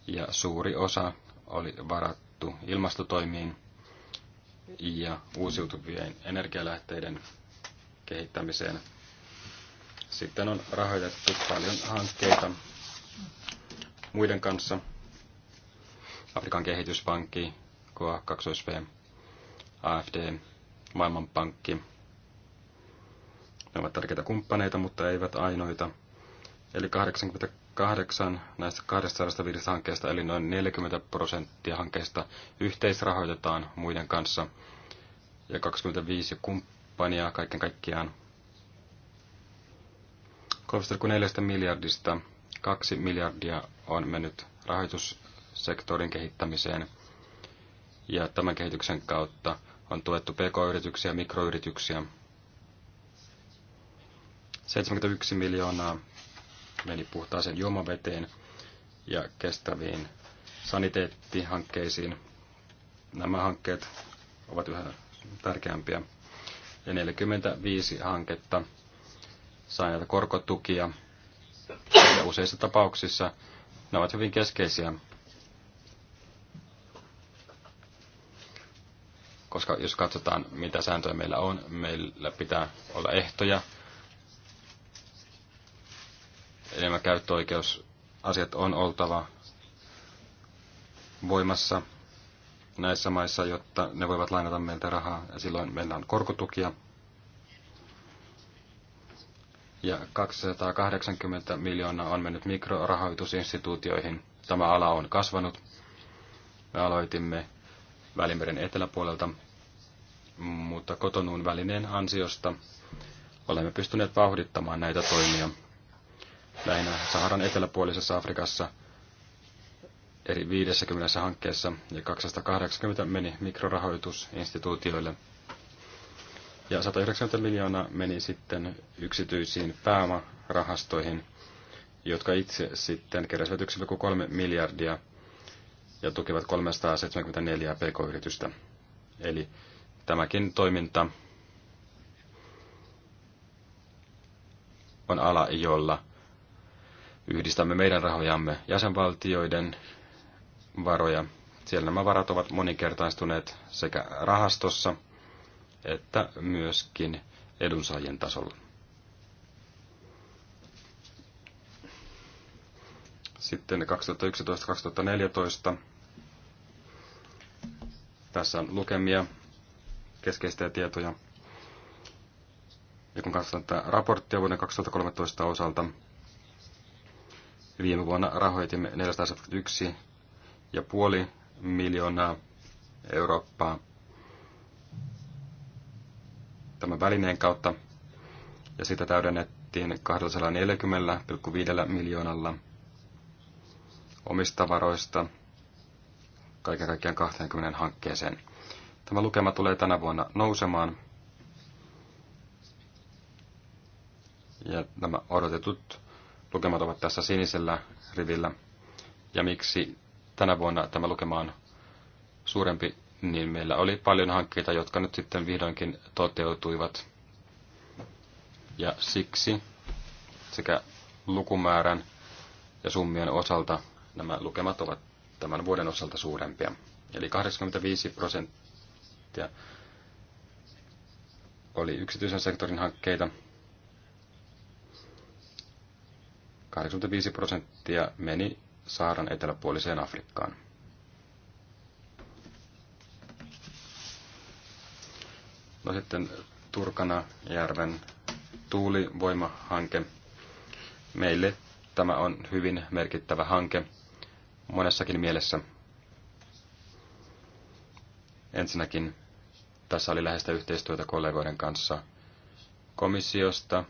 [SPEAKER 4] Ja suuri osa oli varattu sitouduttu ilmastotoimiin ja uusiutuvien energialähteiden kehittämiseen. Sitten on rahoitettu paljon hankkeita muiden kanssa. Afrikan kehityspankki, KA2V, AFD, Maailmanpankki. Ne ovat tärkeitä kumppaneita, mutta eivät ainoita. Eli 80 kahdeksan näistä 205 hankkeesta, eli noin 40 prosenttia hankkeista yhteisrahoitetaan muiden kanssa ja 25 kumppania kaiken kaikkiaan. 3,4 miljardista 2 miljardia on mennyt rahoitussektorin kehittämiseen ja tämän kehityksen kautta on tuettu pk-yrityksiä ja mikroyrityksiä. 71 miljoonaa eli puhtaaseen juomaveteen ja kestäviin saniteettihankkeisiin. Nämä hankkeet ovat yhä tärkeämpiä. Ja 45 hanketta saa näitä korkotukia. Ja useissa tapauksissa ne ovat hyvin keskeisiä koska jos katsotaan, mitä sääntöjä meillä on, meillä pitää olla ehtoja enemmän asiat on oltava voimassa näissä maissa, jotta ne voivat lainata meiltä rahaa. Ja silloin meillä on korkotukia. Ja 280 miljoonaa on mennyt mikrorahoitusinstituutioihin. Tämä ala on kasvanut. Me aloitimme Välimeren eteläpuolelta, mutta kotonuun välineen ansiosta olemme pystyneet vauhdittamaan näitä toimia lähinnä Saharan eteläpuolisessa Afrikassa eri 50 hankkeessa ja 280 meni mikrorahoitusinstituutioille. Ja 190 miljoonaa meni sitten yksityisiin pääomarahastoihin, jotka itse sitten keräsivät 1,3 miljardia ja tukivat 374 pk-yritystä. Eli tämäkin toiminta on ala, jolla – yhdistämme meidän rahojamme jäsenvaltioiden varoja. Siellä nämä varat ovat moninkertaistuneet sekä rahastossa että myöskin edunsaajien tasolla. Sitten 2011-2014. Tässä on lukemia, keskeisiä tietoja. Ja kun katsotaan raporttia vuoden 2013 osalta, Viime vuonna rahoitimme 471,5 ja puoli miljoonaa Eurooppaa tämän välineen kautta, ja sitä täydennettiin 240,5 miljoonalla omista varoista kaiken kaikkiaan 20 hankkeeseen. Tämä lukema tulee tänä vuonna nousemaan, ja nämä odotetut lukemat ovat tässä sinisellä rivillä, ja miksi tänä vuonna tämä lukema on suurempi, niin meillä oli paljon hankkeita, jotka nyt sitten vihdoinkin toteutuivat. Ja siksi sekä lukumäärän ja summien osalta nämä lukemat ovat tämän vuoden osalta suurempia. Eli 85 prosenttia oli yksityisen sektorin hankkeita 85 prosenttia meni saaran eteläpuoliseen Afrikkaan. No sitten Turkana-järven järven tuulivoimahanke. Meille tämä on hyvin merkittävä hanke monessakin mielessä. Ensinnäkin tässä oli läheistä yhteistyötä kollegoiden kanssa komissiosta,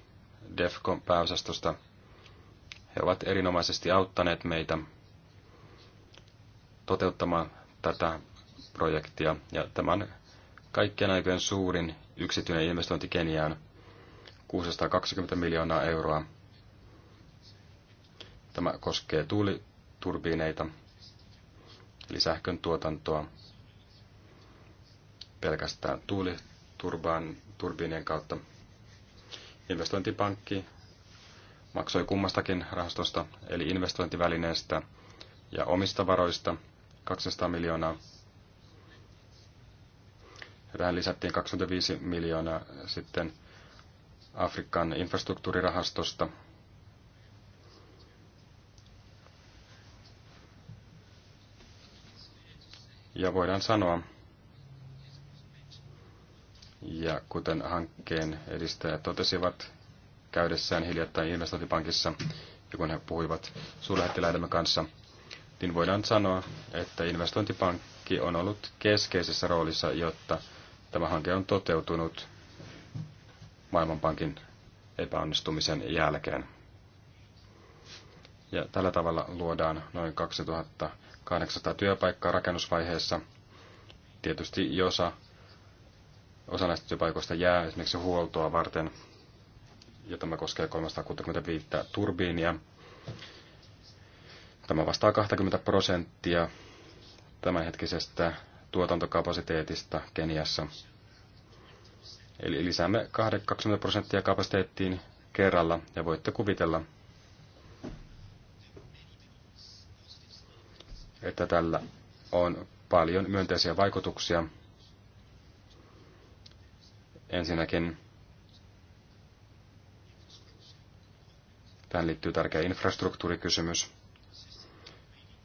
[SPEAKER 4] DEFCON pääosastosta he ovat erinomaisesti auttaneet meitä toteuttamaan tätä projektia. Ja tämä on kaikkien aikojen suurin yksityinen investointi Keniaan, 620 miljoonaa euroa. Tämä koskee tuuliturbiineita, eli sähkön tuotantoa pelkästään tuuliturbiinien kautta. Investointipankki maksoi kummastakin rahastosta, eli investointivälineestä ja omista varoista 200 miljoonaa. Ja tähän lisättiin 25 miljoonaa sitten Afrikan infrastruktuurirahastosta. Ja voidaan sanoa, ja kuten hankkeen edistäjät totesivat, käydessään hiljattain investointipankissa, ja kun he puhuivat suurlähettiläidemme kanssa, niin voidaan sanoa, että investointipankki on ollut keskeisessä roolissa, jotta tämä hanke on toteutunut Maailmanpankin epäonnistumisen jälkeen. Ja tällä tavalla luodaan noin 2800 työpaikkaa rakennusvaiheessa. Tietysti osa, osa näistä työpaikoista jää esimerkiksi huoltoa varten, ja tämä koskee 365 turbiinia. Tämä vastaa 20 prosenttia tämänhetkisestä tuotantokapasiteetista Keniassa. Eli lisäämme 20 prosenttia kapasiteettiin kerralla ja voitte kuvitella, että tällä on paljon myönteisiä vaikutuksia. Ensinnäkin Tähän liittyy tärkeä infrastruktuurikysymys,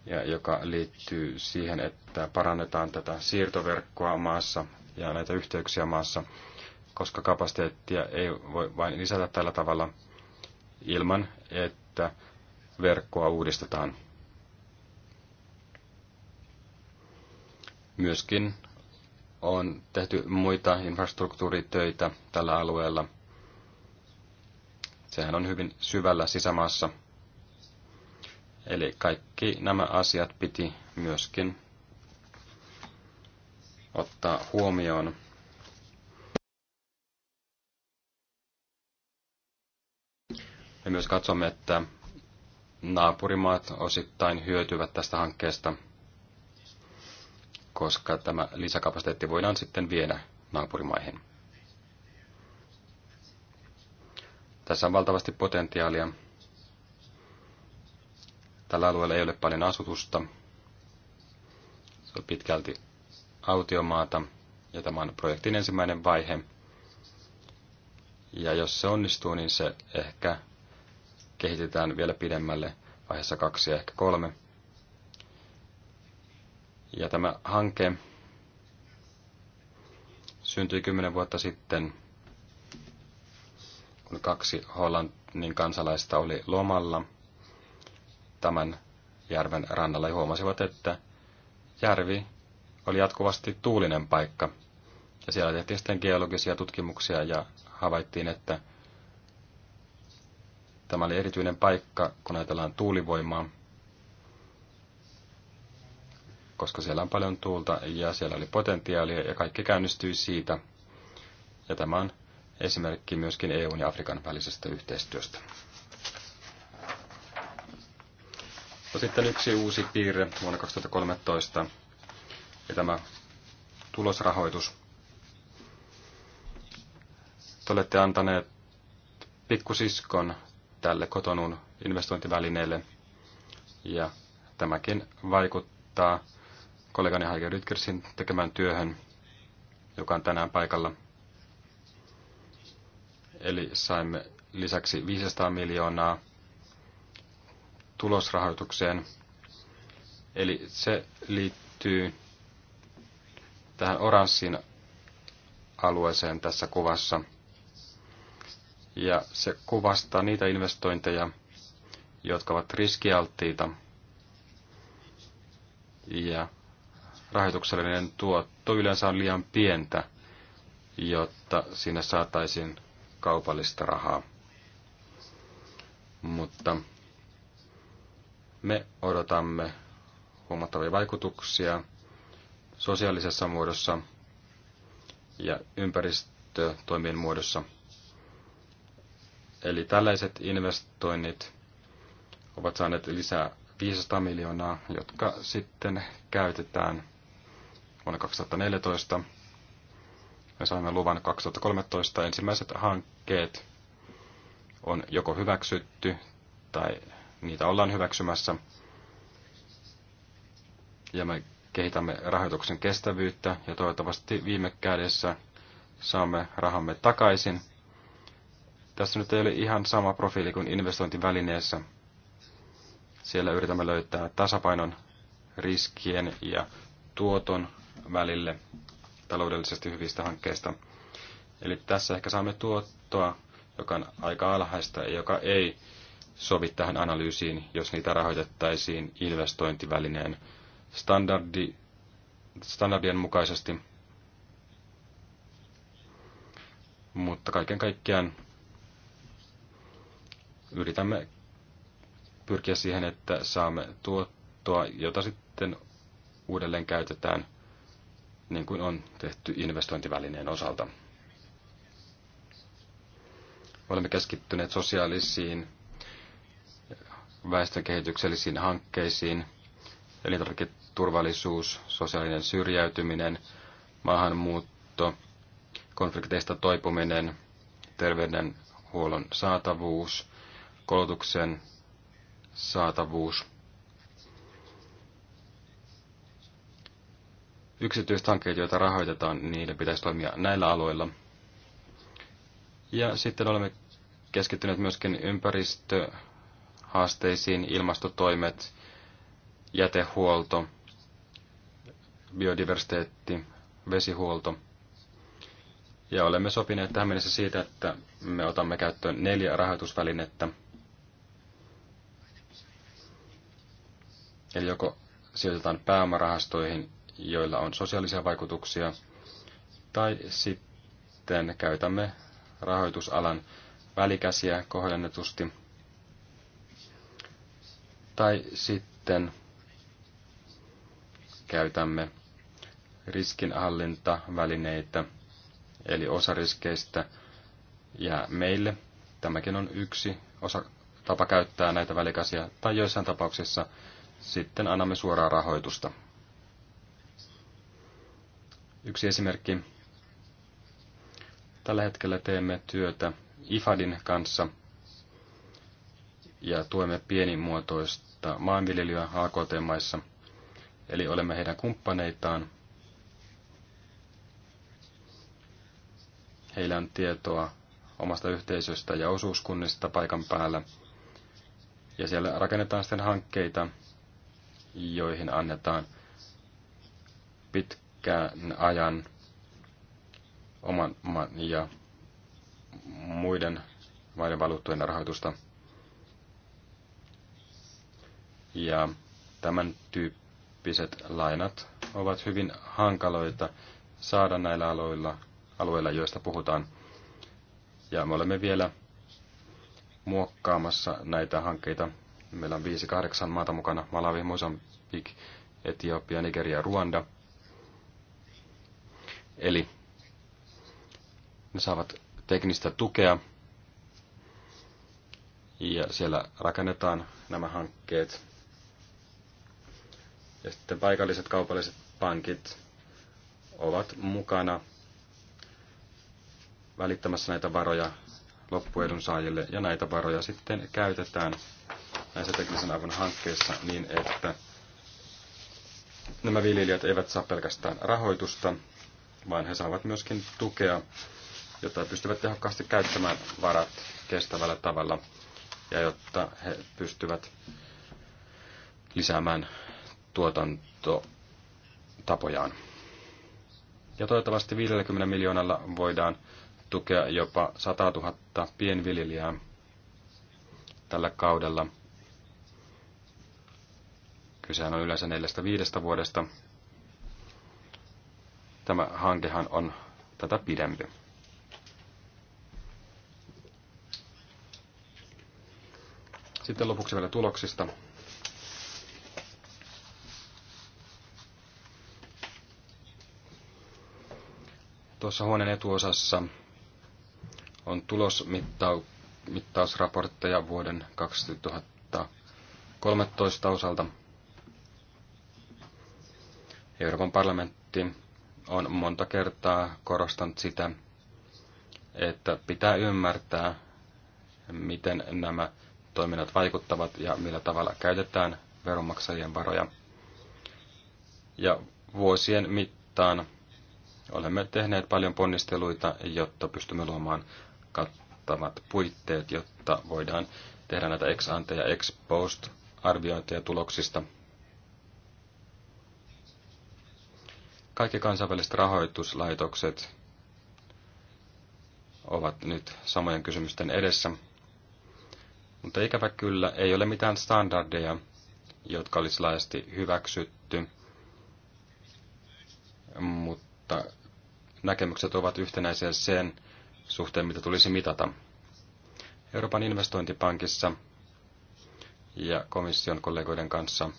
[SPEAKER 4] ja joka liittyy siihen, että parannetaan tätä siirtoverkkoa maassa ja näitä yhteyksiä maassa, koska kapasiteettia ei voi vain lisätä tällä tavalla ilman, että verkkoa uudistetaan. Myöskin on tehty muita infrastruktuuritöitä tällä alueella – Sehän on hyvin syvällä sisämaassa. Eli kaikki nämä asiat piti myöskin ottaa huomioon. Me myös katsomme, että naapurimaat osittain hyötyvät tästä hankkeesta, koska tämä lisäkapasiteetti voidaan sitten viedä naapurimaihin. Tässä on valtavasti potentiaalia. Tällä alueella ei ole paljon asutusta. Se on pitkälti autiomaata ja tämä on projektin ensimmäinen vaihe. Ja jos se onnistuu, niin se ehkä kehitetään vielä pidemmälle vaiheessa kaksi ja ehkä kolme. Ja tämä hanke syntyi kymmenen vuotta sitten – kun kaksi Hollannin kansalaista oli lomalla tämän järven rannalla ja huomasivat, että järvi oli jatkuvasti tuulinen paikka. Ja siellä tehtiin sitten geologisia tutkimuksia ja havaittiin, että tämä oli erityinen paikka, kun ajatellaan tuulivoimaa, koska siellä on paljon tuulta ja siellä oli potentiaalia ja kaikki käynnistyi siitä. Ja tämä on esimerkki myöskin EUn ja Afrikan välisestä yhteistyöstä. No sitten yksi uusi piirre vuonna 2013, ja tämä tulosrahoitus. Te olette antaneet pikkusiskon tälle kotonun investointivälineelle, ja tämäkin vaikuttaa kollegani Heike Rytkersin tekemään työhön, joka on tänään paikalla – Eli saimme lisäksi 500 miljoonaa tulosrahoitukseen. Eli se liittyy tähän oranssin alueeseen tässä kuvassa. Ja se kuvastaa niitä investointeja, jotka ovat riskialttiita. Ja rahoituksellinen tuotto yleensä on liian pientä, jotta sinne saataisiin kaupallista rahaa. Mutta me odotamme huomattavia vaikutuksia sosiaalisessa muodossa ja ympäristötoimien muodossa. Eli tällaiset investoinnit ovat saaneet lisää 500 miljoonaa, jotka sitten käytetään vuonna 2014 me saimme luvan 2013. Ensimmäiset hankkeet on joko hyväksytty tai niitä ollaan hyväksymässä. Ja me kehitämme rahoituksen kestävyyttä ja toivottavasti viime kädessä saamme rahamme takaisin. Tässä nyt ei ole ihan sama profiili kuin investointivälineessä. Siellä yritämme löytää tasapainon riskien ja tuoton välille taloudellisesti hyvistä hankkeista. Eli tässä ehkä saamme tuottoa, joka on aika alhaista ja joka ei sovi tähän analyysiin, jos niitä rahoitettaisiin investointivälineen standardi, standardien mukaisesti. Mutta kaiken kaikkiaan yritämme pyrkiä siihen, että saamme tuottoa, jota sitten uudelleen käytetään niin kuin on tehty investointivälineen osalta. Olemme keskittyneet sosiaalisiin, väestönkehityksellisiin hankkeisiin, elintarviketurvallisuus, sosiaalinen syrjäytyminen, maahanmuutto, konflikteista toipuminen, terveydenhuollon saatavuus, koulutuksen saatavuus – yksityiset hankkeet, joita rahoitetaan, niiden pitäisi toimia näillä alueilla. Ja sitten olemme keskittyneet myöskin ympäristöhaasteisiin, ilmastotoimet, jätehuolto, biodiversiteetti, vesihuolto. Ja olemme sopineet tähän mennessä siitä, että me otamme käyttöön neljä rahoitusvälinettä. Eli joko sijoitetaan pääomarahastoihin joilla on sosiaalisia vaikutuksia, tai sitten käytämme rahoitusalan välikäsiä kohdennetusti, tai sitten käytämme riskinhallintavälineitä, eli osa riskeistä jää meille. Tämäkin on yksi osa tapa käyttää näitä välikäsiä, tai joissain tapauksissa sitten annamme suoraa rahoitusta. Yksi esimerkki. Tällä hetkellä teemme työtä IFADin kanssa ja tuemme pienimuotoista maanviljelyä AKT-maissa. Eli olemme heidän kumppaneitaan. Heillä on tietoa omasta yhteisöstä ja osuuskunnista paikan päällä. Ja siellä rakennetaan sitten hankkeita, joihin annetaan pitkä pitkän ajan oman ja muiden maiden valuuttojen rahoitusta. Ja tämän tyyppiset lainat ovat hyvin hankaloita saada näillä aloilla, alueilla, joista puhutaan. Ja me olemme vielä muokkaamassa näitä hankkeita. Meillä on 5-8 maata mukana, Malawi, Mozambique, Etiopia, Nigeria ja Ruanda – Eli ne saavat teknistä tukea ja siellä rakennetaan nämä hankkeet. Ja sitten paikalliset kaupalliset pankit ovat mukana välittämässä näitä varoja loppuedun saajille ja näitä varoja sitten käytetään näissä teknisen avun hankkeissa niin, että nämä viljelijät eivät saa pelkästään rahoitusta, vaan he saavat myöskin tukea, jotta he pystyvät tehokkaasti käyttämään varat kestävällä tavalla ja jotta he pystyvät lisäämään tuotantotapojaan. Ja toivottavasti 50 miljoonalla voidaan tukea jopa 100 000 pienviljelijää tällä kaudella. Kysehän on yleensä neljästä viidestä vuodesta, Tämä hankehan on tätä pidempi. Sitten lopuksi vielä tuloksista. Tuossa huoneen etuosassa on tulosmittausraportteja vuoden 2013 osalta. Euroopan parlamentti on monta kertaa korostanut sitä, että pitää ymmärtää, miten nämä toiminnat vaikuttavat ja millä tavalla käytetään veronmaksajien varoja. Ja vuosien mittaan olemme tehneet paljon ponnisteluita, jotta pystymme luomaan kattavat puitteet, jotta voidaan tehdä näitä ex ante ja ex post arviointeja tuloksista Kaikki kansainväliset rahoituslaitokset ovat nyt samojen kysymysten edessä, mutta ikävä kyllä ei ole mitään standardeja, jotka olisi laajasti hyväksytty, mutta näkemykset ovat yhtenäisiä sen suhteen, mitä tulisi mitata. Euroopan investointipankissa ja komission kollegoiden kanssa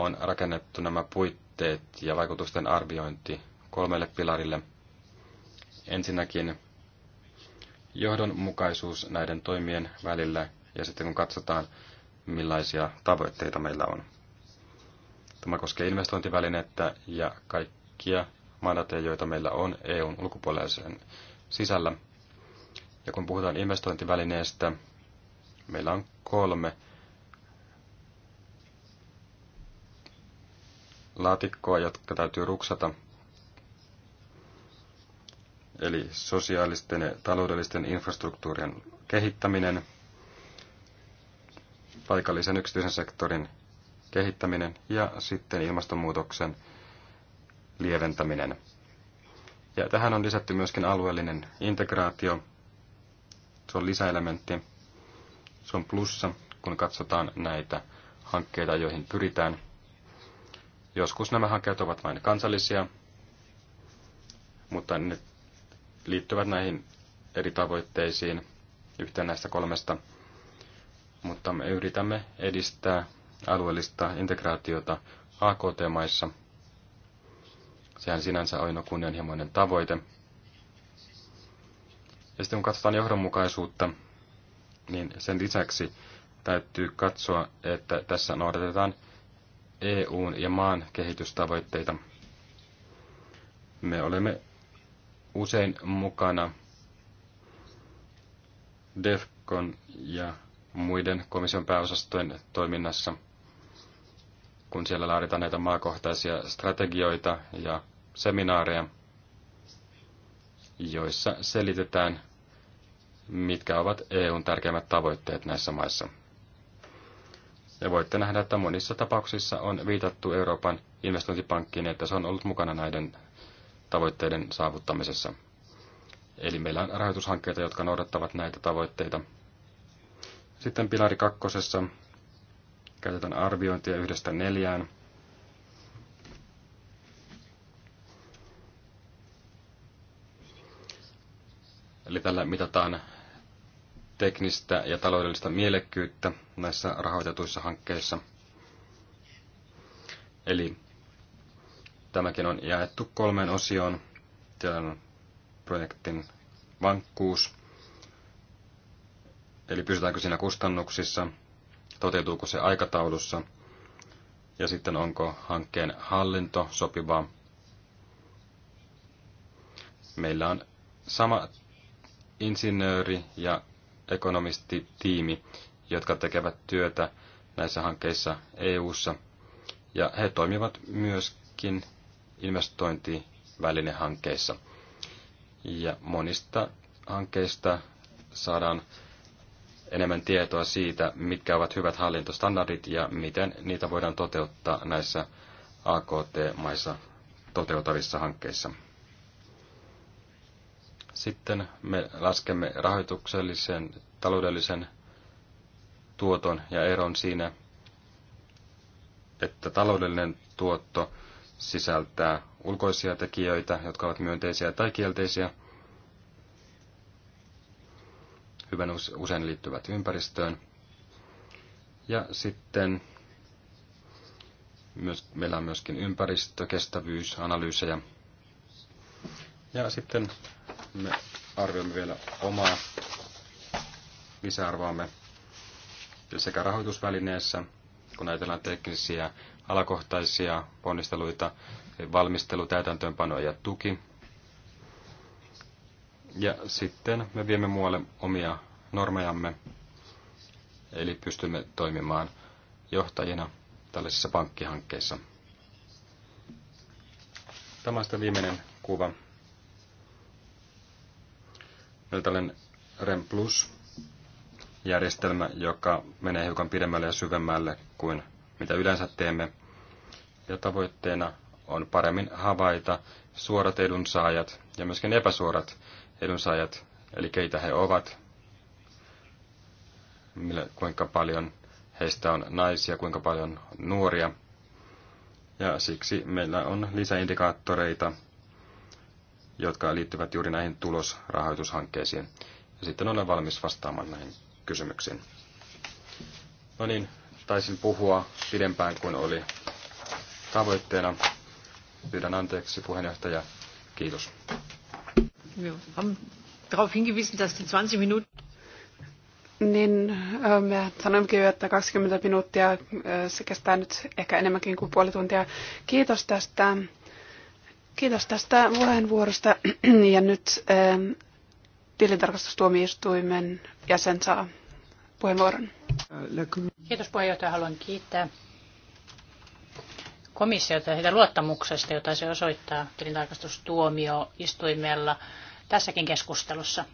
[SPEAKER 4] on rakennettu nämä puitteet ja vaikutusten arviointi kolmelle pilarille. Ensinnäkin johdonmukaisuus näiden toimien välillä ja sitten kun katsotaan, millaisia tavoitteita meillä on. Tämä koskee investointivälinettä ja kaikkia mandateja, joita meillä on EUn ulkopuolisen sisällä. Ja kun puhutaan investointivälineestä, meillä on kolme laatikkoa, jotka täytyy ruksata. Eli sosiaalisten ja taloudellisten infrastruktuurien kehittäminen, paikallisen yksityisen sektorin kehittäminen ja sitten ilmastonmuutoksen lieventäminen. Ja tähän on lisätty myöskin alueellinen integraatio. Se on lisäelementti. Se on plussa, kun katsotaan näitä hankkeita, joihin pyritään. Joskus nämä hankkeet ovat vain kansallisia, mutta ne liittyvät näihin eri tavoitteisiin yhteen näistä kolmesta. Mutta me yritämme edistää alueellista integraatiota AKT-maissa. Sehän sinänsä on kunnianhimoinen tavoite. Ja sitten kun katsotaan johdonmukaisuutta, niin sen lisäksi täytyy katsoa, että tässä noudatetaan EUn ja maan kehitystavoitteita. Me olemme usein mukana DEFCON ja muiden komission pääosastojen toiminnassa, kun siellä laaditaan näitä maakohtaisia strategioita ja seminaareja, joissa selitetään, mitkä ovat EUn tärkeimmät tavoitteet näissä maissa. Ja voitte nähdä, että monissa tapauksissa on viitattu Euroopan investointipankkiin, että se on ollut mukana näiden tavoitteiden saavuttamisessa. Eli meillä on rahoitushankkeita, jotka noudattavat näitä tavoitteita. Sitten pilari kakkosessa käytetään arviointia yhdestä neljään. Eli tällä mitataan teknistä ja taloudellista mielekkyyttä näissä rahoitetuissa hankkeissa. Eli tämäkin on jaettu kolmeen osioon. Siellä on projektin vankkuus, eli pysytäänkö siinä kustannuksissa, toteutuuko se aikataulussa, ja sitten onko hankkeen hallinto sopivaa. Meillä on sama insinööri ja ekonomistitiimi, jotka tekevät työtä näissä hankkeissa EU:ssa ja he toimivat myöskin investointivälinehankkeissa. Ja monista hankkeista saadaan enemmän tietoa siitä, mitkä ovat hyvät hallintostandardit ja miten niitä voidaan toteuttaa näissä AKT-maissa toteutavissa hankkeissa. Sitten me laskemme rahoituksellisen, taloudellisen tuoton ja eron siinä, että taloudellinen tuotto sisältää ulkoisia tekijöitä, jotka ovat myönteisiä tai kielteisiä, hyvän usein liittyvät ympäristöön. Ja sitten myös, meillä on myöskin ympäristökestävyysanalyysejä. Ja sitten me arvioimme vielä omaa lisäarvoamme sekä rahoitusvälineessä, kun ajatellaan teknisiä alakohtaisia ponnisteluita, valmistelu, täytäntöönpano ja tuki. Ja sitten me viemme muualle omia normejamme, eli pystymme toimimaan johtajina tällaisissa pankkihankkeissa. Tämä on sitten viimeinen kuva. Meillä tällainen REM Plus järjestelmä, joka menee hiukan pidemmälle ja syvemmälle kuin mitä yleensä teemme. Ja tavoitteena on paremmin havaita suorat edunsaajat ja myöskin epäsuorat edunsaajat, eli keitä he ovat, mille kuinka paljon heistä on naisia, kuinka paljon nuoria. Ja siksi meillä on lisäindikaattoreita, jotka liittyvät juuri näihin tulosrahoitushankkeisiin. Ja sitten olen valmis vastaamaan näihin kysymyksiin. No niin, taisin puhua pidempään kuin oli tavoitteena. Pyydän anteeksi puheenjohtaja. Kiitos.
[SPEAKER 2] Darauf dass die Minuten
[SPEAKER 1] niin ähm, me sanoimmekin jo, että 20 minuuttia, äh, se kestää nyt ehkä enemmänkin kuin puoli tuntia. Kiitos tästä Kiitos tästä puheenvuorosta. Ja nyt ähm, tilintarkastustuomioistuimen jäsen saa puheenvuoron.
[SPEAKER 2] Kiitos puheenjohtaja. Haluan kiittää komissiota ja luottamuksesta, jota se osoittaa tilintarkastustuomioistuimella tässäkin keskustelussa.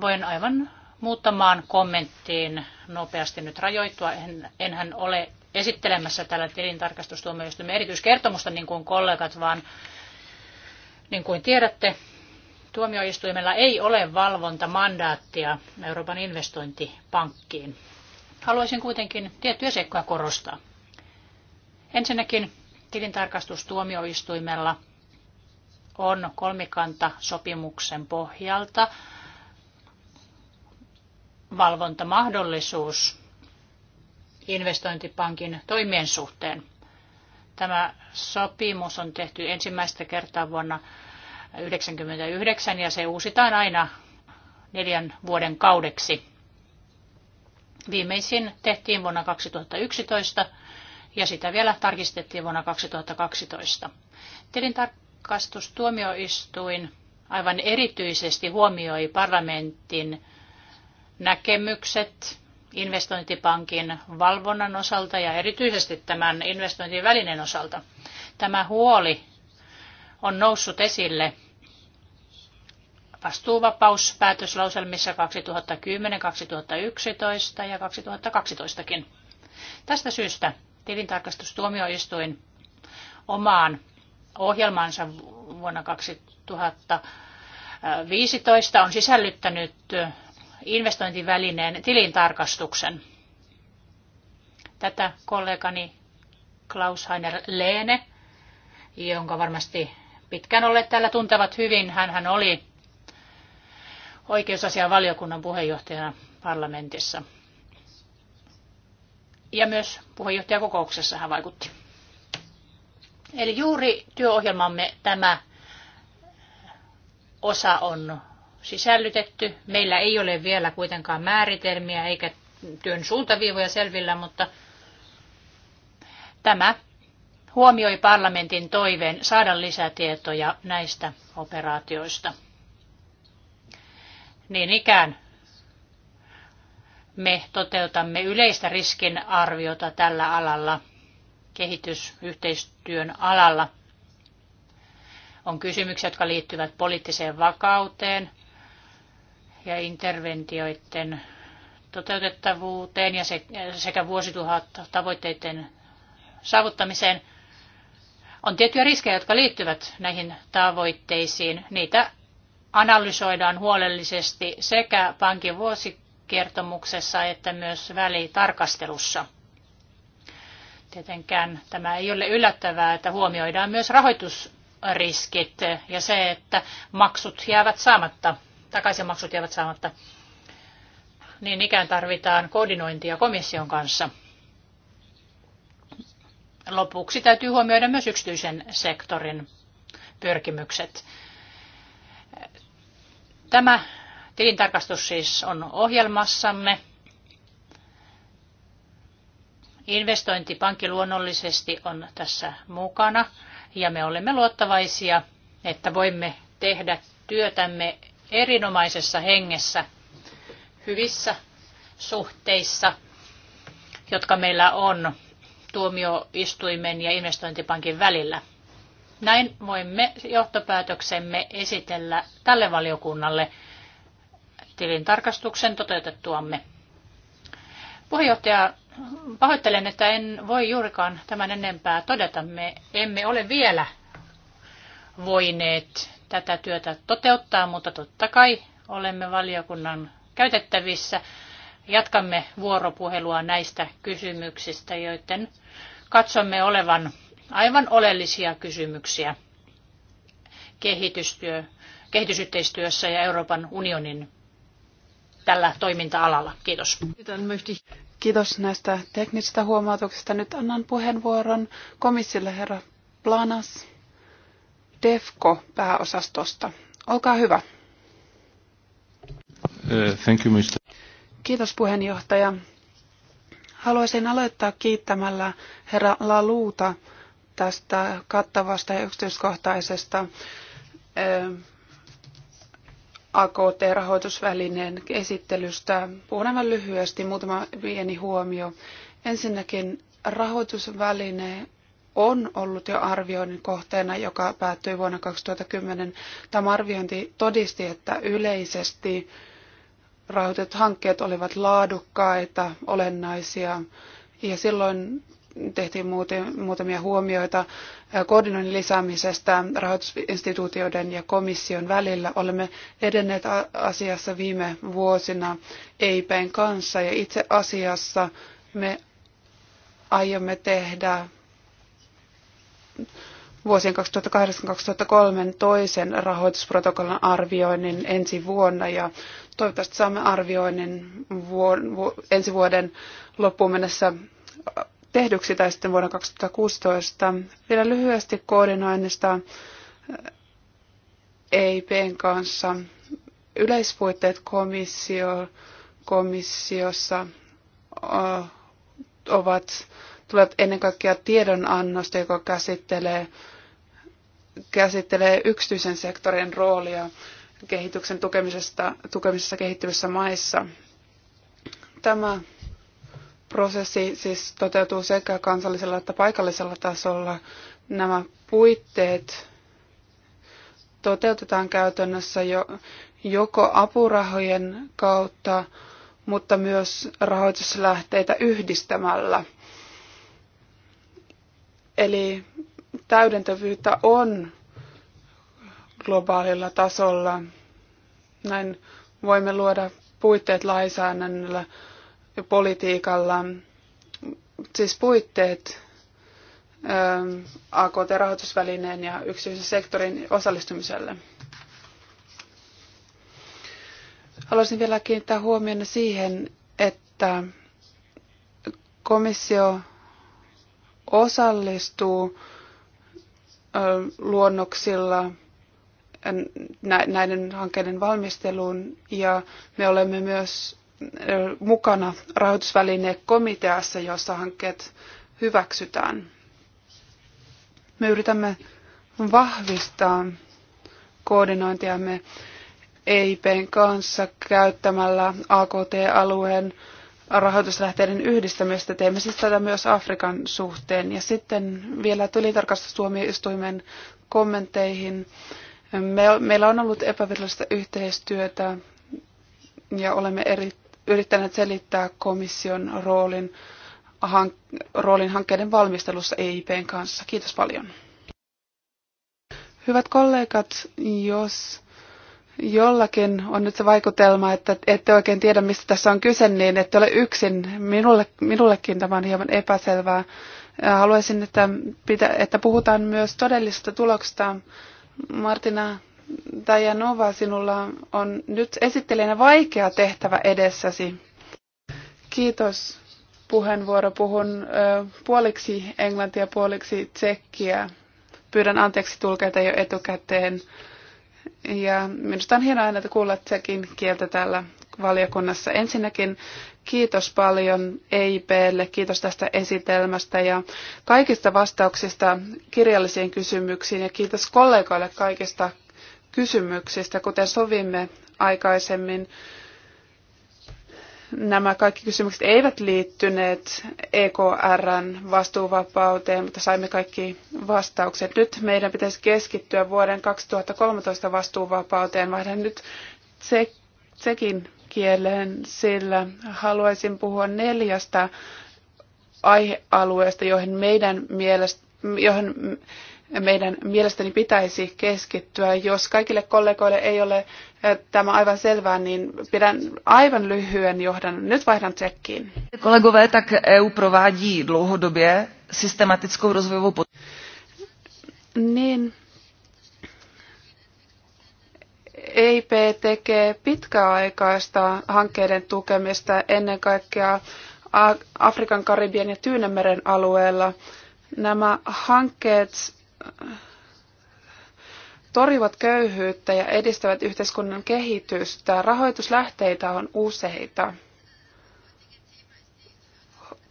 [SPEAKER 2] Voin aivan muutamaan kommenttiin nopeasti nyt rajoittua. En, enhän ole esittelemässä tällä tilintarkastustuomioistuimen erityiskertomusta, niin kuin kollegat, vaan niin kuin tiedätte, tuomioistuimella ei ole valvontamandaattia Euroopan investointipankkiin. Haluaisin kuitenkin tiettyjä seikkoja korostaa. Ensinnäkin tilintarkastustuomioistuimella on kolmikanta sopimuksen pohjalta valvontamahdollisuus investointipankin toimien suhteen. Tämä sopimus on tehty ensimmäistä kertaa vuonna 1999 ja se uusitaan aina neljän vuoden kaudeksi. Viimeisin tehtiin vuonna 2011 ja sitä vielä tarkistettiin vuonna 2012. Tilintarkastustuomioistuin aivan erityisesti huomioi parlamentin näkemykset investointipankin valvonnan osalta ja erityisesti tämän investointivälinen osalta. Tämä huoli on noussut esille vastuuvapauspäätöslauselmissa 2010, 2011 ja 2012kin. Tästä syystä tilintarkastustuomioistuin omaan ohjelmaansa vuonna 2015 on sisällyttänyt investointivälineen tilintarkastuksen. Tätä kollegani Klaus Heiner Leene, jonka varmasti pitkään olleet täällä tuntevat hyvin. hän oli oikeusasian valiokunnan puheenjohtajana parlamentissa. Ja myös puheenjohtajakokouksessa hän vaikutti. Eli juuri työohjelmamme tämä osa on sisällytetty. Meillä ei ole vielä kuitenkaan määritelmiä eikä työn suuntaviivoja selvillä, mutta tämä huomioi parlamentin toiveen saada lisätietoja näistä operaatioista. Niin ikään me toteutamme yleistä riskinarviota tällä alalla, kehitysyhteistyön alalla. On kysymyksiä, jotka liittyvät poliittiseen vakauteen – ja interventioiden toteutettavuuteen ja sekä vuosituhat tavoitteiden saavuttamiseen. On tiettyjä riskejä, jotka liittyvät näihin tavoitteisiin. Niitä analysoidaan huolellisesti sekä pankin vuosikertomuksessa että myös välitarkastelussa. Tietenkään tämä ei ole yllättävää, että huomioidaan myös rahoitusriskit ja se, että maksut jäävät saamatta takaisinmaksut jäävät saamatta. Niin ikään tarvitaan koordinointia komission kanssa. Lopuksi täytyy huomioida myös yksityisen sektorin pyrkimykset. Tämä tilintarkastus siis on ohjelmassamme. Investointipankki luonnollisesti on tässä mukana ja me olemme luottavaisia, että voimme tehdä työtämme erinomaisessa hengessä, hyvissä suhteissa, jotka meillä on tuomioistuimen ja investointipankin välillä. Näin voimme johtopäätöksemme esitellä tälle valiokunnalle tilintarkastuksen toteutettuamme. Puheenjohtaja, pahoittelen, että en voi juurikaan tämän enempää todeta. Me emme ole vielä voineet tätä työtä toteuttaa, mutta totta kai olemme valiokunnan käytettävissä. Jatkamme vuoropuhelua näistä kysymyksistä, joiden katsomme olevan aivan oleellisia kysymyksiä kehitystyö, kehitysyhteistyössä ja Euroopan unionin tällä toiminta-alalla. Kiitos.
[SPEAKER 1] Kiitos näistä teknisistä huomautuksista. Nyt annan puheenvuoron komissille herra Planas. DEFCO-pääosastosta. Olkaa hyvä.
[SPEAKER 3] Uh, thank you, Mr.
[SPEAKER 1] Kiitos puheenjohtaja. Haluaisin aloittaa kiittämällä herra Laluuta tästä kattavasta ja yksityiskohtaisesta eh, AKT-rahoitusvälineen esittelystä. Puhun aivan lyhyesti, muutama pieni huomio. Ensinnäkin rahoitusväline on ollut jo arvioinnin kohteena, joka päättyi vuonna 2010. Tämä arviointi todisti, että yleisesti rahoitetut hankkeet olivat laadukkaita, olennaisia ja silloin tehtiin muutamia huomioita koordinoinnin lisäämisestä rahoitusinstituutioiden ja komission välillä. Olemme edenneet asiassa viime vuosina EIPn kanssa ja itse asiassa me aiomme tehdä vuosien 2008-2003 toisen rahoitusprotokollan arvioinnin ensi vuonna ja toivottavasti saamme arvioinnin vu- ensi vuoden loppuun mennessä tehdyksi tai sitten vuonna 2016. Vielä lyhyesti koordinoinnista EIPn eh, e kanssa. Yleispuitteet komissio, komissiossa eh, ovat tulevat ennen kaikkea tiedonannosta, joka käsittelee, käsittelee yksityisen sektorin roolia kehityksen tukemisesta, tukemisessa kehittyvissä maissa. Tämä prosessi siis toteutuu sekä kansallisella että paikallisella tasolla. Nämä puitteet toteutetaan käytännössä jo, joko apurahojen kautta, mutta myös rahoituslähteitä yhdistämällä – Eli täydentävyyttä on globaalilla tasolla. Näin voimme luoda puitteet lainsäädännöllä ja politiikalla, siis puitteet ähm, AKT-rahoitusvälineen ja yksityisen sektorin osallistumiselle. Haluaisin vielä kiinnittää huomiota siihen, että komissio osallistuu luonnoksilla näiden hankkeiden valmisteluun ja me olemme myös mukana rahoitusvälinekomiteassa, jossa hankkeet hyväksytään. Me yritämme vahvistaa koordinointiamme EIPn kanssa käyttämällä AKT-alueen rahoituslähteiden yhdistämistä. Teemme siis tätä myös Afrikan suhteen. Ja sitten vielä tilintarkastustuomioistuimen kommentteihin. Me, meillä on ollut epävirallista yhteistyötä ja olemme eri, yrittäneet selittää komission roolin, hank, roolin hankkeiden valmistelussa EIPn kanssa. Kiitos paljon. Hyvät kollegat, jos jollakin on nyt se vaikutelma, että ette oikein tiedä, mistä tässä on kyse, niin ette ole yksin. Minulle, minullekin tämä on hieman epäselvää. Äh, haluaisin, että, pitä, että puhutaan myös todellisista tuloksista. Martina Dajanova, sinulla on nyt esittelijänä vaikea tehtävä edessäsi. Kiitos puheenvuoro. Puhun ö, äh, puoliksi englantia, puoliksi tsekkiä. Pyydän anteeksi tulkeita jo etukäteen. Ja minusta on hienoa aina kuulla sekin kieltä täällä valiokunnassa. Ensinnäkin kiitos paljon EIPlle, kiitos tästä esitelmästä ja kaikista vastauksista kirjallisiin kysymyksiin ja kiitos kollegoille kaikista kysymyksistä, kuten sovimme aikaisemmin nämä kaikki kysymykset eivät liittyneet EKRn vastuuvapauteen, mutta saimme kaikki vastaukset. Nyt meidän pitäisi keskittyä vuoden 2013 vastuuvapauteen. Vaihdan nyt sekin kieleen, sillä haluaisin puhua neljästä aihealueesta, joihin meidän mielestä, johon meidän mielestäni pitäisi keskittyä. Jos kaikille kollegoille ei ole eh, tämä aivan selvää, niin pidän aivan lyhyen johdan. Nyt vaihdan tsekkiin. Kollegové, tak EU provádí dlouhodobě systematickou rozvojovou Niin. EIP tekee pitkäaikaista hankkeiden tukemista ennen kaikkea Afrikan, Karibian ja Tyynemeren alueella. Nämä hankkeet torjuvat köyhyyttä ja edistävät yhteiskunnan kehitystä. Rahoituslähteitä on useita.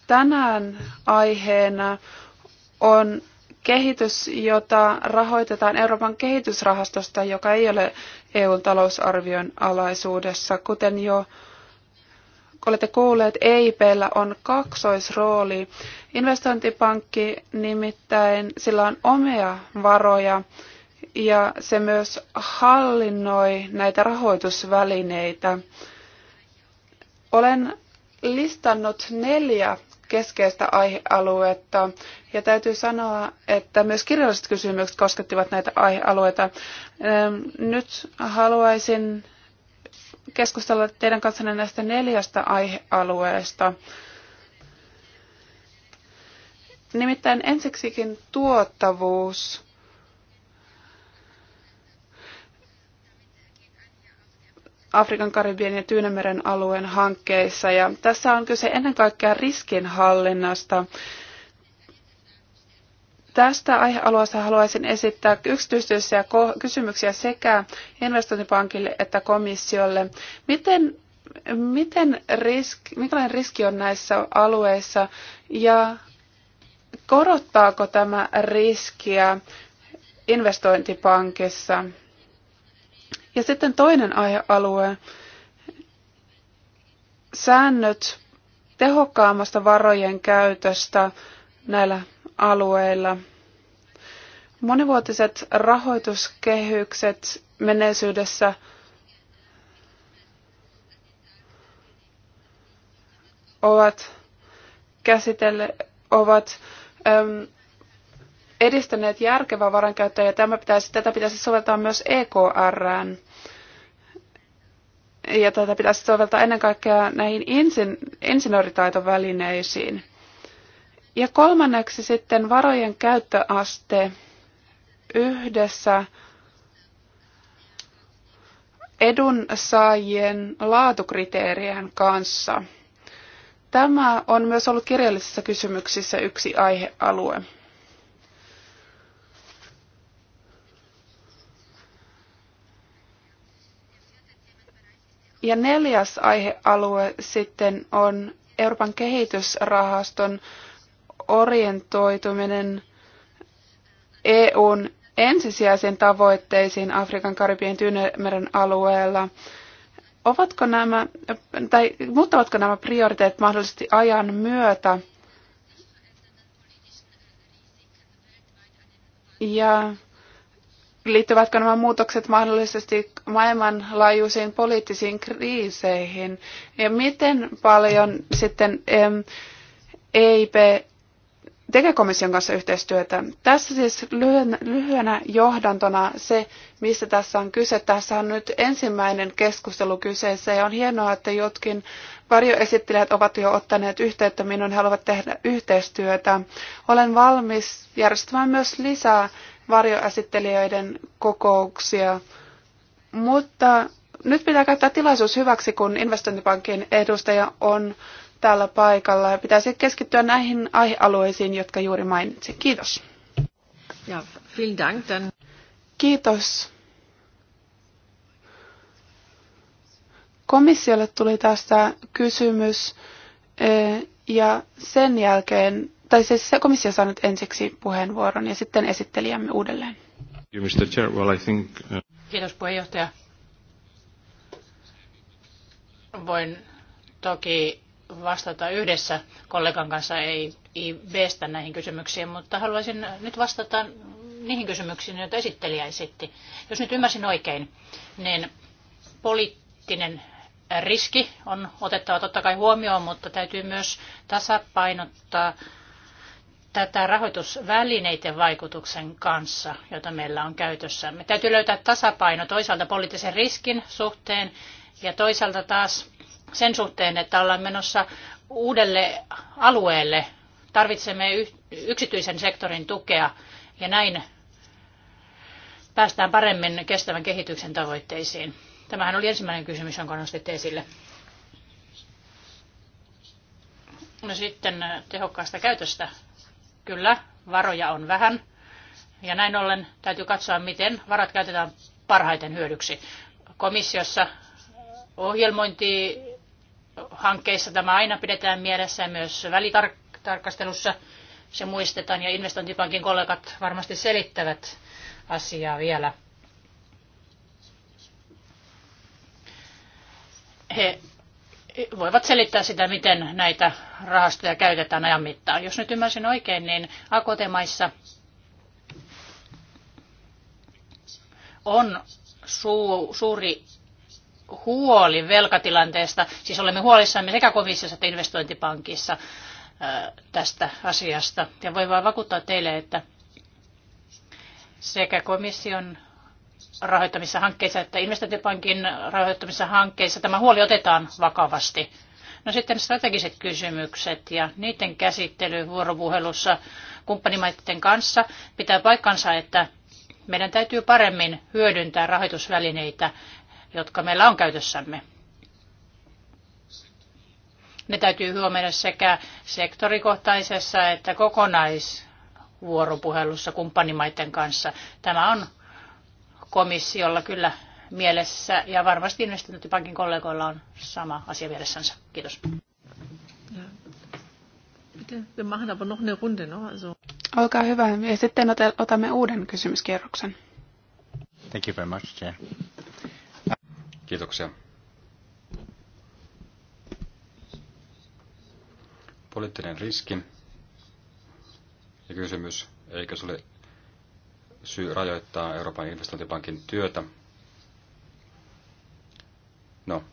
[SPEAKER 1] Tänään aiheena on kehitys, jota rahoitetaan Euroopan kehitysrahastosta, joka ei ole eu talousarvion alaisuudessa, kuten jo olette kuulleet, EIPllä on kaksoisrooli. Investointipankki nimittäin, sillä on omia varoja ja se myös hallinnoi näitä rahoitusvälineitä. Olen listannut neljä keskeistä aihealuetta. Ja täytyy sanoa, että myös kirjalliset kysymykset koskettivat näitä aihealueita. Ehm, nyt haluaisin keskustella teidän kanssanne näistä neljästä aihealueesta. Nimittäin ensiksikin tuottavuus. Afrikan, Karibian ja Tyynemeren alueen hankkeissa. Ja tässä on kyse ennen kaikkea riskinhallinnasta. Tästä aihealueesta haluaisin esittää yksityistyössä kysymyksiä sekä investointipankille että komissiolle. Miten, miten risk, minkälainen riski on näissä alueissa ja korottaako tämä riskiä investointipankissa? Ja sitten toinen aihealue, säännöt tehokkaammasta varojen käytöstä näillä alueilla. Monivuotiset rahoituskehykset menneisyydessä ovat käsitelle, ovat äm, edistäneet järkevää varankäyttöä ja tämä pitäisi, tätä pitäisi soveltaa myös EKRään. Ja tätä pitäisi soveltaa ennen kaikkea näihin insin, insinööritaitovälineisiin. Ja kolmanneksi sitten varojen käyttöaste yhdessä edunsaajien laatukriteerien kanssa. Tämä on myös ollut kirjallisissa kysymyksissä yksi aihealue. Ja neljäs aihealue sitten on Euroopan kehitysrahaston orientoituminen EUn ensisijaisiin tavoitteisiin Afrikan, Karibien, tyynemeren alueella. Ovatko nämä, tai muuttavatko nämä prioriteetit mahdollisesti ajan myötä? Ja liittyvätkö nämä muutokset mahdollisesti maailmanlaajuisiin poliittisiin kriiseihin? Ja miten paljon sitten EIP tekee komission kanssa yhteistyötä. Tässä siis lyhyenä, lyhyenä johdantona se, mistä tässä on kyse. Tässä on nyt ensimmäinen keskustelu kyseessä ja on hienoa, että jotkin varjoesittelijät ovat jo ottaneet yhteyttä minun he haluavat tehdä yhteistyötä. Olen valmis järjestämään myös lisää varjoesittelijöiden kokouksia, mutta nyt pitää käyttää tilaisuus hyväksi, kun investointipankin edustaja on täällä paikalla ja pitäisi keskittyä näihin aihealueisiin, jotka juuri mainitsin. Kiitos.
[SPEAKER 2] Ja, vielen Dank. Dann.
[SPEAKER 1] Kiitos. Komissiolle tuli tästä kysymys eh, ja sen jälkeen, tai siis se komissio saa nyt ensiksi puheenvuoron ja sitten esittelijämme uudelleen.
[SPEAKER 4] Uh,
[SPEAKER 2] Kiitos puheenjohtaja. Voin toki vastata yhdessä kollegan kanssa veestä näihin kysymyksiin, mutta haluaisin nyt vastata niihin kysymyksiin, joita esittelijä esitti. Jos nyt ymmärsin oikein, niin poliittinen riski on otettava totta kai huomioon, mutta täytyy myös tasapainottaa tätä rahoitusvälineiden vaikutuksen kanssa, jota meillä on käytössä. Me Täytyy löytää tasapaino toisaalta poliittisen riskin suhteen ja toisaalta taas sen suhteen, että ollaan menossa uudelle alueelle. Tarvitsemme yksityisen sektorin tukea ja näin päästään paremmin kestävän kehityksen tavoitteisiin. Tämähän oli ensimmäinen kysymys, jonka nostitte esille. No sitten äh, tehokkaasta käytöstä. Kyllä, varoja on vähän. Ja näin ollen täytyy katsoa, miten varat käytetään parhaiten hyödyksi. Komissiossa ohjelmointi hankkeissa tämä aina pidetään mielessä ja myös välitarkastelussa se muistetaan ja investointipankin kollegat varmasti selittävät asiaa vielä. He voivat selittää sitä, miten näitä rahastoja käytetään ajan mittaan. Jos nyt ymmärsin oikein, niin AKT-maissa on suuri huoli velkatilanteesta. Siis olemme huolissamme sekä komissiossa että investointipankissa tästä asiasta. Ja voin vain vakuuttaa teille, että sekä komission rahoittamissa hankkeissa että investointipankin rahoittamissa hankkeissa tämä huoli otetaan vakavasti. No sitten strategiset kysymykset ja niiden käsittely vuoropuhelussa kumppanimaiden kanssa pitää paikkansa, että meidän täytyy paremmin hyödyntää rahoitusvälineitä jotka meillä on käytössämme. Ne täytyy huomioida sekä sektorikohtaisessa että kokonaisvuoropuhelussa kumppanimaiden kanssa. Tämä on komissiolla kyllä mielessä ja varmasti investointipankin kollegoilla on sama asia mielessänsä. Kiitos.
[SPEAKER 1] Olkaa hyvä. Ja sitten otamme uuden kysymyskierroksen.
[SPEAKER 4] Thank you very much, Chair. Kiitoksia. Poliittinen riski ja kysymys, eikö se ole syy rajoittaa Euroopan investointipankin työtä? No,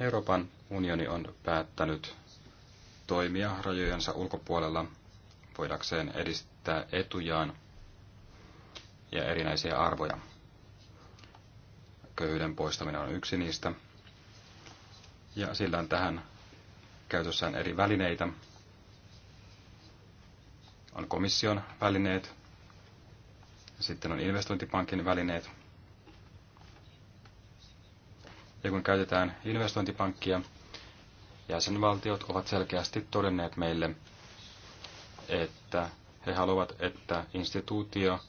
[SPEAKER 4] Euroopan unioni on päättänyt toimia rajojensa ulkopuolella voidakseen edistää etujaan ja erinäisiä arvoja köyhyyden poistaminen on yksi niistä. Ja sillä on tähän käytössään eri välineitä. On komission välineet, sitten on investointipankin välineet. Ja kun käytetään investointipankkia, jäsenvaltiot ovat selkeästi todenneet meille, että he haluavat, että instituutio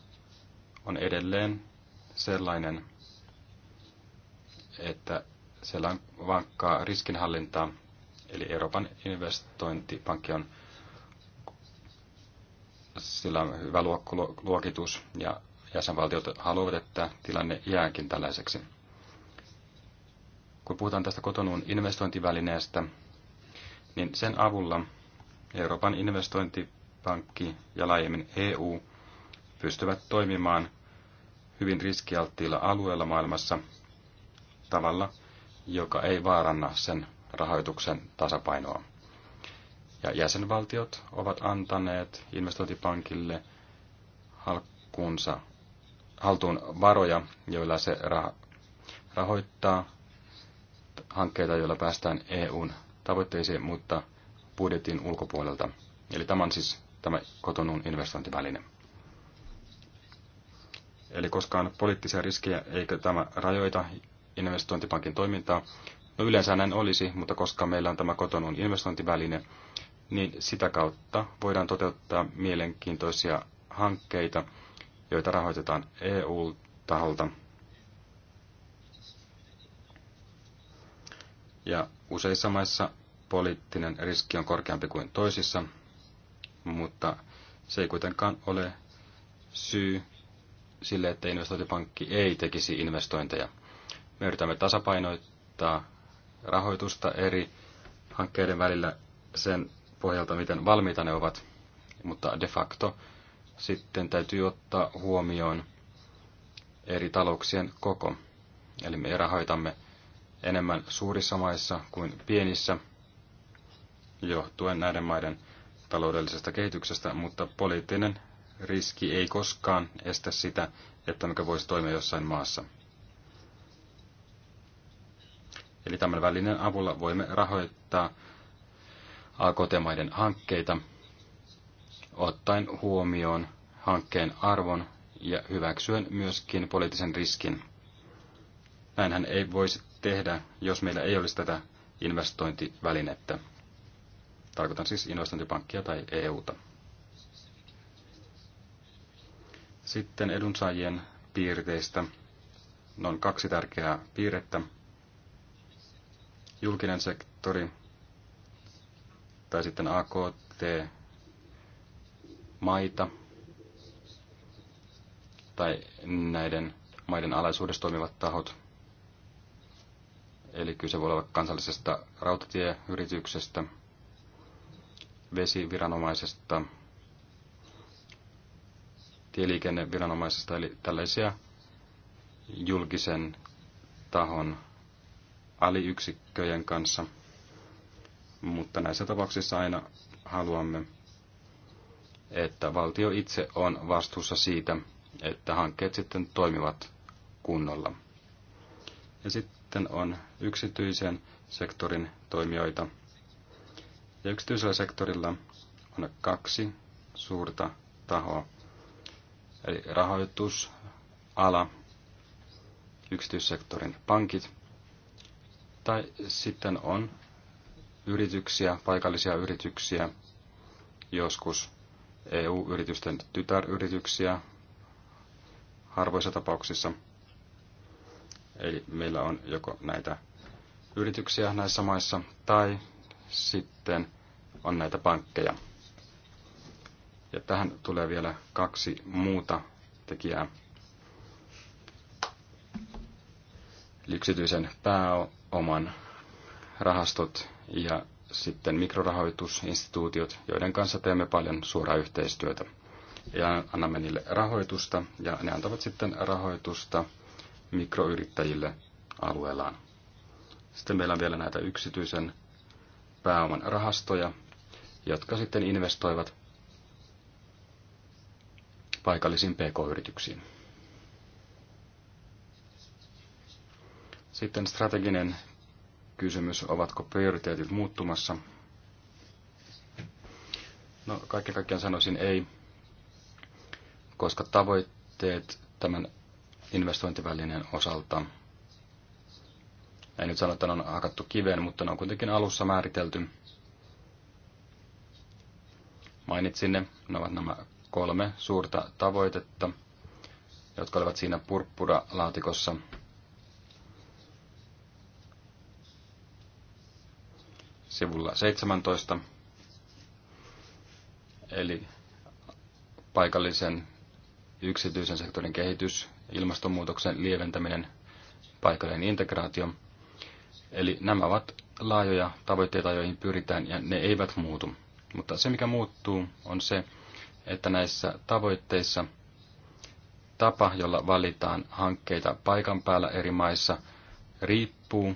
[SPEAKER 4] on edelleen sellainen, että siellä on vankkaa riskinhallintaa, eli Euroopan investointipankki on sillä on hyvä luokitus ja jäsenvaltiot haluavat, että tilanne jääkin tällaiseksi. Kun puhutaan tästä kotonuun investointivälineestä, niin sen avulla Euroopan investointipankki ja laajemmin EU pystyvät toimimaan hyvin riskialttiilla alueella maailmassa tavalla, joka ei vaaranna sen rahoituksen tasapainoa. Ja jäsenvaltiot ovat antaneet investointipankille halkkuunsa, haltuun varoja, joilla se ra- rahoittaa hankkeita, joilla päästään EUn tavoitteisiin, mutta budjetin ulkopuolelta. Eli tämä on siis tämä kotonun investointiväline. Eli koskaan poliittisia riskejä eikö tämä rajoita investointipankin toimintaa. No yleensä näin olisi, mutta koska meillä on tämä kotonun investointiväline, niin sitä kautta voidaan toteuttaa mielenkiintoisia hankkeita, joita rahoitetaan EU-taholta. Ja useissa maissa poliittinen riski on korkeampi kuin toisissa, mutta se ei kuitenkaan ole syy sille, että investointipankki ei tekisi investointeja. Me yritämme tasapainoittaa rahoitusta eri hankkeiden välillä sen pohjalta, miten valmiita ne ovat, mutta de facto sitten täytyy ottaa huomioon eri talouksien koko. Eli me rahoitamme enemmän suurissa maissa kuin pienissä, johtuen näiden maiden taloudellisesta kehityksestä, mutta poliittinen riski ei koskaan estä sitä, että mikä voisi toimia jossain maassa. Eli tämän välinen avulla voimme rahoittaa AKT-maiden hankkeita ottaen huomioon hankkeen arvon ja hyväksyen myöskin poliittisen riskin. Näinhän ei voisi tehdä, jos meillä ei olisi tätä investointivälinettä. Tarkoitan siis investointipankkia tai EUta. Sitten edunsaajien piirteistä. Ne no, on kaksi tärkeää piirrettä julkinen sektori tai sitten AKT-maita tai näiden maiden alaisuudessa toimivat tahot. Eli kyse voi olla kansallisesta rautatieyrityksestä, vesiviranomaisesta, tieliikenneviranomaisesta, eli tällaisia julkisen tahon aliyksikköjen kanssa. Mutta näissä tapauksissa aina haluamme, että valtio itse on vastuussa siitä, että hankkeet sitten toimivat kunnolla. Ja sitten on yksityisen sektorin toimijoita. Ja yksityisellä sektorilla on kaksi suurta tahoa. Eli rahoitusala, yksityissektorin pankit tai sitten on yrityksiä, paikallisia yrityksiä, joskus EU-yritysten tytäryrityksiä harvoissa tapauksissa. Eli meillä on joko näitä yrityksiä näissä maissa tai sitten on näitä pankkeja. Ja tähän tulee vielä kaksi muuta tekijää. yksityisen pääo- oman rahastot ja sitten mikrorahoitusinstituutiot, joiden kanssa teemme paljon suoraa yhteistyötä. Ja annamme niille rahoitusta ja ne antavat sitten rahoitusta mikroyrittäjille alueellaan. Sitten meillä on vielä näitä yksityisen pääoman rahastoja, jotka sitten investoivat paikallisiin pk-yrityksiin. Sitten strateginen kysymys, ovatko prioriteetit muuttumassa? No, kaiken kaikkiaan sanoisin ei, koska tavoitteet tämän investointivälineen osalta, en nyt sano, että ne on hakattu kiveen, mutta ne on kuitenkin alussa määritelty. Mainitsin ne, ne ovat nämä kolme suurta tavoitetta, jotka olivat siinä purppura-laatikossa. sivulla 17, eli paikallisen yksityisen sektorin kehitys, ilmastonmuutoksen lieventäminen, paikallinen integraatio. Eli nämä ovat laajoja tavoitteita, joihin pyritään, ja ne eivät muutu. Mutta se, mikä muuttuu, on se, että näissä tavoitteissa tapa, jolla valitaan hankkeita paikan päällä eri maissa, riippuu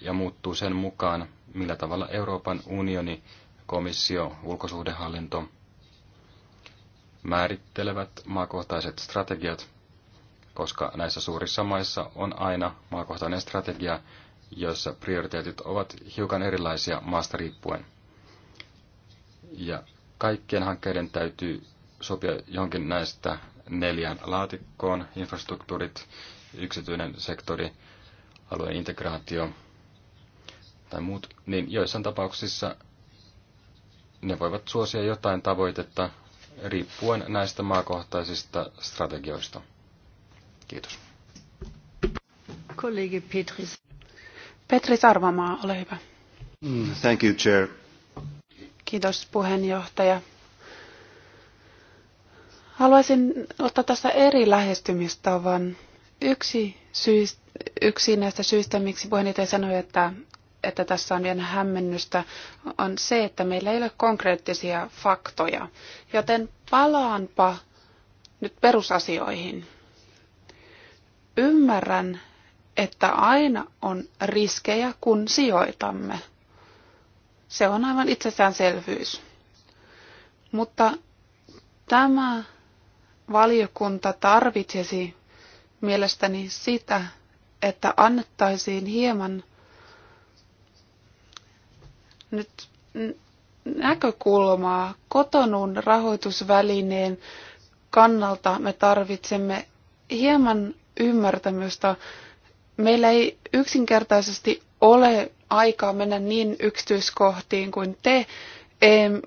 [SPEAKER 4] ja muuttuu sen mukaan, millä tavalla Euroopan unioni, komissio, ulkosuhdehallinto määrittelevät maakohtaiset strategiat, koska näissä suurissa maissa on aina maakohtainen strategia, joissa prioriteetit ovat hiukan erilaisia maasta riippuen. Ja kaikkien hankkeiden täytyy sopia jonkin näistä neljään laatikkoon, infrastruktuurit, yksityinen sektori, alueen integraatio tai muut, niin joissain tapauksissa ne voivat suosia jotain tavoitetta riippuen näistä maakohtaisista strategioista. Kiitos.
[SPEAKER 1] Kollegi Petris, Petris Arvamaa, ole hyvä.
[SPEAKER 4] Mm, thank you, Chair.
[SPEAKER 1] Kiitos puheenjohtaja. Haluaisin ottaa tässä eri lähestymistavan. Yksi, syy, yksi näistä syistä, miksi puheenjohtaja sanoi, että että tässä on vielä hämmennystä, on se, että meillä ei ole konkreettisia faktoja. Joten palaanpa nyt perusasioihin. Ymmärrän, että aina on riskejä, kun sijoitamme. Se on aivan itsestäänselvyys. Mutta tämä valiokunta tarvitsisi mielestäni sitä, että annettaisiin hieman nyt näkökulmaa. Kotonun rahoitusvälineen kannalta me tarvitsemme hieman ymmärtämystä. Meillä ei yksinkertaisesti ole aikaa mennä niin yksityiskohtiin kuin te.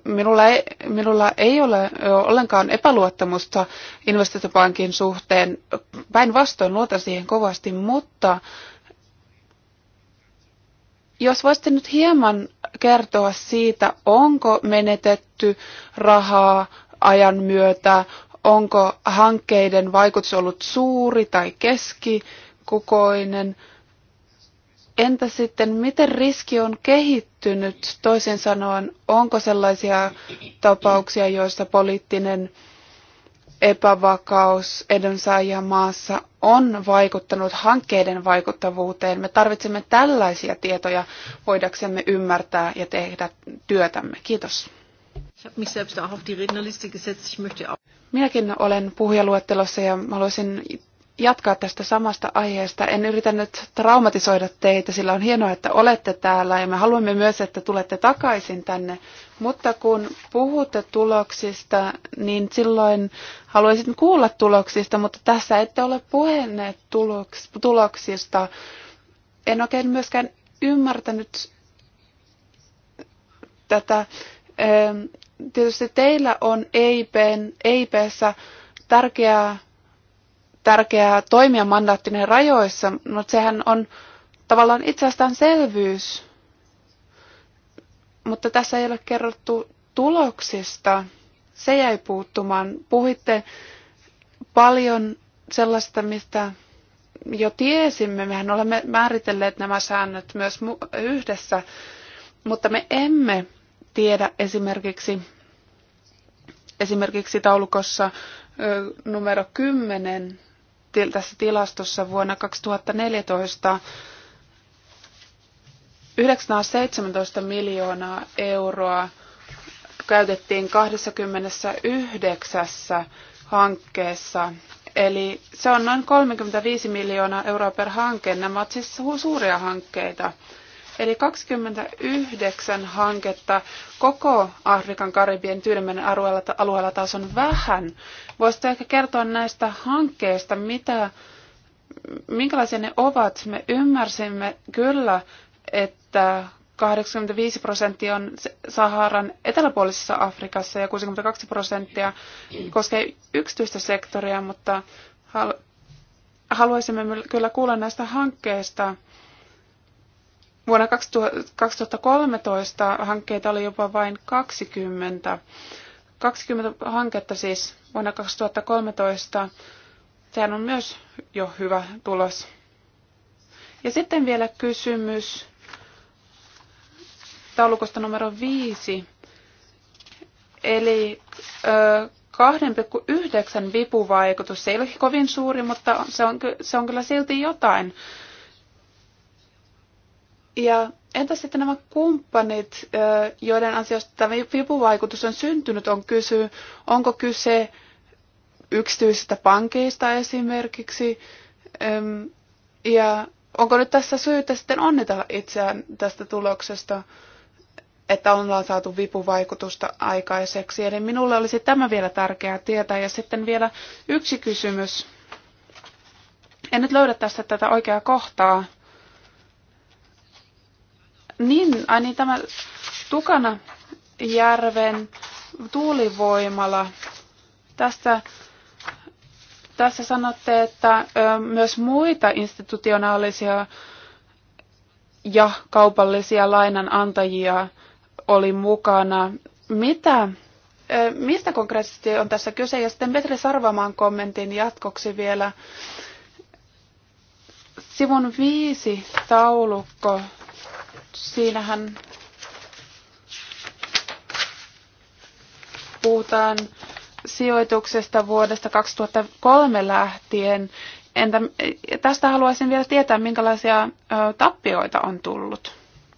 [SPEAKER 1] Minulla ei, minulla ei ole ollenkaan epäluottamusta investointipankin suhteen. Päinvastoin luota siihen kovasti, mutta jos voisitte nyt hieman kertoa siitä, onko menetetty rahaa ajan myötä, onko hankkeiden vaikutus ollut suuri tai keskikokoinen. Entä sitten, miten riski on kehittynyt? Toisin sanoen, onko sellaisia tapauksia, joissa poliittinen epävakaus edunsaajamaassa on vaikuttanut hankkeiden vaikuttavuuteen. Me tarvitsemme tällaisia tietoja voidaksemme ymmärtää ja tehdä työtämme. Kiitos. Minäkin olen puhujaluettelossa ja haluaisin jatkaa tästä samasta aiheesta. En yritä nyt traumatisoida teitä, sillä on hienoa, että olette täällä ja me haluamme myös, että tulette takaisin tänne. Mutta kun puhutte tuloksista, niin silloin haluaisin kuulla tuloksista, mutta tässä ette ole puhenneet tuloks, tuloksista. En oikein myöskään ymmärtänyt tätä. Tietysti teillä on EIP, EIPssä tärkeää tärkeää toimia mandaattinen rajoissa, mutta sehän on tavallaan itsestään selvyys, Mutta tässä ei ole kerrottu tuloksista. Se jäi puuttumaan. puhitte paljon sellaista, mistä jo tiesimme. Mehän olemme määritelleet nämä säännöt myös yhdessä, mutta me emme tiedä esimerkiksi, esimerkiksi taulukossa numero 10 tässä tilastossa vuonna 2014 917 miljoonaa euroa käytettiin 29 hankkeessa. Eli se on noin 35 miljoonaa euroa per hanke. Nämä ovat siis suuria hankkeita. Eli 29 hanketta koko Afrikan, Karibian, Tyynemeren alueella, alueella taas on vähän. Voisitte ehkä kertoa näistä hankkeista, mitä, minkälaisia ne ovat. Me ymmärsimme kyllä, että 85 prosenttia on Saharan eteläpuolisessa Afrikassa ja 62 prosenttia koskee yksityistä sektoria, mutta haluaisimme kyllä kuulla näistä hankkeista. Vuonna 2013 hankkeita oli jopa vain 20. 20 hanketta siis vuonna 2013. Sehän on myös jo hyvä tulos. Ja sitten vielä kysymys taulukosta numero 5. Eli 2,9 vipuvaikutus. Se ei ole kovin suuri, mutta se on, se on kyllä silti jotain. Ja entä sitten nämä kumppanit, joiden asioista tämä vipuvaikutus on syntynyt, on kysy, onko kyse yksityisistä pankeista esimerkiksi, ja onko nyt tässä syytä sitten onnitella itseään tästä tuloksesta, että ollaan saatu vipuvaikutusta aikaiseksi. Eli minulle olisi tämä vielä tärkeää tietää. Ja sitten vielä yksi kysymys. En nyt löydä tässä tätä oikeaa kohtaa. Niin, ai niin tämä Tukana järven tuulivoimala. Tässä, tässä sanotte, että ö, myös muita institutionaalisia ja kaupallisia lainanantajia oli mukana. Mitä, ö, mistä konkreettisesti on tässä kyse? Ja sitten Petri Sarvamaan kommentin jatkoksi vielä. Sivun viisi taulukko Siinähän puhutaan sijoituksesta vuodesta 2003 lähtien. Entä, tästä haluaisin vielä tietää, minkälaisia ö, tappioita on tullut.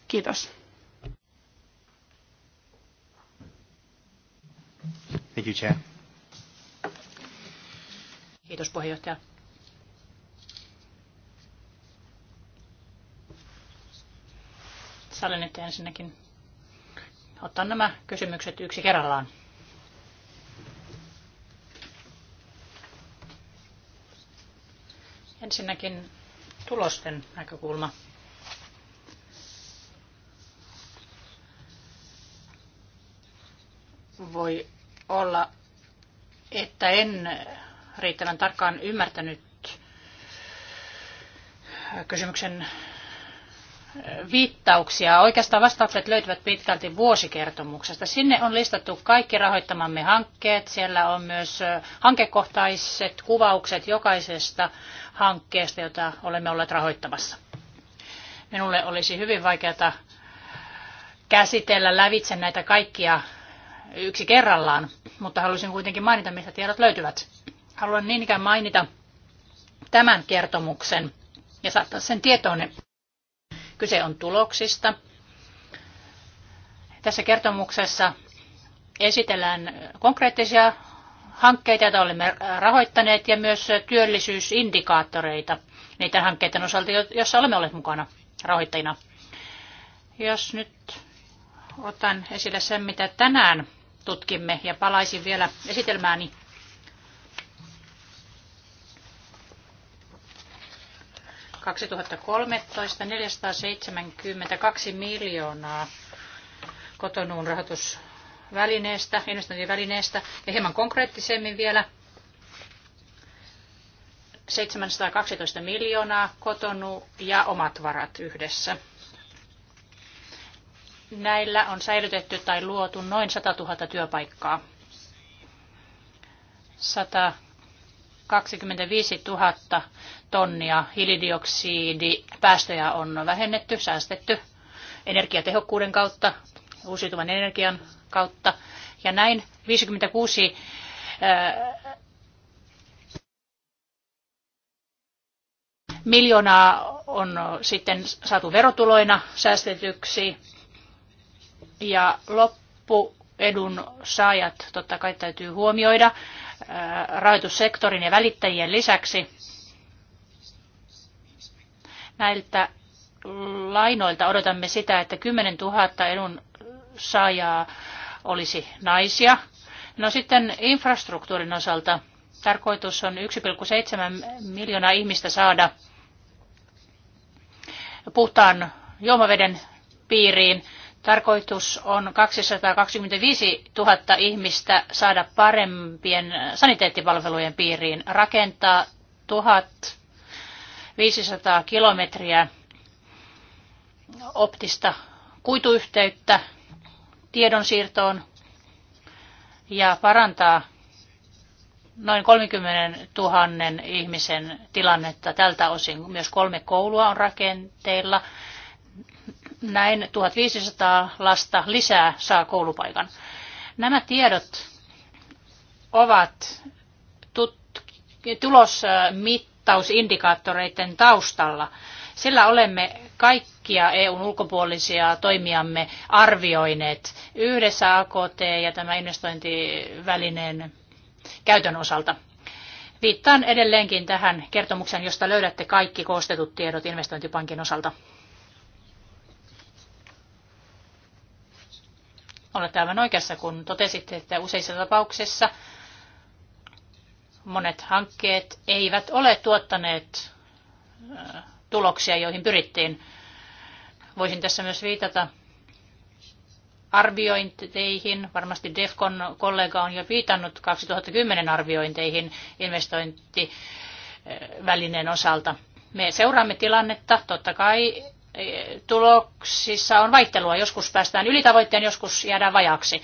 [SPEAKER 2] Kiitos. Thank you, Chair. Kiitos puheenjohtaja. Sallin, nyt ensinnäkin ottaa nämä kysymykset yksi kerrallaan. Ensinnäkin tulosten näkökulma. Voi olla, että en riittävän tarkkaan ymmärtänyt kysymyksen viittauksia. Oikeastaan vastaukset löytyvät pitkälti vuosikertomuksesta. Sinne on listattu kaikki rahoittamamme hankkeet. Siellä on myös hankekohtaiset kuvaukset jokaisesta hankkeesta, jota olemme olleet rahoittamassa. Minulle olisi hyvin vaikeata käsitellä lävitse näitä kaikkia yksi kerrallaan, mutta halusin kuitenkin mainita, mistä tiedot löytyvät. Haluan niin ikään mainita tämän kertomuksen ja saattaa sen tietoon. Kyse on tuloksista. Tässä kertomuksessa esitellään konkreettisia hankkeita, joita olemme rahoittaneet, ja myös työllisyysindikaattoreita niiden hankkeiden osalta, joissa olemme olleet mukana rahoittajina. Jos nyt otan esille sen, mitä tänään tutkimme, ja palaisin vielä esitelmääni. Niin 2013 472 miljoonaa kotonuun rahoitusvälineestä, investointivälineestä ja hieman konkreettisemmin vielä 712 miljoonaa kotonu ja omat varat yhdessä. Näillä on säilytetty tai luotu noin 100 000 työpaikkaa. 100 25 000 tonnia hiilidioksidipäästöjä on vähennetty, säästetty energiatehokkuuden kautta, uusiutuvan energian kautta. Ja näin 56 miljoonaa on sitten saatu verotuloina säästetyksi. Ja loppuedun saajat totta kai täytyy huomioida. Äh, rahoitussektorin ja välittäjien lisäksi. Näiltä lainoilta odotamme sitä, että 10 000 edun saajaa olisi naisia. No sitten infrastruktuurin osalta tarkoitus on 1,7 miljoonaa ihmistä saada puhtaan juomaveden piiriin – Tarkoitus on 225 000 ihmistä saada parempien saniteettipalvelujen piiriin, rakentaa 1500 kilometriä optista kuituyhteyttä tiedonsiirtoon ja parantaa noin 30 000 ihmisen tilannetta tältä osin. Myös kolme koulua on rakenteilla näin 1500 lasta lisää saa koulupaikan. Nämä tiedot ovat tulosmittausindikaattoreiden taustalla. Sillä olemme kaikkia EUn ulkopuolisia toimijamme arvioineet yhdessä AKT ja tämä investointivälineen käytön osalta. Viittaan edelleenkin tähän kertomukseen, josta löydätte kaikki koostetut tiedot investointipankin osalta. olette aivan oikeassa, kun totesitte, että useissa tapauksissa monet hankkeet eivät ole tuottaneet tuloksia, joihin pyrittiin. Voisin tässä myös viitata arviointeihin. Varmasti DEFCON kollega on jo viitannut 2010 arviointeihin investointivälineen osalta. Me seuraamme tilannetta. Totta kai tuloksissa on vaihtelua. Joskus päästään yli tavoitteen, joskus jäädään vajaksi.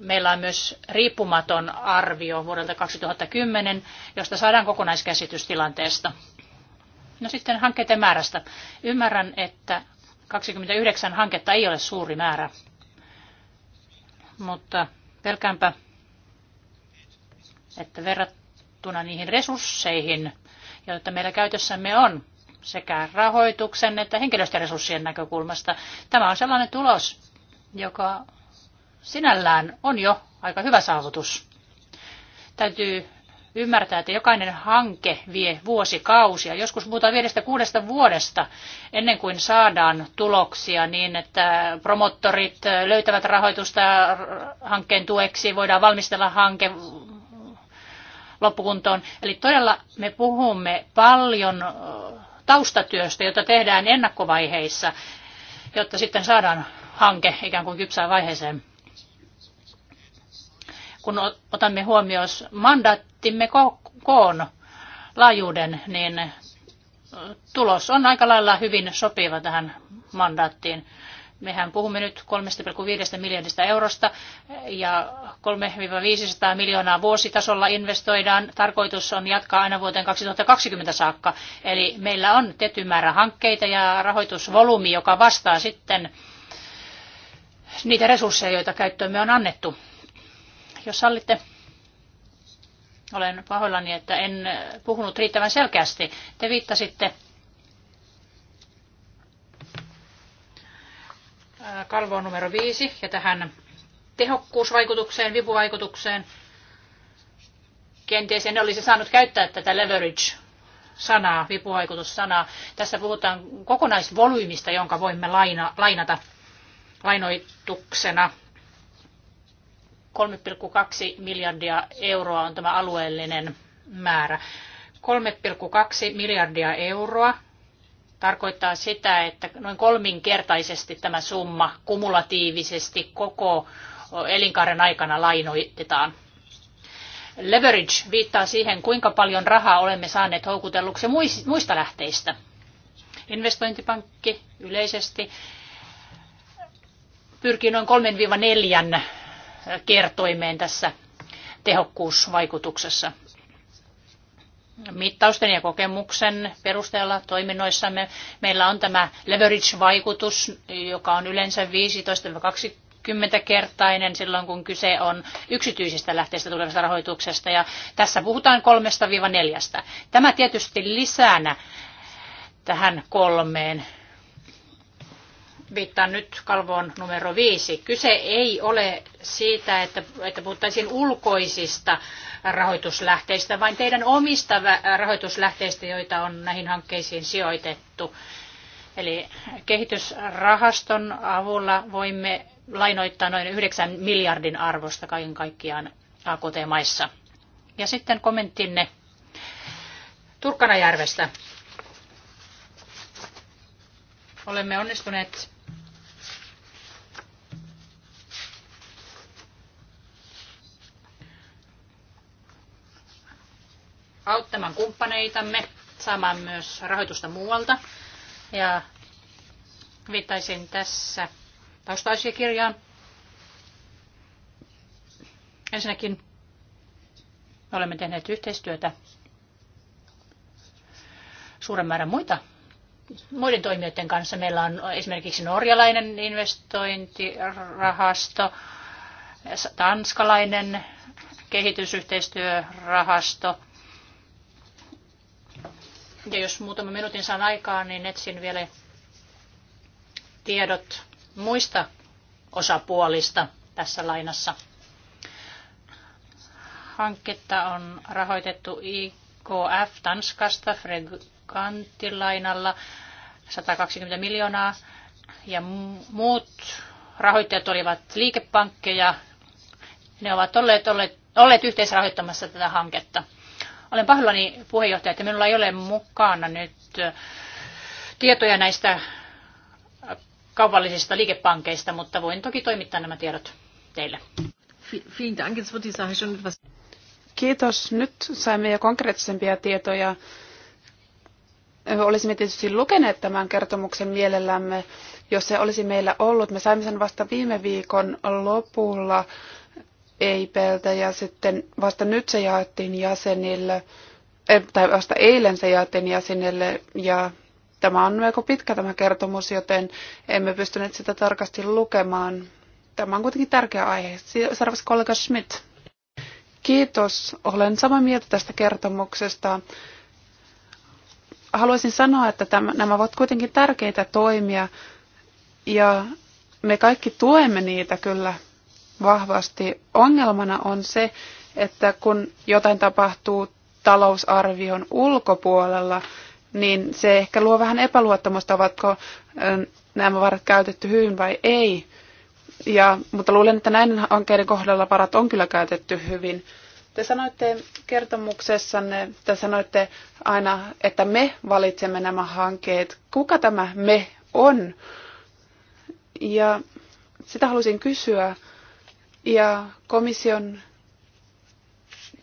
[SPEAKER 2] Meillä on myös riippumaton arvio vuodelta 2010, josta saadaan kokonaiskäsitys tilanteesta. No sitten hankkeiden määrästä. Ymmärrän, että 29 hanketta ei ole suuri määrä, mutta pelkäänpä, että verrattuna niihin resursseihin, joita meillä käytössämme on, sekä rahoituksen että henkilöstöresurssien näkökulmasta. Tämä on sellainen tulos, joka sinällään on jo aika hyvä saavutus. Täytyy ymmärtää, että jokainen hanke vie vuosikausia. Joskus puhutaan viidestä kuudesta vuodesta ennen kuin saadaan tuloksia niin, että promottorit löytävät rahoitusta hankkeen tueksi, voidaan valmistella hanke loppukuntoon. Eli todella me puhumme paljon taustatyöstä, jota tehdään ennakkovaiheissa, jotta sitten saadaan hanke ikään kuin kypsään vaiheeseen. Kun otamme huomioon mandaattimme koon laajuuden, niin tulos on aika lailla hyvin sopiva tähän mandaattiin. Mehän puhumme nyt 3,5 miljardista eurosta ja 3-500 miljoonaa vuositasolla investoidaan. Tarkoitus on jatkaa aina vuoteen 2020 saakka. Eli meillä on tietty määrä hankkeita ja rahoitusvolyymi, joka vastaa sitten niitä resursseja, joita käyttöömme on annettu. Jos sallitte, olen pahoillani, että en puhunut riittävän selkeästi. Te viittasitte kalvoon numero 5 ja tähän tehokkuusvaikutukseen, vipuvaikutukseen. Kenties en olisi saanut käyttää tätä leverage-sanaa, vipuvaikutussanaa. Tässä puhutaan kokonaisvolyymista, jonka voimme laina, lainata lainoituksena. 3,2 miljardia euroa on tämä alueellinen määrä. 3,2 miljardia euroa tarkoittaa sitä, että noin kolminkertaisesti tämä summa kumulatiivisesti koko elinkaaren aikana lainoitetaan. Leverage viittaa siihen, kuinka paljon rahaa olemme saaneet houkutelluksi muista lähteistä. Investointipankki yleisesti pyrkii noin 3-4 kertoimeen tässä tehokkuusvaikutuksessa mittausten ja kokemuksen perusteella toiminnoissamme. Meillä on tämä leverage-vaikutus, joka on yleensä 15-20 kertainen silloin, kun kyse on yksityisistä lähteistä tulevasta rahoituksesta. Ja tässä puhutaan kolmesta viiva neljästä. Tämä tietysti lisänä tähän kolmeen viittaan nyt kalvoon numero viisi. Kyse ei ole siitä, että, että puhuttaisiin ulkoisista rahoituslähteistä, vaan teidän omista rahoituslähteistä, joita on näihin hankkeisiin sijoitettu. Eli kehitysrahaston avulla voimme lainoittaa noin 9 miljardin arvosta kaiken kaikkiaan AKT-maissa. Ja sitten kommenttinne Turkkanajärvestä. Olemme onnistuneet auttamaan kumppaneitamme, saamaan myös rahoitusta muualta. Ja viittaisin tässä taustaasiakirjaan. Ensinnäkin me olemme tehneet yhteistyötä suuren määrän muita muiden toimijoiden kanssa. Meillä on esimerkiksi norjalainen investointirahasto, tanskalainen kehitysyhteistyörahasto ja jos muutaman minuutin saan aikaa, niin etsin vielä tiedot muista osapuolista tässä lainassa. Hanketta on rahoitettu IKF Tanskasta fregantilainalla 120 miljoonaa ja muut rahoittajat olivat liikepankkeja. Ne ovat olleet, olleet, olleet yhteisrahoittamassa tätä hanketta. Olen pahoillani puheenjohtaja, että minulla ei ole mukana nyt tietoja näistä kaupallisista liikepankeista, mutta voin toki toimittaa nämä tiedot teille.
[SPEAKER 1] Kiitos. Nyt saimme jo konkreettisempia tietoja. Olisimme tietysti lukeneet tämän kertomuksen mielellämme, jos se olisi meillä ollut. Me saimme sen vasta viime viikon lopulla. EIPltä ja sitten vasta nyt se jaettiin jäsenille, eh, tai vasta eilen se jaettiin jäsenille ja tämä on melko pitkä tämä kertomus, joten emme pystyneet sitä tarkasti lukemaan. Tämä on kuitenkin tärkeä aihe. Seuraavaksi kollega Schmidt. Kiitos. Olen samaa mieltä tästä kertomuksesta. Haluaisin sanoa, että tämän, nämä ovat kuitenkin tärkeitä toimia ja me kaikki tuemme niitä kyllä vahvasti. Ongelmana on se, että kun jotain tapahtuu talousarvion ulkopuolella, niin se ehkä luo vähän epäluottamusta, ovatko nämä varat käytetty hyvin vai ei. Ja, mutta luulen, että näiden hankkeiden kohdalla varat on kyllä käytetty hyvin. Te sanoitte kertomuksessanne, te sanoitte aina, että me valitsemme nämä hankkeet. Kuka tämä me on? Ja sitä halusin kysyä, ja komission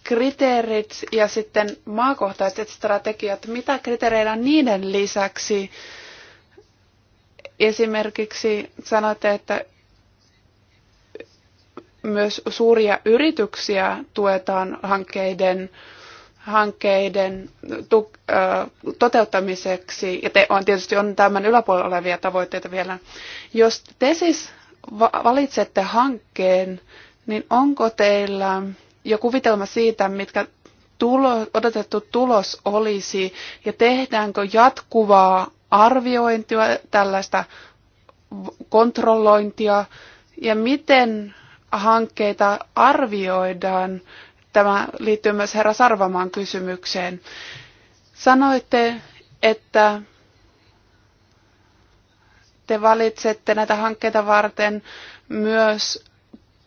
[SPEAKER 1] kriteerit ja sitten maakohtaiset strategiat, mitä kriteereillä niiden lisäksi? Esimerkiksi sanoitte, että myös suuria yrityksiä tuetaan hankkeiden, hankkeiden tu, äh, toteuttamiseksi. Ja te, on, tietysti on tämän yläpuolella olevia tavoitteita vielä. Jos te siis valitsette hankkeen, niin onko teillä jo kuvitelma siitä, mitkä tulo, odotettu tulos olisi ja tehdäänkö jatkuvaa arviointia, tällaista kontrollointia ja miten hankkeita arvioidaan. Tämä liittyy myös herra Sarvamaan kysymykseen. Sanoitte, että te valitsette näitä hankkeita varten myös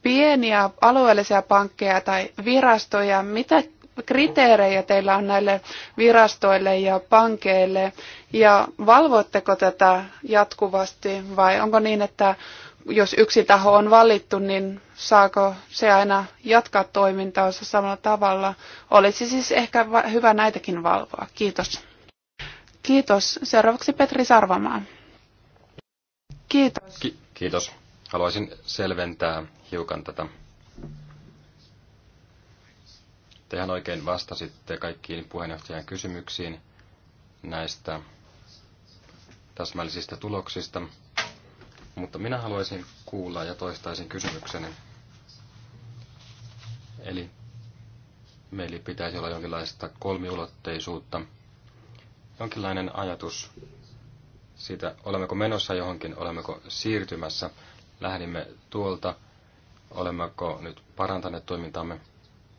[SPEAKER 1] pieniä alueellisia pankkeja tai virastoja. Mitä kriteerejä teillä on näille virastoille ja pankeille ja valvotteko tätä jatkuvasti vai onko niin, että jos yksi taho on valittu, niin saako se aina jatkaa toimintaansa samalla tavalla? Olisi siis ehkä hyvä näitäkin valvoa. Kiitos. Kiitos. Seuraavaksi Petri Sarvamaa. Kiitos.
[SPEAKER 4] Ki- kiitos. Haluaisin selventää hiukan tätä. Tehän oikein vastasitte kaikkiin puheenjohtajan kysymyksiin näistä täsmällisistä tuloksista, mutta minä haluaisin kuulla ja toistaisin kysymykseni. Eli meillä pitäisi olla jonkinlaista kolmiulotteisuutta, jonkinlainen ajatus siitä, olemmeko menossa johonkin, olemmeko siirtymässä, lähdimme tuolta, olemmeko nyt parantaneet toimintamme.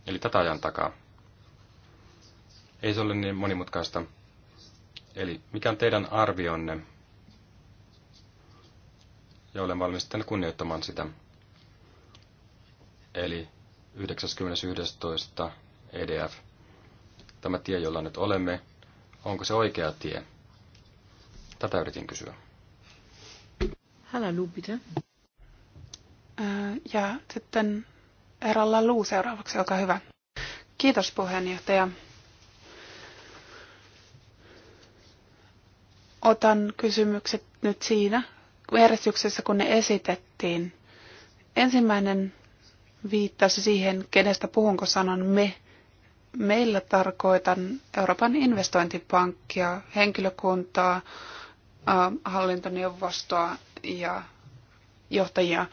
[SPEAKER 4] Eli tätä ajan takaa. Ei se ole niin monimutkaista. Eli mikä on teidän arvionne? Ja olen valmis sitten kunnioittamaan sitä. Eli 90.11. EDF. Tämä tie, jolla nyt olemme, onko se oikea tie? Tätä yritin kysyä.
[SPEAKER 1] Hälä lupite. Ja sitten Eralla Luu seuraavaksi, olkaa hyvä. Kiitos puheenjohtaja. Otan kysymykset nyt siinä järjestyksessä, kun ne esitettiin. Ensimmäinen viittasi siihen, kenestä puhunko sanan me. Meillä tarkoitan Euroopan investointipankkia, henkilökuntaa, hallintoneuvostoa ja johtajia.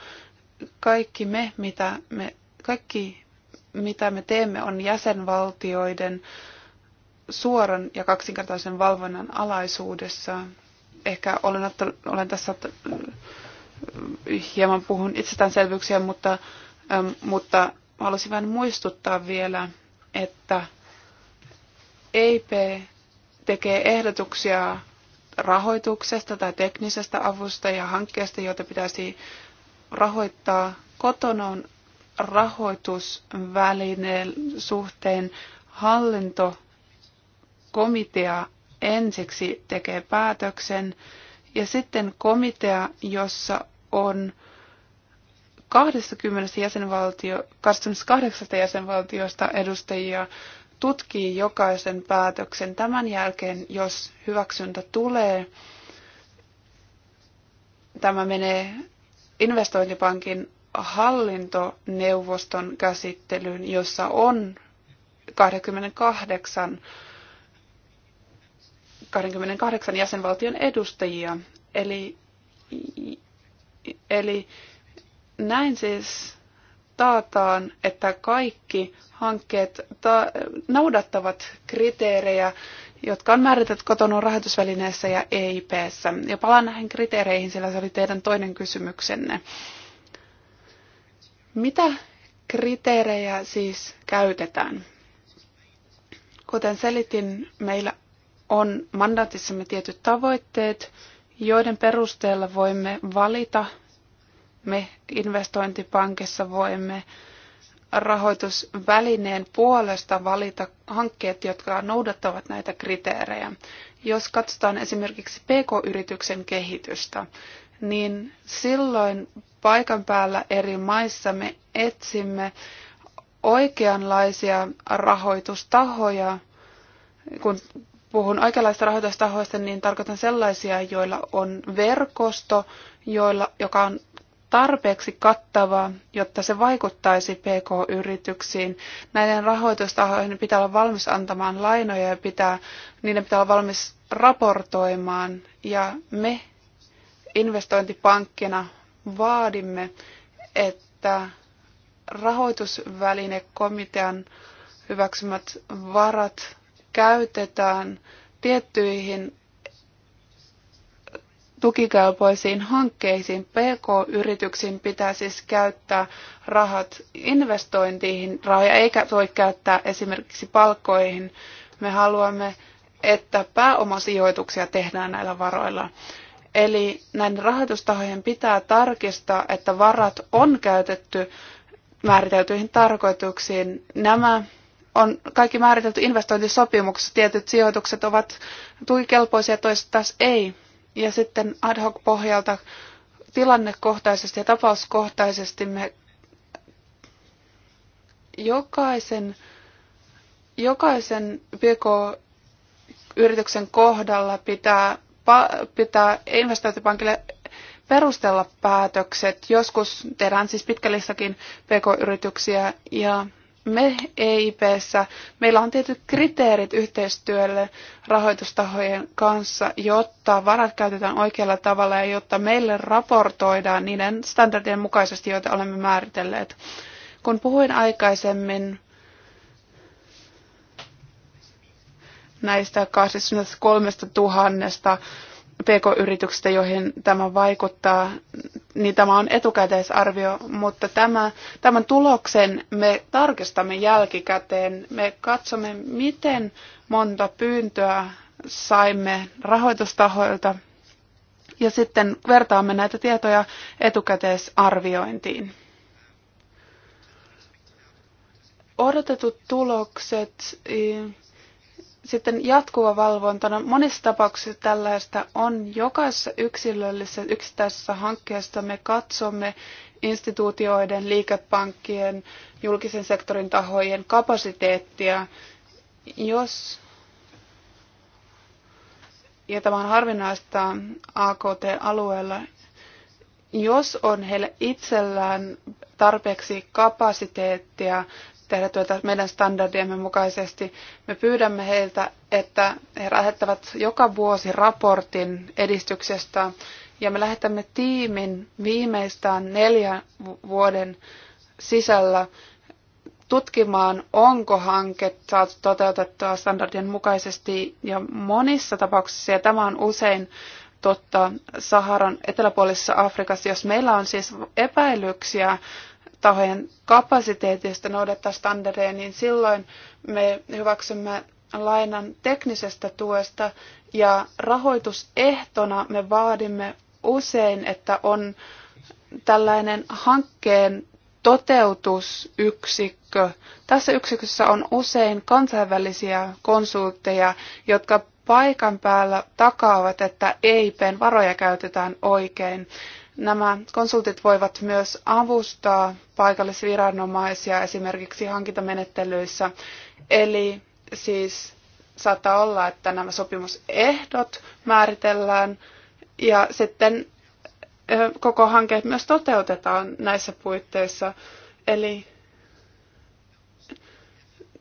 [SPEAKER 1] Kaikki me, mitä me, kaikki, mitä me teemme, on jäsenvaltioiden suoran ja kaksinkertaisen valvonnan alaisuudessa. Ehkä olen, ottanut, olen tässä hieman puhun itsestäänselvyyksiä, mutta, mutta haluaisin vain muistuttaa vielä, että EIP tekee ehdotuksia rahoituksesta tai teknisestä avusta ja hankkeesta, joita pitäisi rahoittaa kotona on rahoitusvälineen suhteen hallintokomitea ensiksi tekee päätöksen ja sitten komitea, jossa on 20 jäsenvaltio, 28 jäsenvaltiosta edustajia tutkii jokaisen päätöksen. Tämän jälkeen, jos hyväksyntä tulee, tämä menee investointipankin hallintoneuvoston käsittelyyn, jossa on 28, 28 jäsenvaltion edustajia. Eli, eli näin siis taataan, että kaikki hankkeet noudattavat kriteerejä, jotka on määritetty kotonun rahoitusvälineessä ja EIPssä. Ja palaan näihin kriteereihin, sillä se oli teidän toinen kysymyksenne. Mitä kriteerejä siis käytetään? Kuten selitin, meillä on mandaatissamme tietyt tavoitteet, joiden perusteella voimme valita me investointipankissa voimme rahoitusvälineen puolesta valita hankkeet, jotka noudattavat näitä kriteerejä. Jos katsotaan esimerkiksi PK-yrityksen kehitystä, niin silloin paikan päällä eri maissa me etsimme oikeanlaisia rahoitustahoja. Kun puhun oikeanlaista rahoitustahoista, niin tarkoitan sellaisia, joilla on verkosto, joilla, joka on tarpeeksi kattava, jotta se vaikuttaisi PK-yrityksiin. Näiden rahoitustahojen pitää olla valmis antamaan lainoja ja pitää, niiden pitää olla valmis raportoimaan. Ja me investointipankkina vaadimme, että rahoitusvälinekomitean hyväksymät varat käytetään tiettyihin tukikelpoisiin hankkeisiin. PK-yrityksiin pitää siis käyttää rahat investointiin rahoja, eikä voi käyttää esimerkiksi palkkoihin. Me haluamme, että pääomasijoituksia tehdään näillä varoilla. Eli näiden rahoitustahojen pitää tarkistaa, että varat on käytetty määriteltyihin tarkoituksiin. Nämä on kaikki määritelty investointisopimuksessa. Tietyt sijoitukset ovat tukikelpoisia, toiset taas ei ja sitten ad hoc pohjalta tilannekohtaisesti ja tapauskohtaisesti me jokaisen, jokaisen PK-yrityksen kohdalla pitää, pitää investointipankille perustella päätökset. Joskus tehdään siis pitkälistäkin PK-yrityksiä ja me EIPssä, meillä on tietyt kriteerit yhteistyölle rahoitustahojen kanssa, jotta varat käytetään oikealla tavalla ja jotta meille raportoidaan niiden standardien mukaisesti, joita olemme määritelleet. Kun puhuin aikaisemmin näistä 23 000 pk-yrityksistä, joihin tämä vaikuttaa, niin tämä on etukäteisarvio, mutta tämä, tämän tuloksen me tarkistamme jälkikäteen. Me katsomme, miten monta pyyntöä saimme rahoitustahoilta ja sitten vertaamme näitä tietoja etukäteisarviointiin. Odotetut tulokset sitten jatkuva valvonta. No, monissa tapauksissa tällaista on. Jokaisessa yksilöllisessä yksittäisessä hankkeessa me katsomme instituutioiden, liikepankkien, julkisen sektorin tahojen kapasiteettia. Jos, ja tämä on harvinaista AKT-alueella, jos on heille itsellään tarpeeksi kapasiteettia tehdä työtä meidän standardiemme mukaisesti. Me pyydämme heiltä, että he lähettävät joka vuosi raportin edistyksestä ja me lähetämme tiimin viimeistään neljän vuoden sisällä tutkimaan, onko hanke saatu toteutettua standardien mukaisesti. Ja monissa tapauksissa, ja tämä on usein totta Saharan eteläpuolisessa Afrikassa, jos meillä on siis epäilyksiä tahojen kapasiteetista noudattaa standardeja, niin silloin me hyväksymme lainan teknisestä tuesta ja rahoitusehtona me vaadimme usein, että on tällainen hankkeen toteutusyksikkö. Tässä yksikössä on usein kansainvälisiä konsultteja, jotka paikan päällä takaavat, että EIPn varoja käytetään oikein. Nämä konsultit voivat myös avustaa paikallisviranomaisia esimerkiksi hankintamenettelyissä. Eli siis saattaa olla, että nämä sopimusehdot määritellään ja sitten koko hanke myös toteutetaan näissä puitteissa. Eli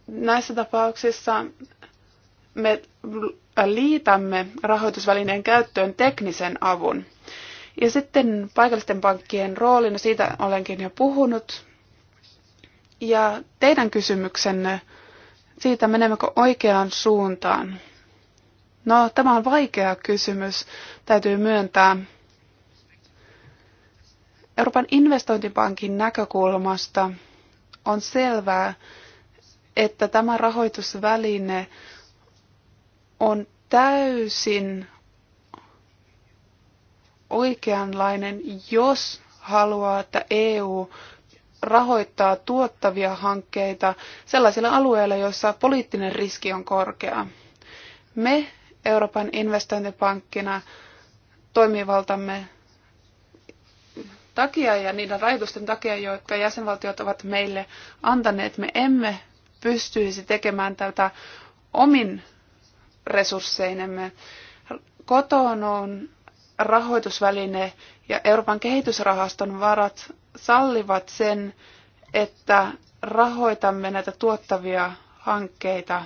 [SPEAKER 1] näissä tapauksissa me liitämme rahoitusvälineen käyttöön teknisen avun. Ja sitten paikallisten pankkien rooli, no siitä olenkin jo puhunut. Ja teidän kysymyksenne siitä, menemmekö oikeaan suuntaan. No, tämä on vaikea kysymys, täytyy myöntää. Euroopan investointipankin näkökulmasta on selvää, että tämä rahoitusväline on täysin oikeanlainen, jos haluaa, että EU rahoittaa tuottavia hankkeita sellaisilla alueilla, joissa poliittinen riski on korkea. Me Euroopan investointipankkina toimivaltamme takia ja niiden rajoitusten takia, jotka jäsenvaltiot ovat meille antaneet, me emme pystyisi tekemään tätä omin resursseinemme. Kotoon on rahoitusväline ja Euroopan kehitysrahaston varat sallivat sen, että rahoitamme näitä tuottavia hankkeita.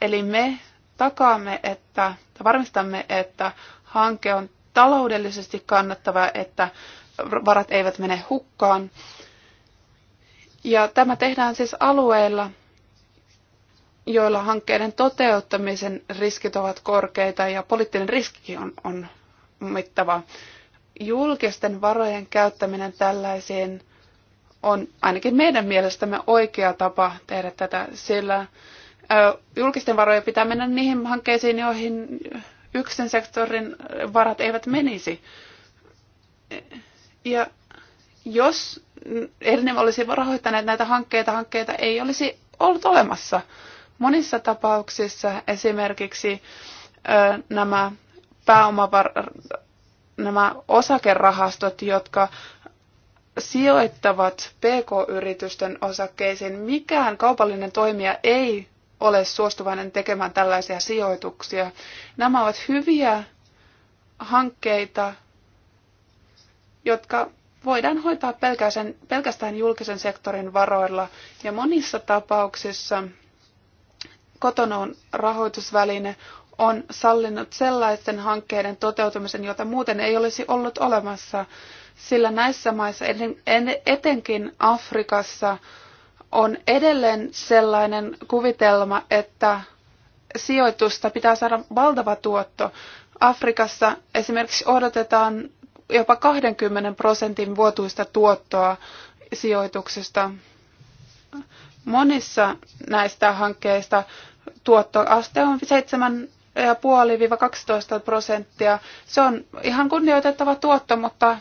[SPEAKER 1] Eli me takaamme, että, varmistamme, että hanke on taloudellisesti kannattava, että varat eivät mene hukkaan. Ja tämä tehdään siis alueilla, joilla hankkeiden toteuttamisen riskit ovat korkeita ja poliittinen riski on, on mittava. Julkisten varojen käyttäminen tällaisiin on ainakin meidän mielestämme oikea tapa tehdä tätä, sillä julkisten varojen pitää mennä niihin hankkeisiin, joihin yksin sektorin varat eivät menisi. Ja jos ennen olisi rahoittaneet näitä hankkeita, hankkeita ei olisi ollut olemassa. Monissa tapauksissa esimerkiksi nämä pääomavar- nämä osakerahastot, jotka sijoittavat pk-yritysten osakkeisiin, mikään kaupallinen toimija ei ole suostuvainen tekemään tällaisia sijoituksia. Nämä ovat hyviä hankkeita, jotka voidaan hoitaa pelkästään, pelkästään julkisen sektorin varoilla. Ja monissa tapauksissa kotonoon rahoitusväline on sallinut sellaisten hankkeiden toteutumisen, jota muuten ei olisi ollut olemassa, sillä näissä maissa, etenkin Afrikassa, on edelleen sellainen kuvitelma, että sijoitusta pitää saada valtava tuotto. Afrikassa esimerkiksi odotetaan jopa 20 prosentin vuotuista tuottoa sijoituksesta. Monissa näistä hankkeista tuottoaste on 7 5-12 prosenttia. Se on ihan kunnioitettava tuotto, mutta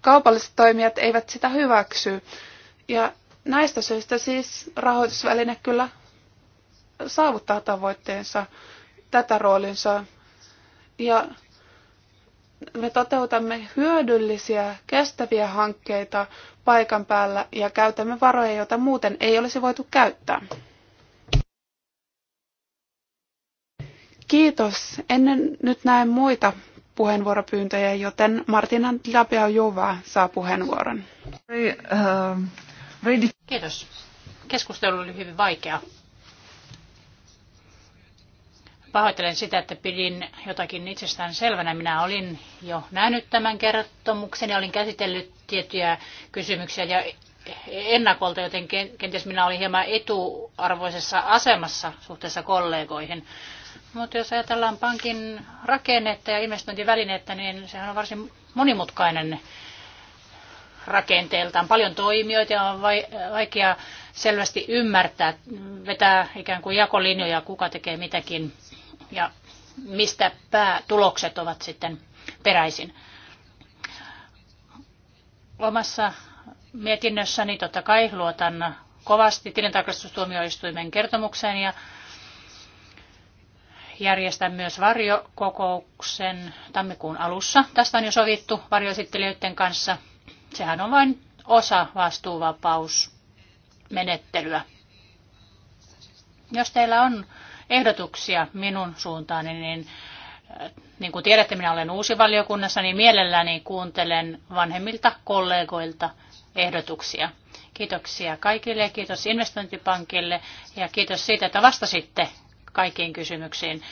[SPEAKER 1] kaupalliset toimijat eivät sitä hyväksy. Ja näistä syistä siis rahoitusväline kyllä saavuttaa tavoitteensa, tätä roolinsa. Ja me toteutamme hyödyllisiä, kestäviä hankkeita paikan päällä ja käytämme varoja, joita muuten ei olisi voitu käyttää. Kiitos. Ennen nyt näen muita puheenvuoropyyntöjä, joten Martina Labiajova saa puheenvuoron.
[SPEAKER 2] Kiitos. Keskustelu oli hyvin vaikea. Pahoittelen sitä, että pidin jotakin itsestään selvänä. Minä olin jo nähnyt tämän kertomuksen ja olin käsitellyt tiettyjä kysymyksiä ja ennakolta, joten kenties minä olin hieman etuarvoisessa asemassa suhteessa kollegoihin. Mutta jos ajatellaan pankin rakennetta ja investointivälinettä, niin sehän on varsin monimutkainen rakenteeltaan. Paljon toimijoita ja on vaikea selvästi ymmärtää, vetää ikään kuin jakolinjoja, kuka tekee mitäkin ja mistä päätulokset ovat sitten peräisin. Omassa mietinnössäni totta kai luotan kovasti tilintarkastustuomioistuimen kertomukseen ja järjestän myös varjokokouksen tammikuun alussa. Tästä on jo sovittu varjoesittelijöiden kanssa. Sehän on vain osa vastuuvapausmenettelyä. Jos teillä on ehdotuksia minun suuntaani, niin äh, niin kuin tiedätte, minä olen uusi valiokunnassa, niin mielelläni kuuntelen vanhemmilta kollegoilta ehdotuksia. Kiitoksia kaikille, kiitos investointipankille ja kiitos siitä, että vastasitte kaikkiin kysymyksiin.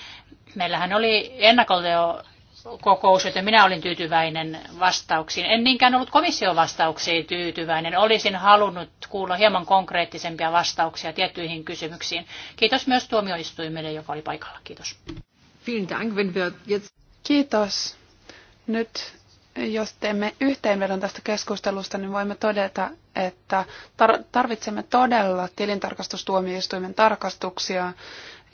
[SPEAKER 2] Meillähän oli ennakolta kokous, joten minä olin tyytyväinen vastauksiin. En niinkään ollut komission vastauksiin tyytyväinen. Olisin halunnut kuulla hieman konkreettisempia vastauksia tiettyihin kysymyksiin. Kiitos myös tuomioistuimelle, joka oli paikalla. Kiitos.
[SPEAKER 1] Kiitos. Nyt jos teemme yhteenvedon tästä keskustelusta, niin voimme todeta, että tarvitsemme todella tilintarkastustuomioistuimen tarkastuksia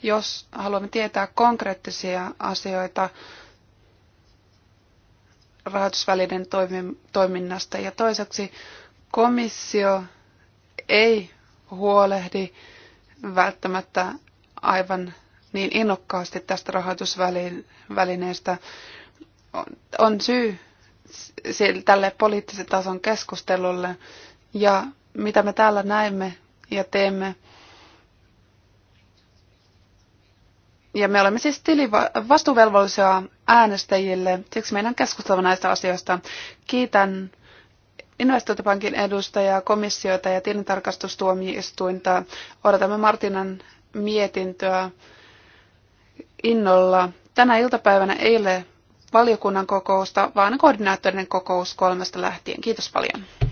[SPEAKER 1] jos haluamme tietää konkreettisia asioita rahoitusvälineen toiminnasta ja toiseksi komissio ei huolehdi välttämättä aivan niin innokkaasti tästä rahoitusvälineestä. On syy tälle poliittisen tason keskustelulle ja mitä me täällä näemme ja teemme Ja me olemme siis tiliva- äänestäjille, siksi meidän keskustelua näistä asioista. Kiitän investointipankin edustajaa, komissiota ja tilintarkastustuomioistuinta. Odotamme Martinan mietintöä innolla. Tänä iltapäivänä ei ole valiokunnan kokousta, vaan koordinaattorinen kokous kolmesta lähtien. Kiitos paljon.